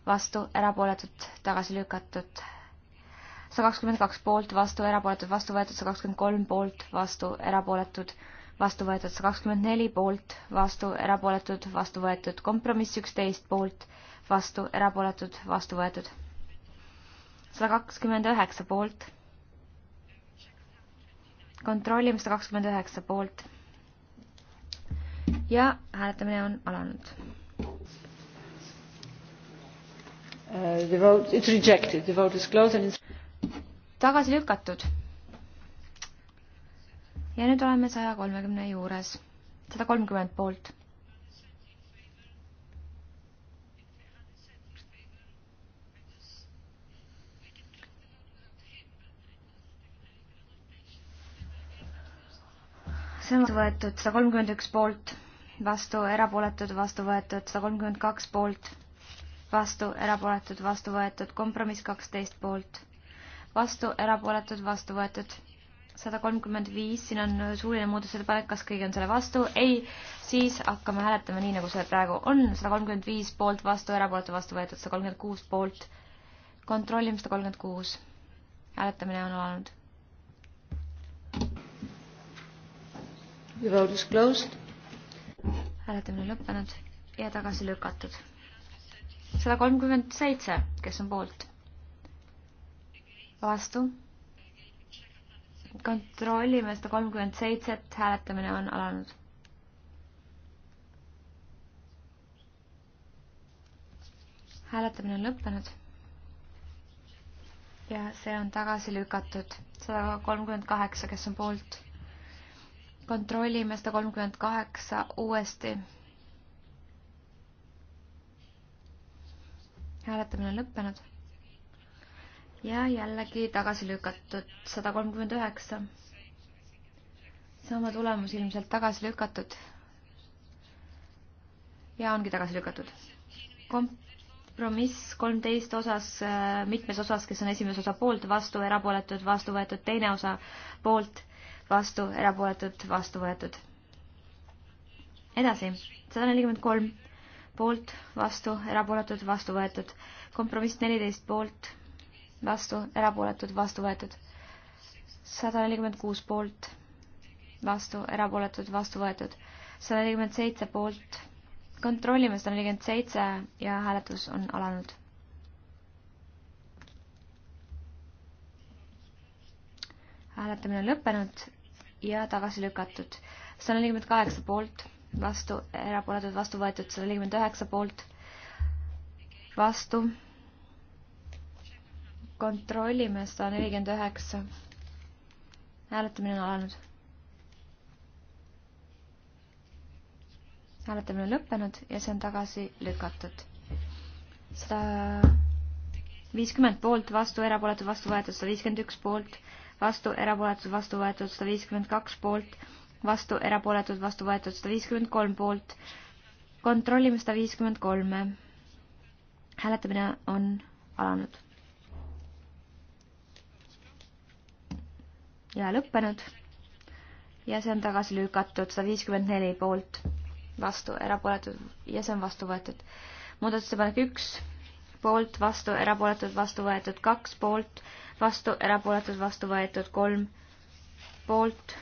vastu, erapooletud, tagasi lükatud, sada kakskümmend kaks poolt, vastu, erapooletud, vastu võetud, sada kakskümmend kolm poolt, vastu, erapooletud, vastu võetud, sada kakskümmend neli poolt, vastu, erapooletud, vastu võetud, kompromiss üksteist poolt, vastu, erapooletud, vastu võetud, sada kakskümmend üheksa poolt kontrollime sada kakskümmend üheksa poolt. ja hääletamine on alanud uh,. The vote, it's rejected, the vote is closed and it's tagasi lükatud. ja nüüd oleme saja kolmekümne juures, sada kolmkümmend poolt sõna võetud sada kolmkümmend üks poolt, vastu erapooletud, vastu võetud sada kolmkümmend kaks poolt, vastu erapooletud, vastu võetud, kompromiss kaksteist poolt, vastu erapooletud, vastu võetud sada kolmkümmend viis, siin on suuline muudatusettepanek, kas keegi on selle vastu? ei, siis hakkame hääletama nii, nagu see praegu on, sada kolmkümmend viis poolt, vastu, erapooletu, vastu võetud, sada kolmkümmend kuus poolt. kontrollime sada kolmkümmend kuus. hääletamine on alanud The vote is closed. hääletamine lõppenud ja tagasi lükatud. sada kolmkümmend seitse, kes on poolt? vastu? kontrollime sada kolmkümmend seitset, hääletamine on alanud. hääletamine on lõppenud. ja see on tagasi lükatud. sada kolmkümmend kaheksa, kes on poolt? kontrollime sada kolmkümmend kaheksa uuesti. hääletamine on lõppenud. ja jällegi tagasi lükatud sada kolmkümmend üheksa. sama tulemus ilmselt tagasi lükatud. ja ongi tagasi lükatud. kompromiss kolmteist osas, äh, mitmes osas, kes on esimese osa poolt, vastu, erapooletud, vastu võetud, teine osa poolt vastu, erapooletud, vastu võetud. edasi, sada nelikümmend kolm poolt, vastu, erapooletud, vastu võetud. kompromiss neliteist poolt, vastu, erapooletud, vastu võetud. sada nelikümmend kuus poolt, vastu, erapooletud, vastu võetud. sada nelikümmend seitse poolt, kontrollime sada nelikümmend seitse ja hääletus on alanud. hääletamine on lõppenud ja tagasi lükatud. sada nelikümmend kaheksa poolt, vastu, erapooletud, vastu võetud, sada nelikümmend üheksa poolt, vastu. kontrollime sada nelikümmend üheksa. hääletamine on alanud. hääletamine on lõppenud ja see on tagasi lükatud. sada viiskümmend poolt, vastu, erapooletud, vastu võetud, sada viiskümmend üks poolt vastu, erapooletud, vastu võetud sada viiskümmend kaks poolt, vastu, erapooletud, vastu võetud sada viiskümmend kolm poolt. kontrollime sada viiskümmend kolme. hääletamine on alanud. ja lõppenud. ja see on tagasi lükatud sada viiskümmend neli poolt, vastu, erapooletud ja see on vastu võetud. muudatusettepanek üks poolt, vastu, erapooletud, vastu võetud kaks poolt, vastu, erapooletud, vastu võetud kolm poolt,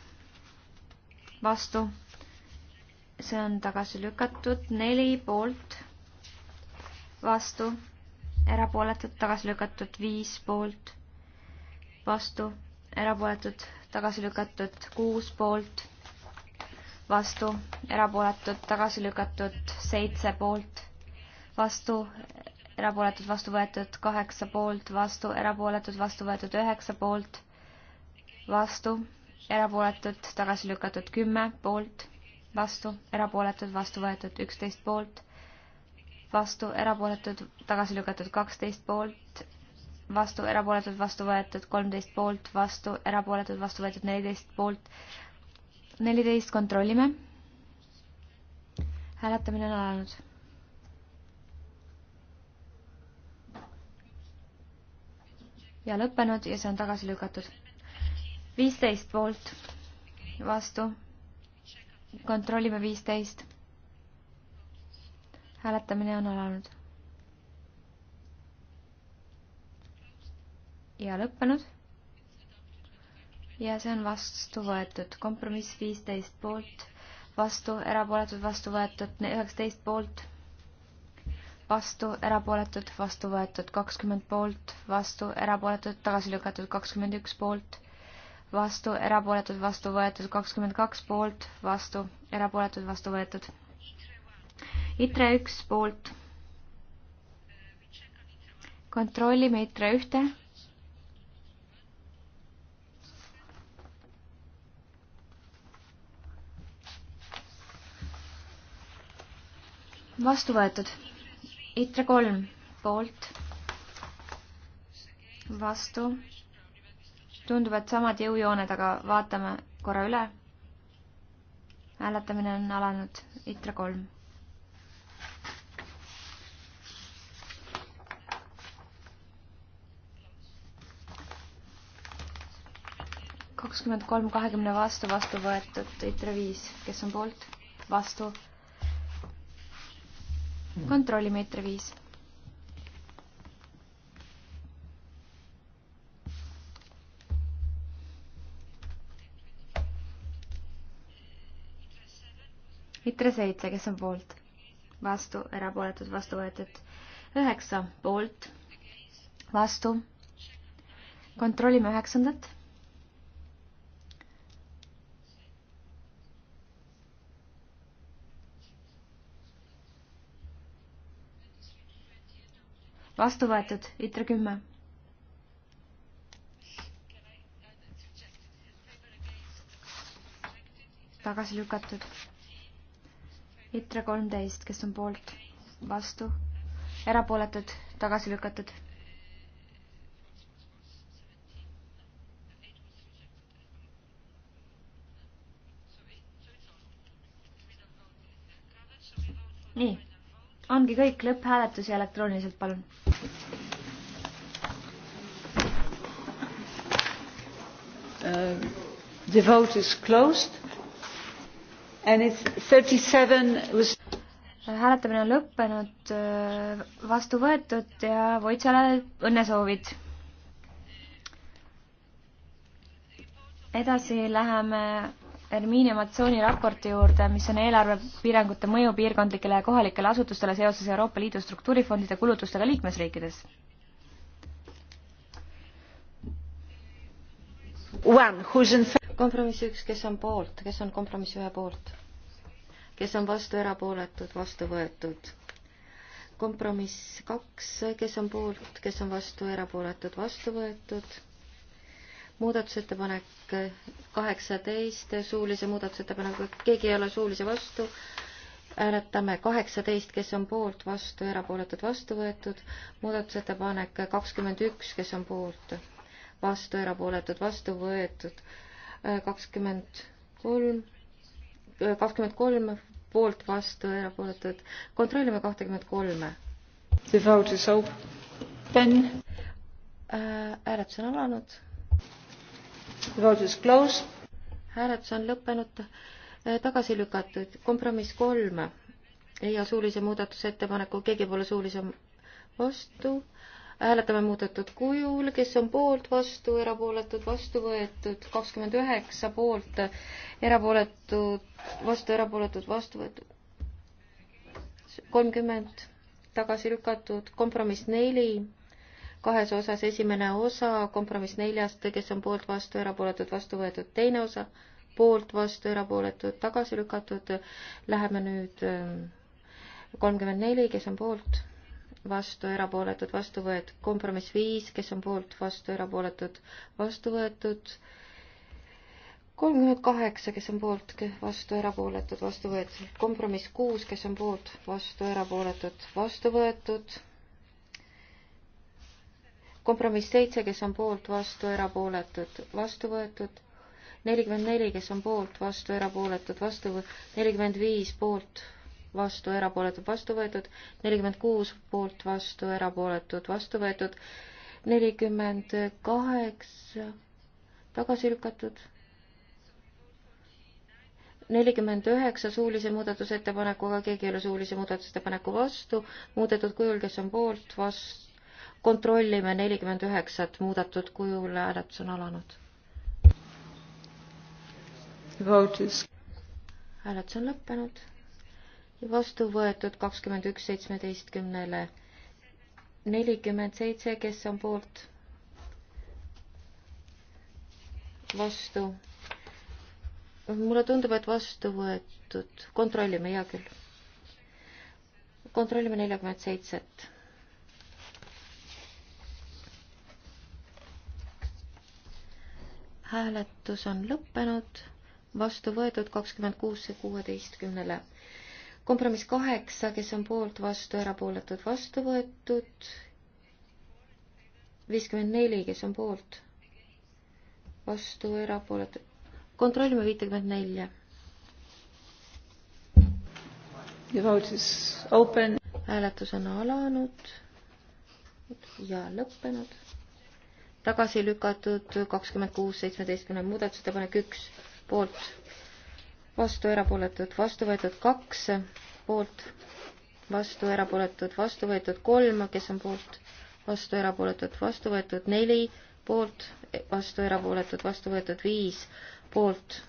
vastu. see on tagasi lükatud, neli poolt, vastu, erapooletud, tagasi lükatud, viis poolt, vastu, erapooletud, tagasi lükatud, kuus poolt, vastu, erapooletud, tagasi lükatud, seitse poolt, vastu, erapooletud, vastu võetud kaheksa poolt, vastu, erapooletud, vastu võetud üheksa poolt, vastu, erapooletud, tagasi lükatud kümme poolt, vastu, erapooletud, vastu võetud üksteist poolt, vastu, erapooletud, tagasi lükatud kaksteist poolt, vastu, erapooletud, vastu võetud kolmteist poolt, vastu, erapooletud, vastu võetud neliteist poolt, neliteist kontrollime. hääletamine on alanud ja lõppenud ja see on tagasi lükatud. viisteist poolt, vastu, kontrollime viisteist. hääletamine on alanud. ja lõppenud. ja see on vastu võetud, kompromiss viisteist poolt, vastu, erapooletud, vastu võetud, üheksateist poolt vastu, erapooletud, vastu võetud kakskümmend poolt, vastu, erapooletud, tagasi lükatud kakskümmend üks poolt, vastu, erapooletud, vastu võetud kakskümmend kaks poolt, vastu, erapooletud, vastu võetud. ITRE üks poolt. kontrollime ITRE ühte. vastu võetud ITRE kolm poolt, vastu. tunduvad samad jõujooned, aga vaatame korra üle. hääletamine on alanud, ITRE kolm. kakskümmend kolm kahekümne vastu, vastu võetud ITRE viis, kes on poolt, vastu Mhm. kontrollime ITRE viis. ITRE seitse, kes on poolt? vastu, erapooletud, vastu võetud. üheksa poolt, vastu. kontrollime üheksandat vastu võetud, ITRE kümme. tagasi lükatud. ITRE kolmteist, kes on poolt, vastu, erapooletud, tagasi lükatud. nii ongi kõik, lõpphääletus ja elektrooniliselt, palun. Uh, the vote is closed and it's thirty seven was hääletamine on lõppenud, uh, vastu võetud ja Voitsale õnnesoovid. edasi läheme Erminia Matsooni raporti juurde, mis on eelarvepiirangute mõju piirkondlikele ja kohalikele asutustele seoses Euroopa Liidu struktuurifondide kulutustega liikmesriikides. kompromiss üks, kes on poolt, kes on kompromissi ühe poolt? kes on vastu, erapooletud, vastu võetud? kompromiss kaks, kes on poolt, kes on vastu, erapooletud, vastu võetud muudatusettepanek kaheksateist suulise muudatusettepanekuga, keegi ei ole suulise vastu. hääletame kaheksateist, kes on poolt, vastu, erapooletud, vastu võetud. muudatusettepanek kakskümmend üks, kes on poolt, vastu, erapooletud, vastu võetud. kakskümmend kolm, kakskümmend kolm poolt, vastu, erapooletud. kontrollime kahtekümmet kolme. The vote is open. Äh, hääletus on alanud hääletus on lõppenud, eh, tagasi lükatud, kompromiss kolm ja suulise muudatusettepaneku, keegi pole suulise vastu, hääletame muudetud kujul, kes on poolt, vastu, erapooletud, vastu võetud, kakskümmend üheksa poolt, erapooletud, vastu, erapooletud, vastu võetud, kolmkümmend, tagasi lükatud, kompromiss neli kahes osas, esimene osa, kompromiss neljast, kes on poolt, vastu, erapooletud, vastu võetud, teine osa, poolt, vastu, erapooletud, tagasi lükatud. Läheme nüüd ähm, kolmkümmend neli, kes on poolt, vastu, erapooletud, vastu võetud, kompromiss viis, kes on poolt, vastu, erapooletud, vastu võetud kolmkümmend kaheksa, kes on poolt, vastu, erapooletud, vastu võetud. kompromiss kuus, kes on poolt, vastu, erapooletud, vastu võetud kompromiss seitse, kes on poolt, vastu, erapooletud, vastu võetud. nelikümmend neli, kes on poolt, vastu, erapooletud, vastu, nelikümmend viis poolt, vastu, erapooletud, vastu võetud. nelikümmend kuus poolt, vastu, erapooletud, vastu võetud. nelikümmend kaheksa tagasi lükatud. nelikümmend üheksa suulise muudatusettepanekuga, keegi ei ole suulise muudatusettepaneku vastu, muudetud kujul, kes on poolt, vastu kontrollime nelikümmend üheksat muudetud kujul, hääletus on alanud. hääletus on lõppenud ja vastu võetud kakskümmend üks seitsmeteistkümnele nelikümmend seitse, kes on poolt, vastu. mulle tundub, et vastu võetud, kontrollime, hea küll. kontrollime neljakümmet seitset hääletus on lõppenud, vastu võetud kakskümmend kuus kuueteistkümnele. kompromiss kaheksa, kes on poolt, vastu, erapooletud, vastu võetud. viiskümmend neli, kes on poolt, vastu, erapooletud. kontrollime viitekümmet nelja. The vote is open. hääletus on alanud ja lõppenud tagasi lükatud, kakskümmend kuus seitsmeteistkümne muudatusettepanek üks poolt, vastu erapooletud, vastu võetud kaks poolt, vastu erapooletud, vastu võetud kolm, kes on poolt, vastu erapooletud, vastu võetud neli poolt, vastu erapooletud, vastu võetud viis poolt,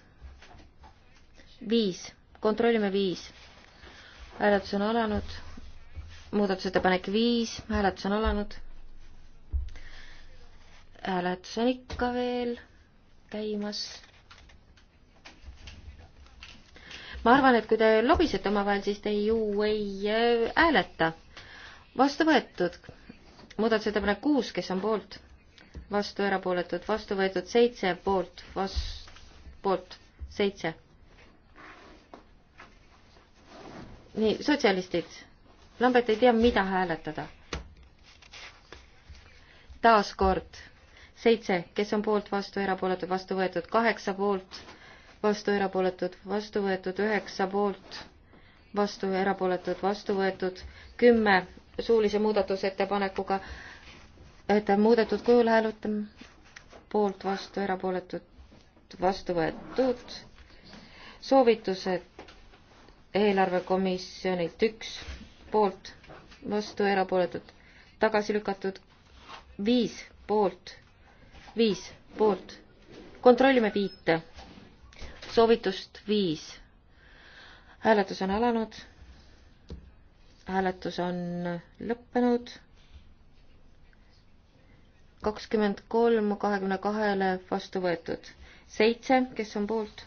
viis, kontrollime viis. hääletus on alanud, muudatusettepanek viis, hääletus on alanud hääletus on ikka veel käimas. ma arvan, et kui te lobisete omavahel, siis te ju ei äh, hääleta. vastu võetud. muudatusettepanek kuus, kes on poolt? vastu erapooletud, vastu võetud seitse poolt, vas-, poolt seitse. nii, sotsialistid. Lambert ei tea, mida hääletada. taas kord seitse, kes on poolt, vastu, erapooletud, vastu võetud, kaheksa poolt, vastu, erapooletud, vastu võetud, üheksa poolt, vastu, erapooletud, vastu võetud, kümme suulise muudatusettepanekuga, et muudetud kujul hääletame, poolt, vastu, erapooletud, vastu võetud, soovitused eelarvekomisjonilt üks, poolt, vastu, erapooletud, tagasi lükatud, viis poolt, viis poolt. kontrollime viite. soovitust viis. hääletus on alanud. hääletus on lõppenud. kakskümmend kolm kahekümne kahele vastu võetud. seitse, kes on poolt?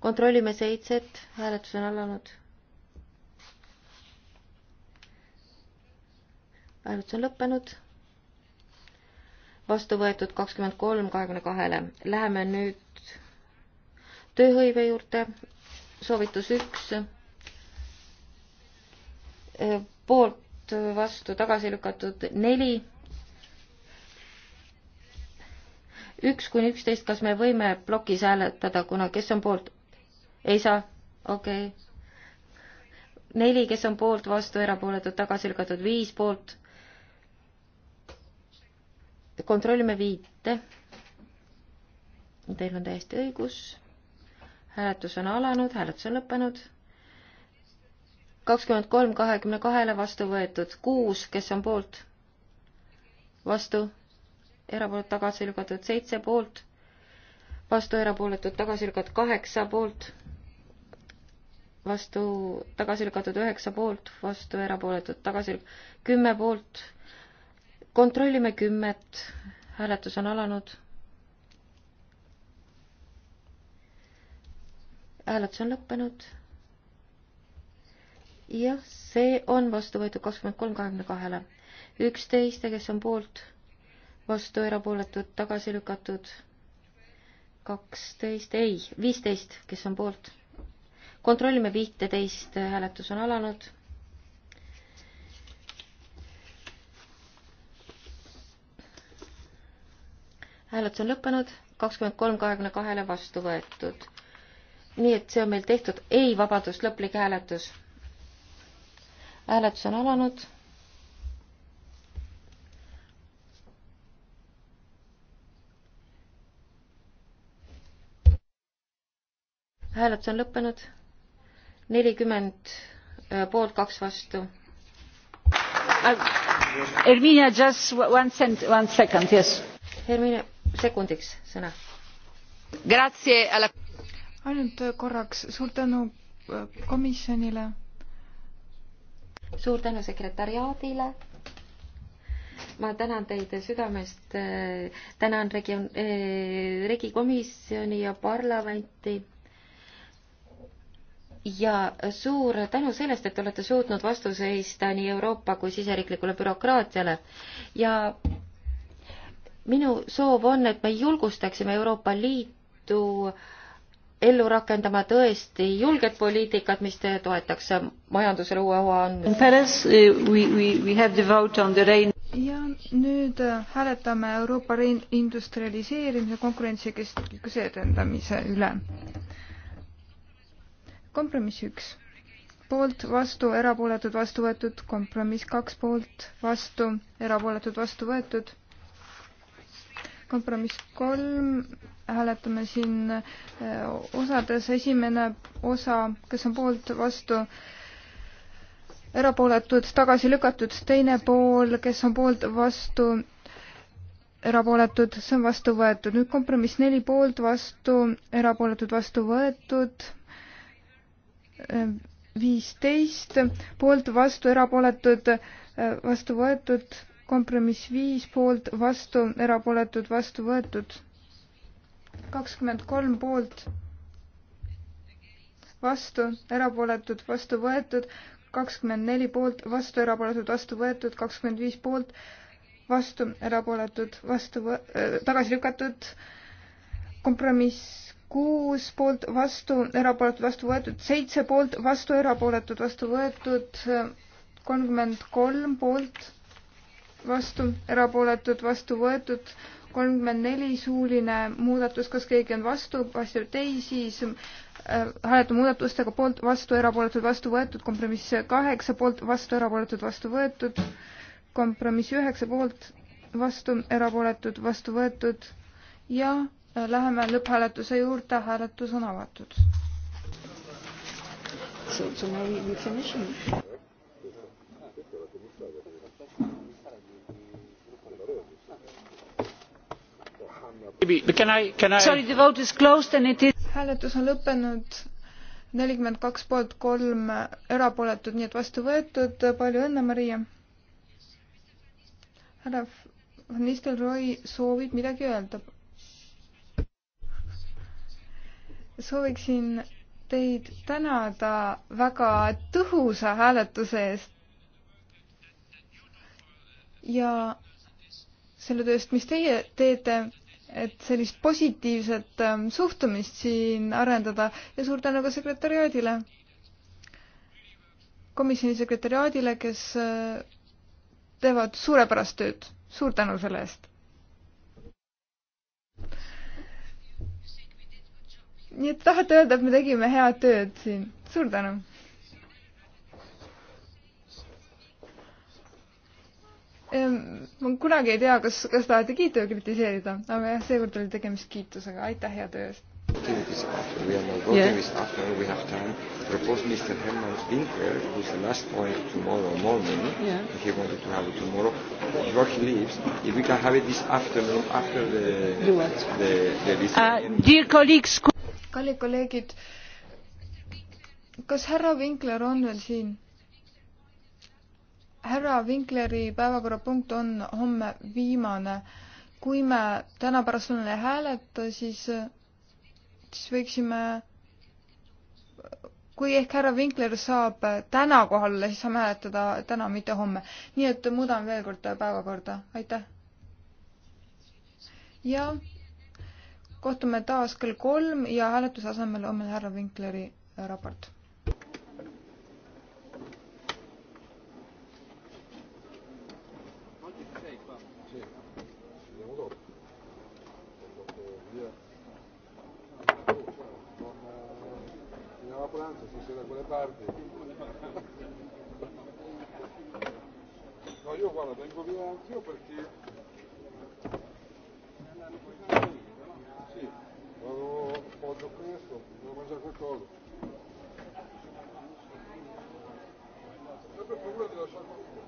kontrollime seitset, hääletus on alanud. hääletus on lõppenud vastu võetud kakskümmend kolm kahekümne kahele. Läheme nüüd tööhõive juurde, soovitus üks, äh, poolt vastu tagasi lükatud neli, üks kuni üksteist, kas me võime plokis hääletada, kuna kes on poolt? ei saa, okei okay.. neli, kes on poolt, vastu, erapooletud, tagasi lükatud, viis poolt kontrollime viite. Teil on täiesti õigus. hääletus on alanud, hääletus on lõppenud. kakskümmend kolm kahekümne kahele vastu võetud, kuus, kes on poolt? vastu, erapooletud tagasi lükatud seitse poolt, vastu erapooletud tagasi lükatud kaheksa poolt, vastu tagasi lükatud üheksa poolt, vastu erapooletud tagasi kümme poolt kontrollime kümmet, hääletus on alanud. hääletus on lõppenud. jah, see on vastu võetud kakskümmend kolm kahekümne kahele. üksteist, kes on poolt, vastu erapooletud, tagasi lükatud. kaksteist, ei, viisteist, kes on poolt. kontrollime viiteist, hääletus on alanud hääletus on lõppenud, kakskümmend kolm kahekümne kahele vastu võetud. nii et see on meil tehtud, ei, vabandust, lõplik hääletus. hääletus on alanud. hääletus on lõppenud, nelikümmend äh, poolt, kaks vastu. Hermine, just one sent-, one second, yes. Hermine sekundiks sõna. ainult korraks, suur tänu äh, komisjonile. suur tänu sekretariaadile. ma tänan teid südamest, äh, tänan regioon, äh, regikomisjoni ja parlamenti ja suur tänu sellest, et olete suutnud vastu seista nii Euroopa kui siseriiklikule bürokraatiale ja minu soov on, et me julgustaksime Euroopa Liitu ellu rakendama tõesti julget poliitikat, mis toetaks majandusele uue hoo andmist. Eh, ja nüüd eh, hääletame Euroopa industrialiseerimise konkurentsikeskuse edendamise üle. kompromiss üks, poolt, vastu, erapooletud, vastu võetud, kompromiss kaks poolt, vastu, erapooletud, vastu võetud kompromiss kolm, hääletame siin äh, osades, esimene osa, kes on poolt, vastu, erapooletud, tagasi lükatud, teine pool, kes on poolt, vastu, erapooletud, see on vastu võetud. nüüd kompromiss neli poolt, vastu, erapooletud, vastu võetud, äh, viisteist, poolt, vastu, erapooletud, äh, vastu võetud kompromiss viis poolt, vastu, erapooletud, vastu võetud. kakskümmend kolm poolt, vastu, erapooletud, vastu võetud, kakskümmend neli poolt, vastu, erapooletud, vastu võetud, kakskümmend viis poolt, vastu, erapooletud, vastu võ- äh,, tagasi lükatud, kompromiss kuus poolt vastu, erapooletud vastu võetud, seitse poolt vastu, erapooletud vastu võetud, kolmkümmend kolm poolt vastu, erapooletud, vastu võetud, kolmkümmend neli suuline muudatus, kas keegi on vastu, vastab ei, siis äh, hääletame muudatustega poolt, vastu, erapooletud, vastu võetud, kompromiss kaheksa poolt, vastu, erapooletud, vastu võetud, kompromiss üheksa poolt, vastu, erapooletud, vastu võetud ja äh, läheme lõpphääletuse juurde, hääletus on avatud. So, so now we, we finish? hääletus on lõppenud nelikümmend kaks poolt kolm erapooletut, nii et vastu võetud, palju õnne, Maria. härra Van Nistelrooy soovib midagi öelda. sooviksin teid tänada väga tõhusa hääletuse eest ja selle tööst, mis teie teete et sellist positiivset ähm, suhtumist siin arendada ja suur tänu ka sekretäriaadile, komisjoni sekretäriaadile, kes äh, teevad suurepärast tööd. suur tänu selle eest. nii et tahate öelda, et me tegime head tööd siin? suur tänu ma kunagi ei tea, kas, kas tahate kiita või kritiseerida, aga jah, seekord oli tegemist kiitusega, aitäh hea töö eest. Voting is after. We are now voting yeah. is after we have time. Proposed Mr. Herman Winkler, who's the last point tomorrow morning. Yeah. He wanted to have it tomorrow. Before he leaves, if we can have it this afternoon after the the, the listening. uh, Dear colleagues. kallid kolleegid, kas härra Winkler on veel siin? härra Vinkleri päevakorrapunkt on homme viimane. kui me täna pärastlõunal ei hääleta, siis, siis võiksime, kui ehk härra Vinkler saab täna kohal olla, siis saame hääletada täna, mitte homme. nii et muudame veel kord päevakorda, aitäh. ja kohtume taas kell kolm ja hääletuse asemel on meil härra Vinkleri raport Francia, se sei da quelle parti. No, io guarda, vengo via anch'io perché... Sì, vado, poggio questo, devo mangiare qualcosa. Sempre paura di lasciare qualcosa.